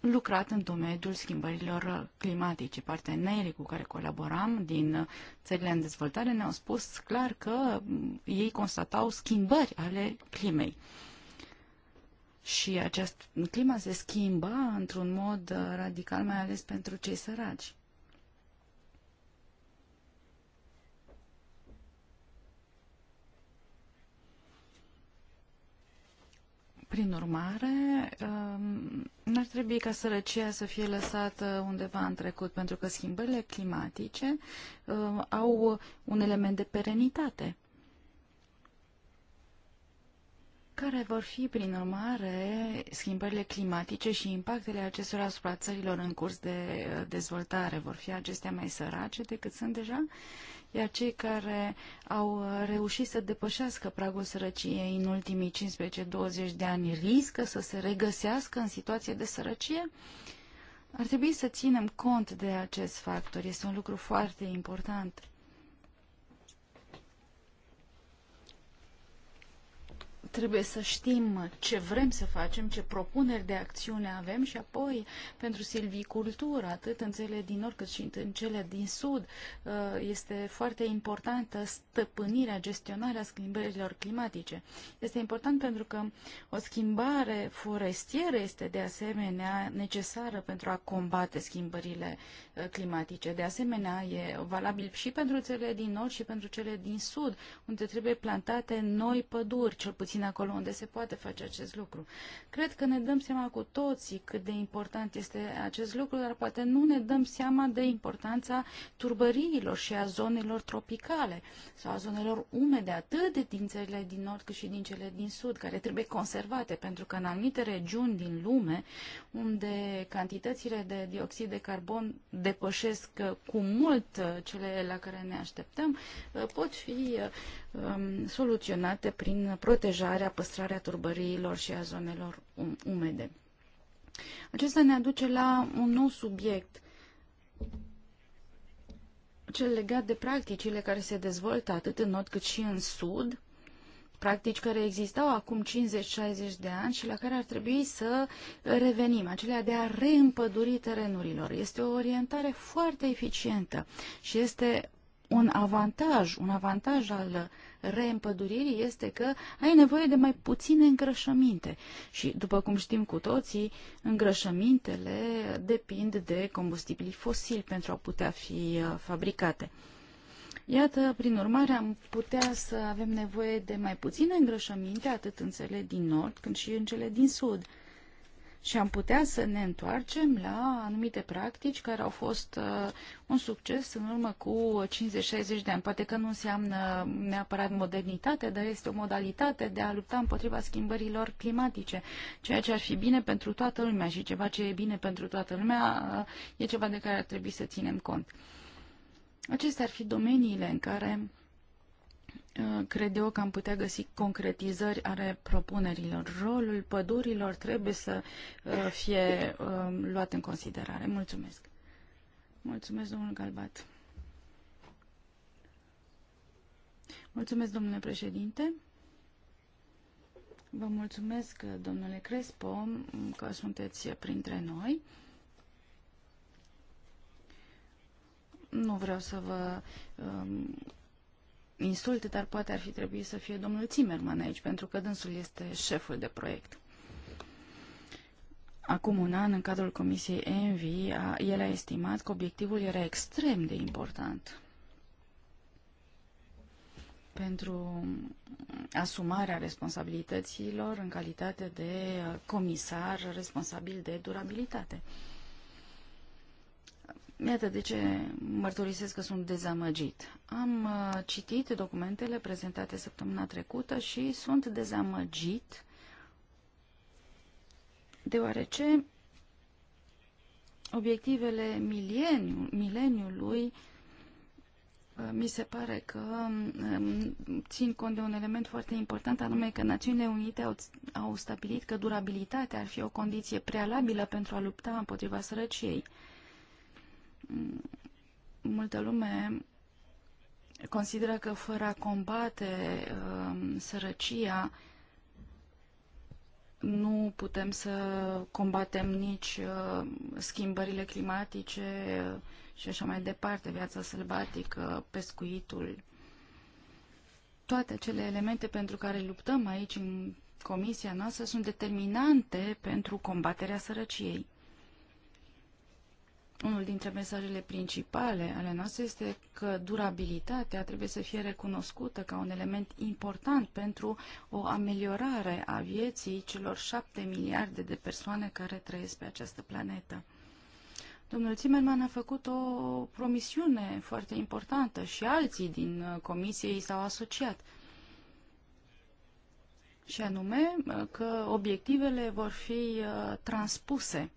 lucrat în domeniul schimbărilor climatice. Partenerii cu care colaboram din țările în dezvoltare ne-au spus clar că ei constatau schimbări ale climei. Și acest clima se schimba într-un mod radical, mai ales pentru cei săraci. Prin urmare, um, n-ar trebui ca sărăcia să fie lăsată undeva în trecut, pentru că schimbările climatice um, au un element de perenitate. Care vor fi, prin urmare, schimbările climatice și impactele acestora asupra țărilor în curs de uh, dezvoltare? Vor fi acestea mai sărace decât sunt deja? iar cei care au reușit să depășească pragul sărăciei în ultimii 15-20 de ani riscă să se regăsească în situație de sărăcie? Ar trebui să ținem cont de acest factor. Este un lucru foarte important. trebuie să știm ce vrem să facem, ce propuneri de acțiune avem și apoi pentru silvicultură, atât în cele din nord cât și în cele din sud, uh, este foarte importantă stăpânirea, gestionarea schimbărilor climatice. Este important pentru că o schimbare forestieră este de asemenea necesară pentru a combate schimbările uh, climatice. De asemenea, e valabil și pentru cele din nord și pentru cele din sud, unde trebuie plantate noi păduri, cel puțin puțin acolo unde se poate face acest lucru. Cred că ne dăm seama cu toții cât de important este acest lucru, dar poate nu ne dăm seama de importanța turbăriilor și a zonelor tropicale sau a zonelor umede, atât de din țările din nord cât și din cele din sud, care trebuie conservate, pentru că în anumite regiuni din lume, unde cantitățile de dioxid de carbon depășesc uh, cu mult uh, cele la care ne așteptăm, uh, pot fi um, soluționate prin protejarea cercetarea, păstrarea turbăriilor și a zonelor um, umede. Acesta ne aduce la un nou subiect, cel legat de practicile care se dezvoltă atât în nord cât și în sud, practici care existau acum 50-60 de ani și la care ar trebui să revenim, acelea de a reîmpăduri terenurilor. Este o orientare foarte eficientă și este un avantaj, un avantaj al reîmpăduririi este că ai nevoie de mai puține îngrășăminte. Și, după cum știm cu toții, îngrășămintele depind de combustibilii fosili pentru a putea fi uh, fabricate. Iată, prin urmare, am putea să avem nevoie de mai puține îngrășăminte, atât în cele din nord, cât și în cele din sud și am putea să ne întoarcem la anumite practici care au fost uh, un succes în urmă cu 50-60 de ani. Poate că nu înseamnă neapărat modernitate, dar este o modalitate de a lupta împotriva schimbărilor climatice. Ceea ce ar fi bine pentru toată lumea și ceva ce e bine pentru toată lumea uh, e ceva de care ar trebui să ținem cont. Acestea ar fi domeniile în care Uh, cred eu că am putea găsi concretizări ale propunerilor. Rolul pădurilor trebuie să uh, fie um, luat în considerare. Mulțumesc. Mulțumesc, domnul Galbat. Mulțumesc, domnule președinte. Vă mulțumesc, domnule Crespo, că sunteți printre noi. Nu vreau să vă um, insulte, dar poate ar fi trebuit să fie domnul Zimmerman aici, pentru că dânsul este șeful de proiect. Acum un an, în cadrul Comisiei ENVI, el a estimat că obiectivul era extrem de important pentru asumarea responsabilităților în calitate de comisar responsabil de durabilitate. Uh, Iată de ce mărturisesc că sunt dezamăgit. Am uh, citit documentele prezentate săptămâna trecută și sunt dezamăgit deoarece obiectivele mileniu, mileniului uh, mi se pare că um, țin cont de un element foarte important, anume că Națiunile Unite au, au stabilit că durabilitatea ar fi o condiție prealabilă pentru a lupta împotriva sărăciei multă lume consideră că fără a combate uh, sărăcia nu putem să combatem nici uh, schimbările climatice uh, și așa mai departe, viața sălbatică, pescuitul. Toate acele elemente pentru care luptăm aici în comisia noastră sunt determinante pentru combaterea sărăciei. Unul dintre mesajele principale ale noastre este că durabilitatea trebuie să fie recunoscută ca un element important pentru o ameliorare a vieții celor șapte miliarde de persoane care trăiesc pe această planetă. Domnul Zimmerman a făcut o promisiune foarte importantă și alții din uh, comisie i s-au asociat. Și anume uh, că obiectivele vor fi uh, transpuse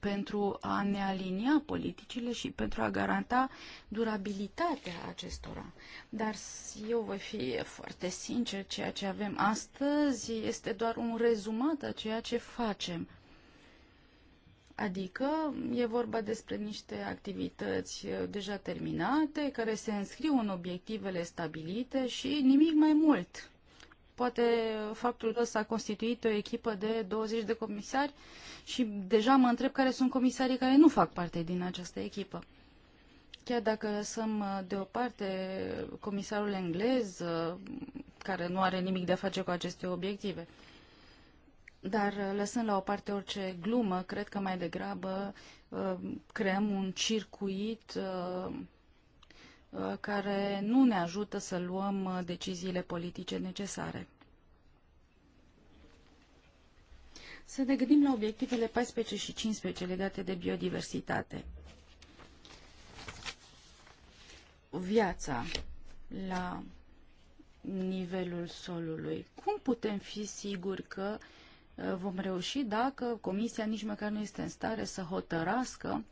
pentru a ne alinia politicile și pentru a garanta durabilitatea acestora. Dar eu voi fi foarte sincer, ceea ce avem astăzi este doar un rezumat a ceea ce facem. Adică e vorba despre niște activități uh, deja terminate, care se înscriu în obiectivele stabilite și nimic mai mult poate faptul că s-a constituit o echipă de 20 de comisari și deja mă întreb care sunt comisarii care nu fac parte din această echipă. Chiar dacă lăsăm uh, deoparte comisarul englez, uh, care nu are nimic de a face cu aceste obiective. Dar uh, lăsând la o parte orice glumă, cred că mai degrabă creăm un circuit Uh, care nu ne ajută să luăm uh, deciziile politice necesare. Să ne gândim la obiectivele 14 și 15 legate de biodiversitate. Viața la nivelul solului. Cum putem fi siguri că uh, vom reuși dacă Comisia nici măcar nu este în stare să hotărască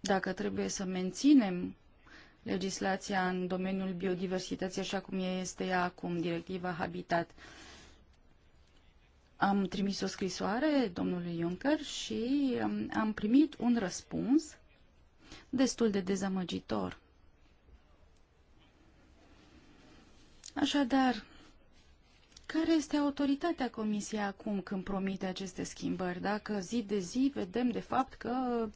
Dacă trebuie să menținem legislația în domeniul biodiversității așa cum este ea acum, directiva Habitat, am trimis o scrisoare domnului Juncker și um, am primit un răspuns destul de dezamăgitor. Așadar, care este autoritatea Comisiei acum când promite aceste schimbări, dacă zi de zi vedem de fapt că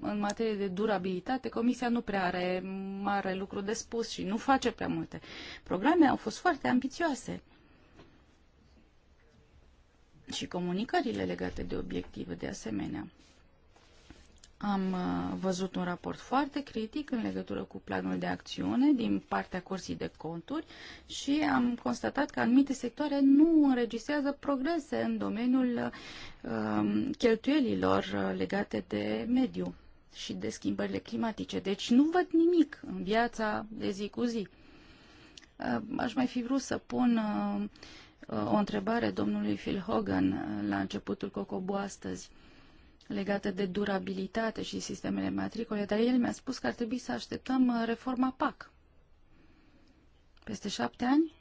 în materie de durabilitate, Comisia nu prea are mare lucru de spus și nu face prea multe. Programe au fost foarte ambițioase și comunicările legate de obiective de asemenea. Am uh, văzut un raport foarte critic în legătură cu planul de acțiune din partea cursii de Conturi și am constatat că anumite sectoare nu înregistrează progrese în domeniul uh, um, cheltuielilor uh, legate de mediu și de schimbările climatice. Deci nu văd nimic în viața de zi cu zi. aș mai fi vrut să pun o întrebare domnului Phil Hogan la începutul Cocobu astăzi legate de durabilitate și sistemele matricole, dar el mi-a spus că ar trebui să așteptăm uh, reforma PAC. Peste șapte ani?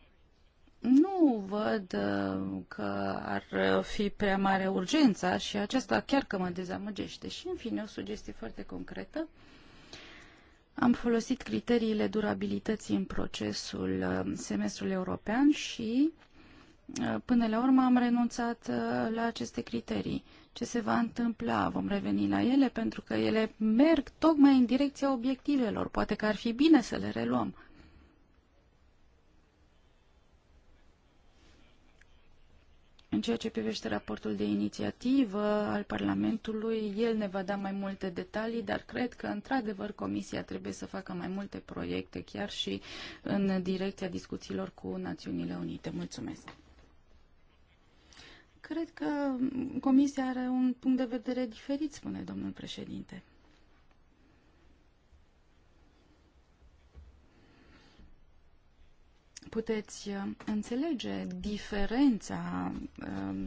Nu văd uh, că ar uh, fi prea mare urgența și aceasta chiar că mă dezamăgește. Și, în fine, o sugestie foarte concretă. Am folosit criteriile durabilității în procesul semestrului european și Până la urmă am renunțat uh, la aceste criterii. Ce se va întâmpla? Vom reveni la ele pentru că ele merg tocmai în direcția obiectivelor. Poate că ar fi bine să le reluăm. În ceea ce privește raportul de inițiativă al Parlamentului, el ne va da mai multe detalii, dar cred că, într-adevăr, Comisia trebuie să facă mai multe proiecte, chiar și în direcția discuțiilor cu Națiunile Unite. Mulțumesc! Cred că Comisia are un punct de vedere diferit, spune domnul președinte. Puteți uh, înțelege diferența uh,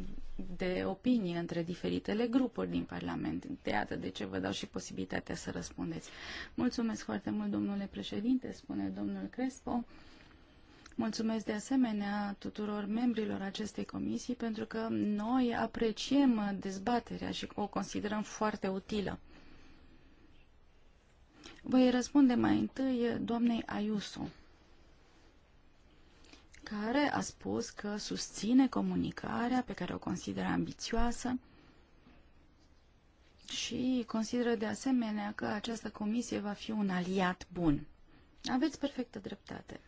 de opinie între diferitele grupuri din Parlament. De iată de ce vă dau și posibilitatea să răspundeți. Mulțumesc foarte mult, domnule președinte, spune domnul Crespo. Mulțumesc de asemenea tuturor membrilor acestei comisii pentru că noi apreciem dezbaterea și o considerăm foarte utilă. Voi răspunde mai întâi doamnei Ayuso, care a spus că susține comunicarea pe care o consideră ambițioasă și consideră de asemenea că această comisie va fi un aliat bun. Aveți perfectă dreptate.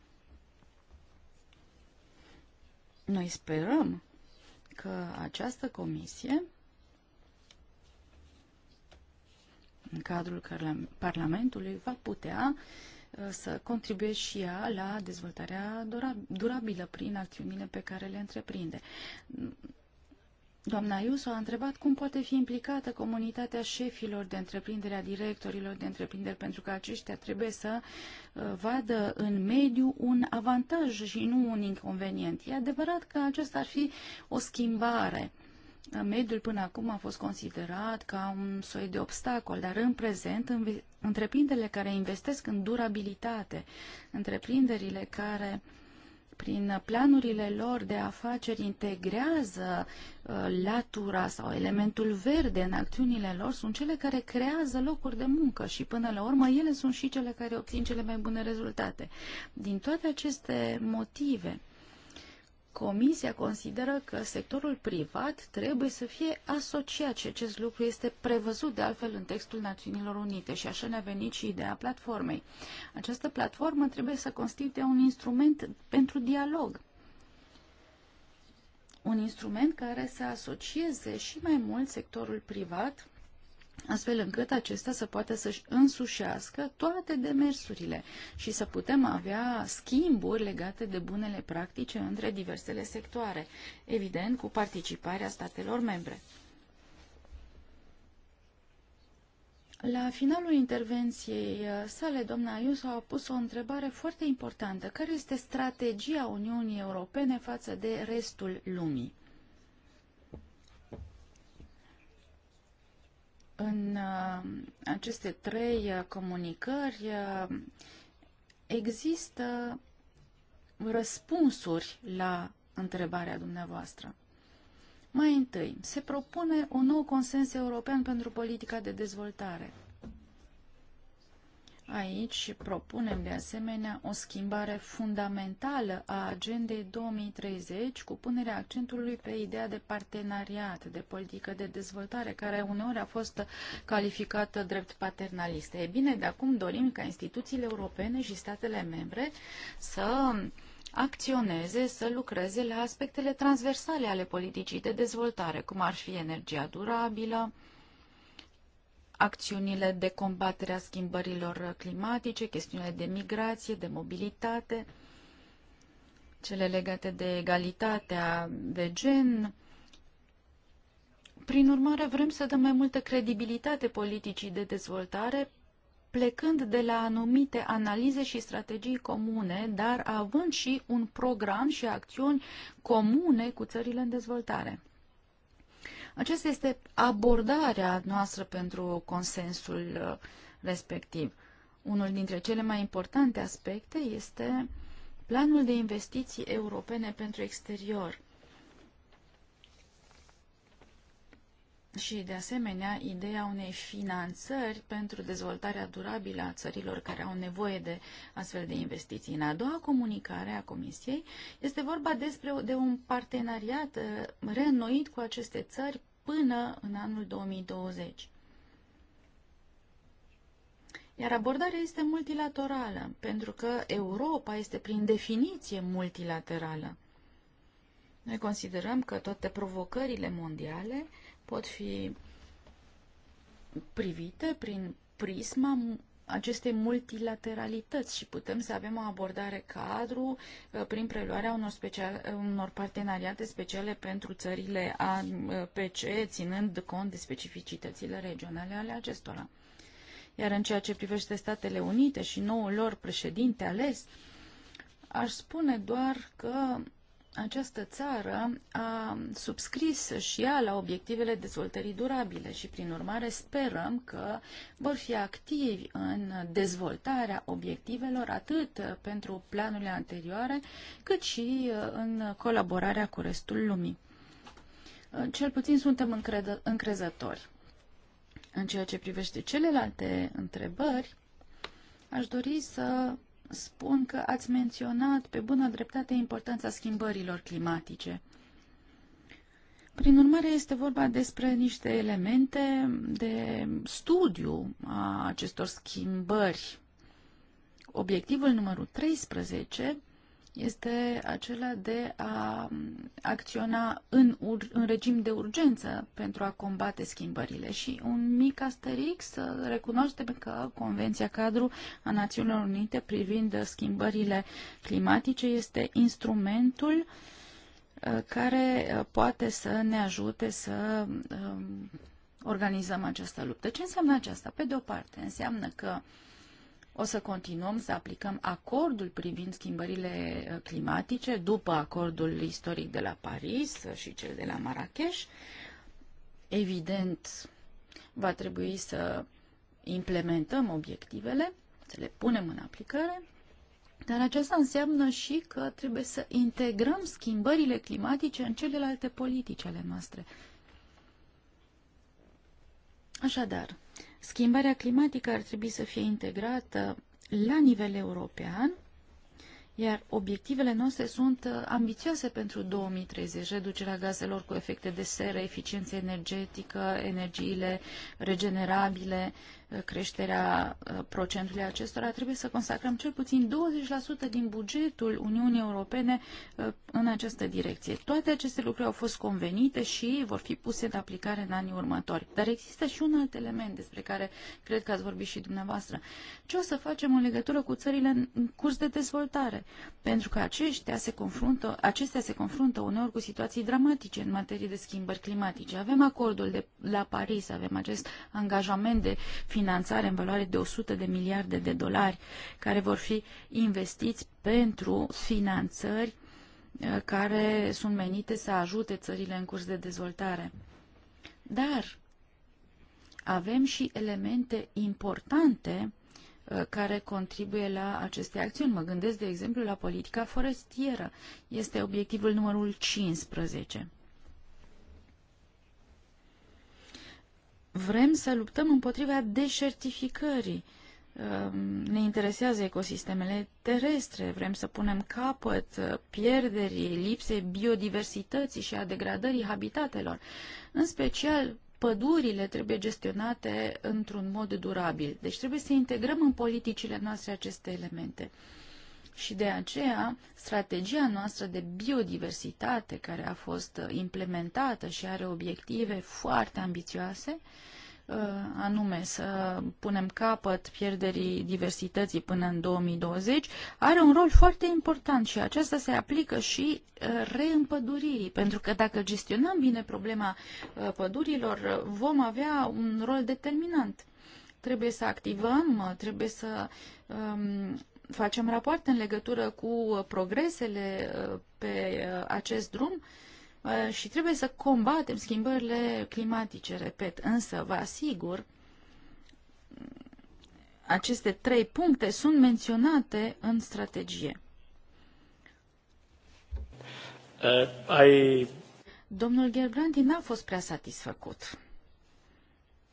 Noi sperăm că această comisie, în cadrul Parlamentului, va putea uh, să contribuie și ea la dezvoltarea durabilă prin acțiunile pe care le întreprinde. Doamna Iuso a întrebat cum poate fi implicată comunitatea șefilor de întreprindere, a directorilor de întreprinderi, pentru că aceștia trebuie să uh, vadă în mediu un avantaj și nu un inconvenient. E adevărat că acesta ar fi o schimbare. Mediul până acum a fost considerat ca un soi de obstacol, dar în prezent întreprinderile care investesc în durabilitate, întreprinderile care uh, prin planurile lor de afaceri integrează uh, latura sau elementul verde în acțiunile lor, sunt cele care creează locuri de muncă și până la urmă ele sunt și cele care obțin cele mai bune rezultate. Din toate aceste motive, Comisia consideră că sectorul privat trebuie să fie asociat și acest lucru este prevăzut de altfel în textul Națiunilor Unite și așa ne-a venit și ideea platformei. Această platformă trebuie să constituie un instrument pentru dialog, un instrument care să asocieze și mai mult sectorul privat astfel încât acesta să poată să-și însușească toate demersurile și să putem avea schimburi legate de bunele practice între diversele sectoare, evident cu participarea statelor membre. La finalul intervenției uh, sale, doamna ius a pus o întrebare foarte importantă. Care este strategia Uniunii Europene față de restul lumii? În uh, aceste trei uh, comunicări uh, există răspunsuri la întrebarea dumneavoastră. Mai întâi, se propune un nou consens european pentru politica de dezvoltare – Aici propunem de asemenea o schimbare fundamentală a agendei 2030 cu punerea accentului pe ideea de parteneriat, de politică de dezvoltare, care uneori a fost calificată drept paternalistă. E bine, de acum dorim ca instituțiile europene și statele membre să acționeze, să lucreze la aspectele transversale ale politicii de dezvoltare, cum ar fi energia durabilă, acțiunile de combatere a schimbărilor climatice, chestiunile de migrație, de mobilitate, cele legate de egalitatea de gen. Prin urmare, vrem să dăm mai multă credibilitate politicii de dezvoltare, plecând de la anumite analize și strategii comune, dar având și un program și acțiuni comune cu țările în dezvoltare. Aceasta este abordarea noastră pentru consensul uh, respectiv. Unul dintre cele mai importante aspecte este planul de investiții europene pentru exterior. și, de asemenea, ideea unei finanțări pentru dezvoltarea durabilă a țărilor care au nevoie de astfel de investiții. În a doua comunicare a Comisiei este vorba despre de un parteneriat uh, reînnoit cu aceste țări până în anul 2020. Iar abordarea este multilaterală, pentru că Europa este prin definiție multilaterală. Noi considerăm că toate provocările mondiale pot fi privite prin prisma acestei multilateralități și putem să avem o abordare cadru uh, prin preluarea unor, special, uh, unor parteneriate speciale pentru țările APC, uh, ținând cont de specificitățile regionale ale acestora. Iar în ceea ce privește Statele Unite și noul lor președinte ales, aș spune doar că această țară a subscris și ea la obiectivele dezvoltării durabile și, prin urmare, sperăm că vor fi activi în dezvoltarea obiectivelor atât pentru planurile anterioare, cât și uh, în colaborarea cu restul lumii. Uh, cel puțin suntem încrezători. În ceea ce privește celelalte întrebări, aș dori să spun că ați menționat pe bună dreptate importanța schimbărilor climatice. Prin urmare, este vorba despre niște elemente de studiu a acestor schimbări. Obiectivul numărul 13 este acela de a acționa în, în regim de urgență pentru a combate schimbările. Și un mic asterix recunoaște că Convenția Cadru a Națiunilor Unite privind schimbările climatice este instrumentul uh, care uh, poate să ne ajute să um, organizăm această luptă. Ce înseamnă aceasta? Pe de o parte, înseamnă că uh, o să continuăm să aplicăm acordul privind schimbările uh, climatice după acordul istoric de la Paris uh, și cel de la Marrakesh. Evident, va trebui să implementăm obiectivele, să le punem în aplicare, dar aceasta înseamnă și că trebuie să integrăm schimbările climatice în celelalte politici ale noastre. Așadar, Schimbarea climatică ar trebui să fie integrată la nivel european, iar obiectivele noastre sunt uh, ambițioase pentru 2030, reducerea gazelor cu efecte de seră, eficiență energetică, energiile regenerabile, Uh, creșterea uh, procentului acestora, trebuie să consacrăm cel puțin 20% din bugetul Uniunii Europene uh, în această direcție. Toate aceste lucruri au fost convenite și vor fi puse în aplicare în anii următori. Dar există și un alt element despre care cred că ați vorbit și dumneavoastră. Ce o să facem în legătură cu țările în curs de dezvoltare? Pentru că aceștia se confruntă, acestea se confruntă uneori cu situații dramatice în materie de schimbări climatice. Avem acordul de la Paris, avem acest angajament de finanțare în valoare de 100 de miliarde de dolari care vor fi investiți pentru finanțări uh, care sunt menite să ajute țările în curs de dezvoltare. Dar avem și elemente importante uh, care contribuie la aceste acțiuni. Mă gândesc, de exemplu, la politica forestieră. Este obiectivul numărul 15. Vrem să luptăm împotriva deșertificării. Ehm, ne interesează ecosistemele terestre, vrem să punem capăt uh, pierderii, lipsei biodiversității și a degradării habitatelor. În special, pădurile trebuie gestionate într-un mod durabil. Deci trebuie să integrăm în politicile noastre aceste elemente. Și de aceea, strategia noastră de biodiversitate, care a fost uh, implementată și are obiective foarte ambițioase, uh, anume să punem capăt pierderii diversității până în 2020, are un rol foarte important și acesta se aplică și uh, reîmpăduririi, pentru că dacă gestionăm bine problema pădurilor, vom avea un rol determinant. Trebuie să activăm, trebuie să um, facem rapoarte în legătură cu uh, progresele uh, pe uh, acest drum și trebuie să combatem schimbările climatice, repet. Însă, vă asigur, aceste trei puncte sunt menționate în strategie. Uh, I... Domnul Gerbrandi n-a fost prea satisfăcut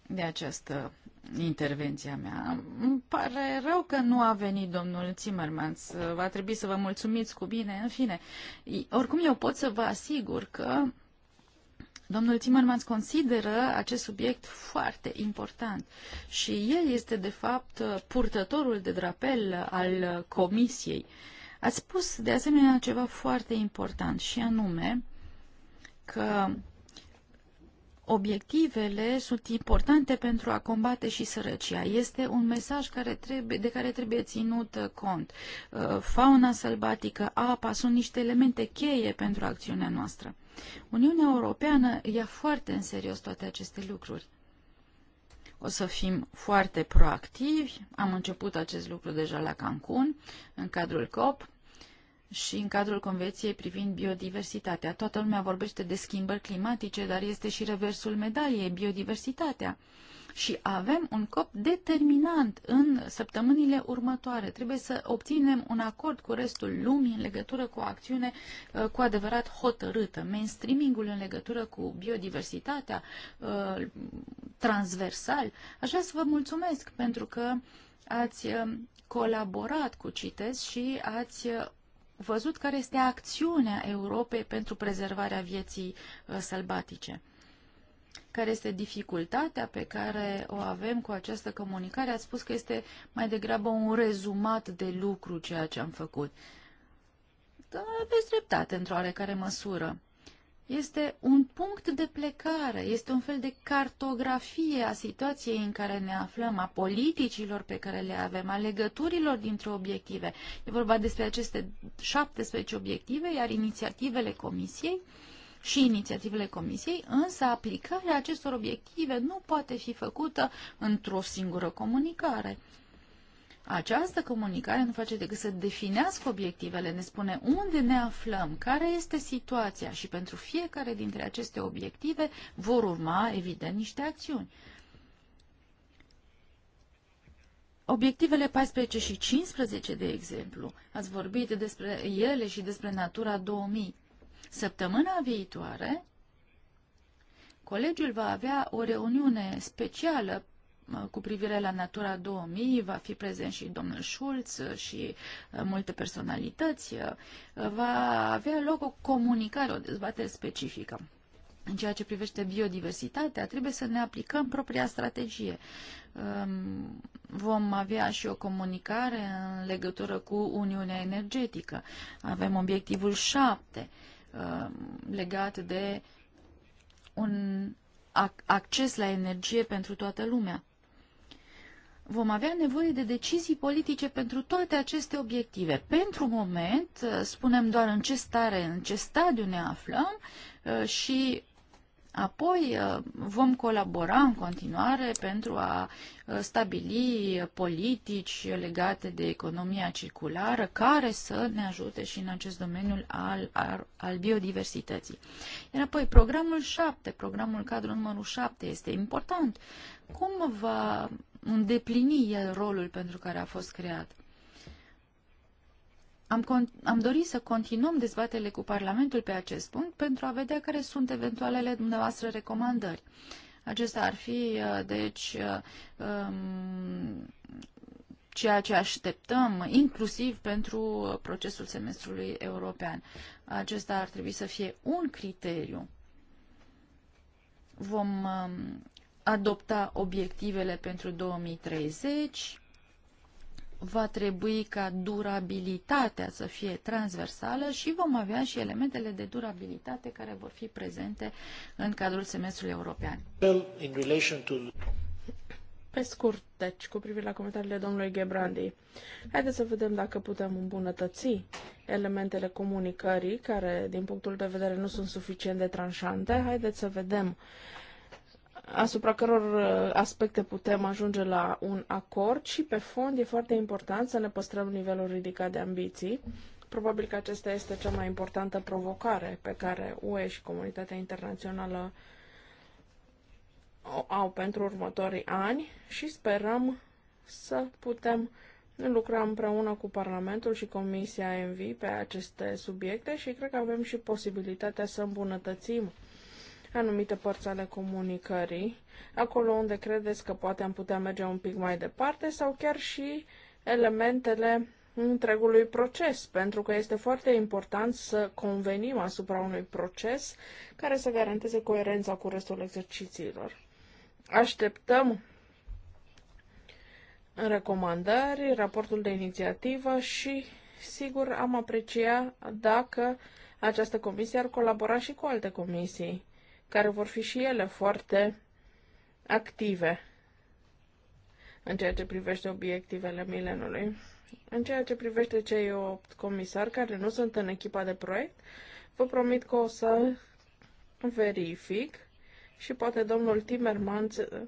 de această intervenția mea. Îmi pare rău că nu a venit domnul Zimmermans. Va trebui să vă mulțumiți cu bine. În fine, oricum eu pot să vă asigur că Domnul Zimmermans consideră acest subiect foarte important și el este, de fapt, purtătorul de drapel al Comisiei. Ați spus, de asemenea, ceva foarte important și anume că obiectivele sunt importante pentru a combate și sărăcia. Este un mesaj care trebuie, de care trebuie ținut uh, cont. Uh, fauna sălbatică, apa sunt niște elemente cheie pentru acțiunea noastră. Uniunea Europeană ia foarte în serios toate aceste lucruri. O să fim foarte proactivi. Am început acest lucru deja la Cancun, în cadrul COP și în cadrul Convenției privind biodiversitatea. Toată lumea vorbește de schimbări climatice, dar este și reversul medaliei, biodiversitatea. Și avem un cop determinant în săptămânile următoare. Trebuie să obținem un acord cu restul lumii în legătură cu o acțiune uh, cu adevărat hotărâtă. Mainstreamingul în legătură cu biodiversitatea, uh, transversal. Aș vrea să vă mulțumesc pentru că ați uh, colaborat cu CITES și ați văzut care este acțiunea Europei pentru prezervarea vieții uh, sălbatice care este dificultatea pe care o avem cu această comunicare. Ați spus că este mai degrabă un rezumat de lucru ceea ce am făcut. Dar aveți dreptate într-o oarecare măsură este un punct de plecare, este un fel de cartografie a situației în care ne aflăm, a politicilor pe care le avem, a legăturilor dintre obiective. E vorba despre aceste 17 obiective, iar inițiativele Comisiei și inițiativele Comisiei, însă aplicarea acestor obiective nu poate fi făcută într-o singură comunicare. Această comunicare nu face decât să definească obiectivele, ne spune unde ne aflăm, care este situația și pentru fiecare dintre aceste obiective vor urma, evident, niște acțiuni. Obiectivele 14 și 15, de exemplu, ați vorbit despre ele și despre Natura 2000. Săptămâna viitoare, colegiul va avea o reuniune specială cu privire la Natura 2000, va fi prezent și domnul Schulz și uh, multe personalități, uh, va avea loc o comunicare, o dezbatere specifică. În ceea ce privește biodiversitatea, trebuie să ne aplicăm propria strategie. Um, vom avea și o comunicare în legătură cu Uniunea Energetică. Avem obiectivul 7 um, legat de un acces la energie pentru toată lumea vom avea nevoie de decizii politice pentru toate aceste obiective. Pentru moment, uh, spunem doar în ce stare, în ce stadiu ne aflăm uh, și apoi uh, vom colabora în continuare pentru a stabili politici legate de economia circulară care să ne ajute și în acest domeniu al, al, al biodiversității. Iar apoi, programul 7, programul cadru numărul 7 este important. Cum va îndeplini el rolul pentru care a fost creat. Am, am dorit să continuăm dezbatele cu Parlamentul pe acest punct pentru a vedea care sunt eventualele dumneavoastră recomandări. Acesta ar fi, uh, deci, uh, um, ceea ce așteptăm, inclusiv pentru procesul semestrului european. Acesta ar trebui să fie un criteriu. Vom um, adopta obiectivele pentru 2030, va trebui ca durabilitatea să fie transversală și vom avea și elementele de durabilitate care vor fi prezente în cadrul semestrului european. Pe scurt, deci, cu privire la comentariile domnului Gebrandi, haideți să vedem dacă putem îmbunătăți elementele comunicării, care, din punctul de vedere, nu sunt suficient de tranșante. Haideți să vedem uh, asupra căror uh, aspecte putem ajunge la un acord și pe fond e foarte important să ne păstrăm nivelul ridicat de ambiții. Probabil că acesta este cea mai importantă provocare pe care UE și comunitatea internațională o au pentru următorii ani și sperăm să putem lucra împreună cu Parlamentul și Comisia MV pe aceste subiecte și cred că avem și posibilitatea să îmbunătățim anumite părți ale comunicării, acolo unde credeți că poate am putea merge un pic mai departe sau chiar și elementele întregului proces, pentru că este foarte important să convenim asupra unui proces care să garanteze coerența cu restul exercițiilor. Așteptăm recomandări, raportul de inițiativă și, sigur, am aprecia dacă această comisie ar colabora și cu alte comisii care vor fi și ele foarte active în ceea ce privește obiectivele milenului. În ceea ce privește cei 8 comisari care nu sunt în echipa de proiect, vă promit că o să verific și poate domnul Timmermans uh,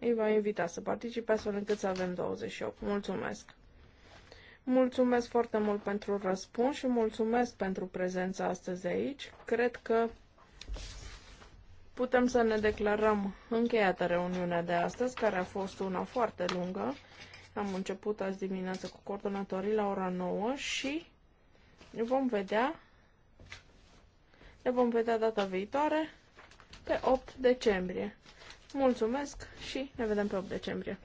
îi va invita să participe astfel încât să avem 28. Mulțumesc! Mulțumesc foarte mult pentru răspuns și mulțumesc pentru prezența astăzi aici. Cred că putem să ne declarăm încheiată reuniunea de astăzi, care a fost una foarte lungă. Am început azi dimineață cu coordonatorii la ora 9 și vom vedea, ne vom vedea data viitoare pe 8 decembrie. Mulțumesc și ne vedem pe 8 decembrie.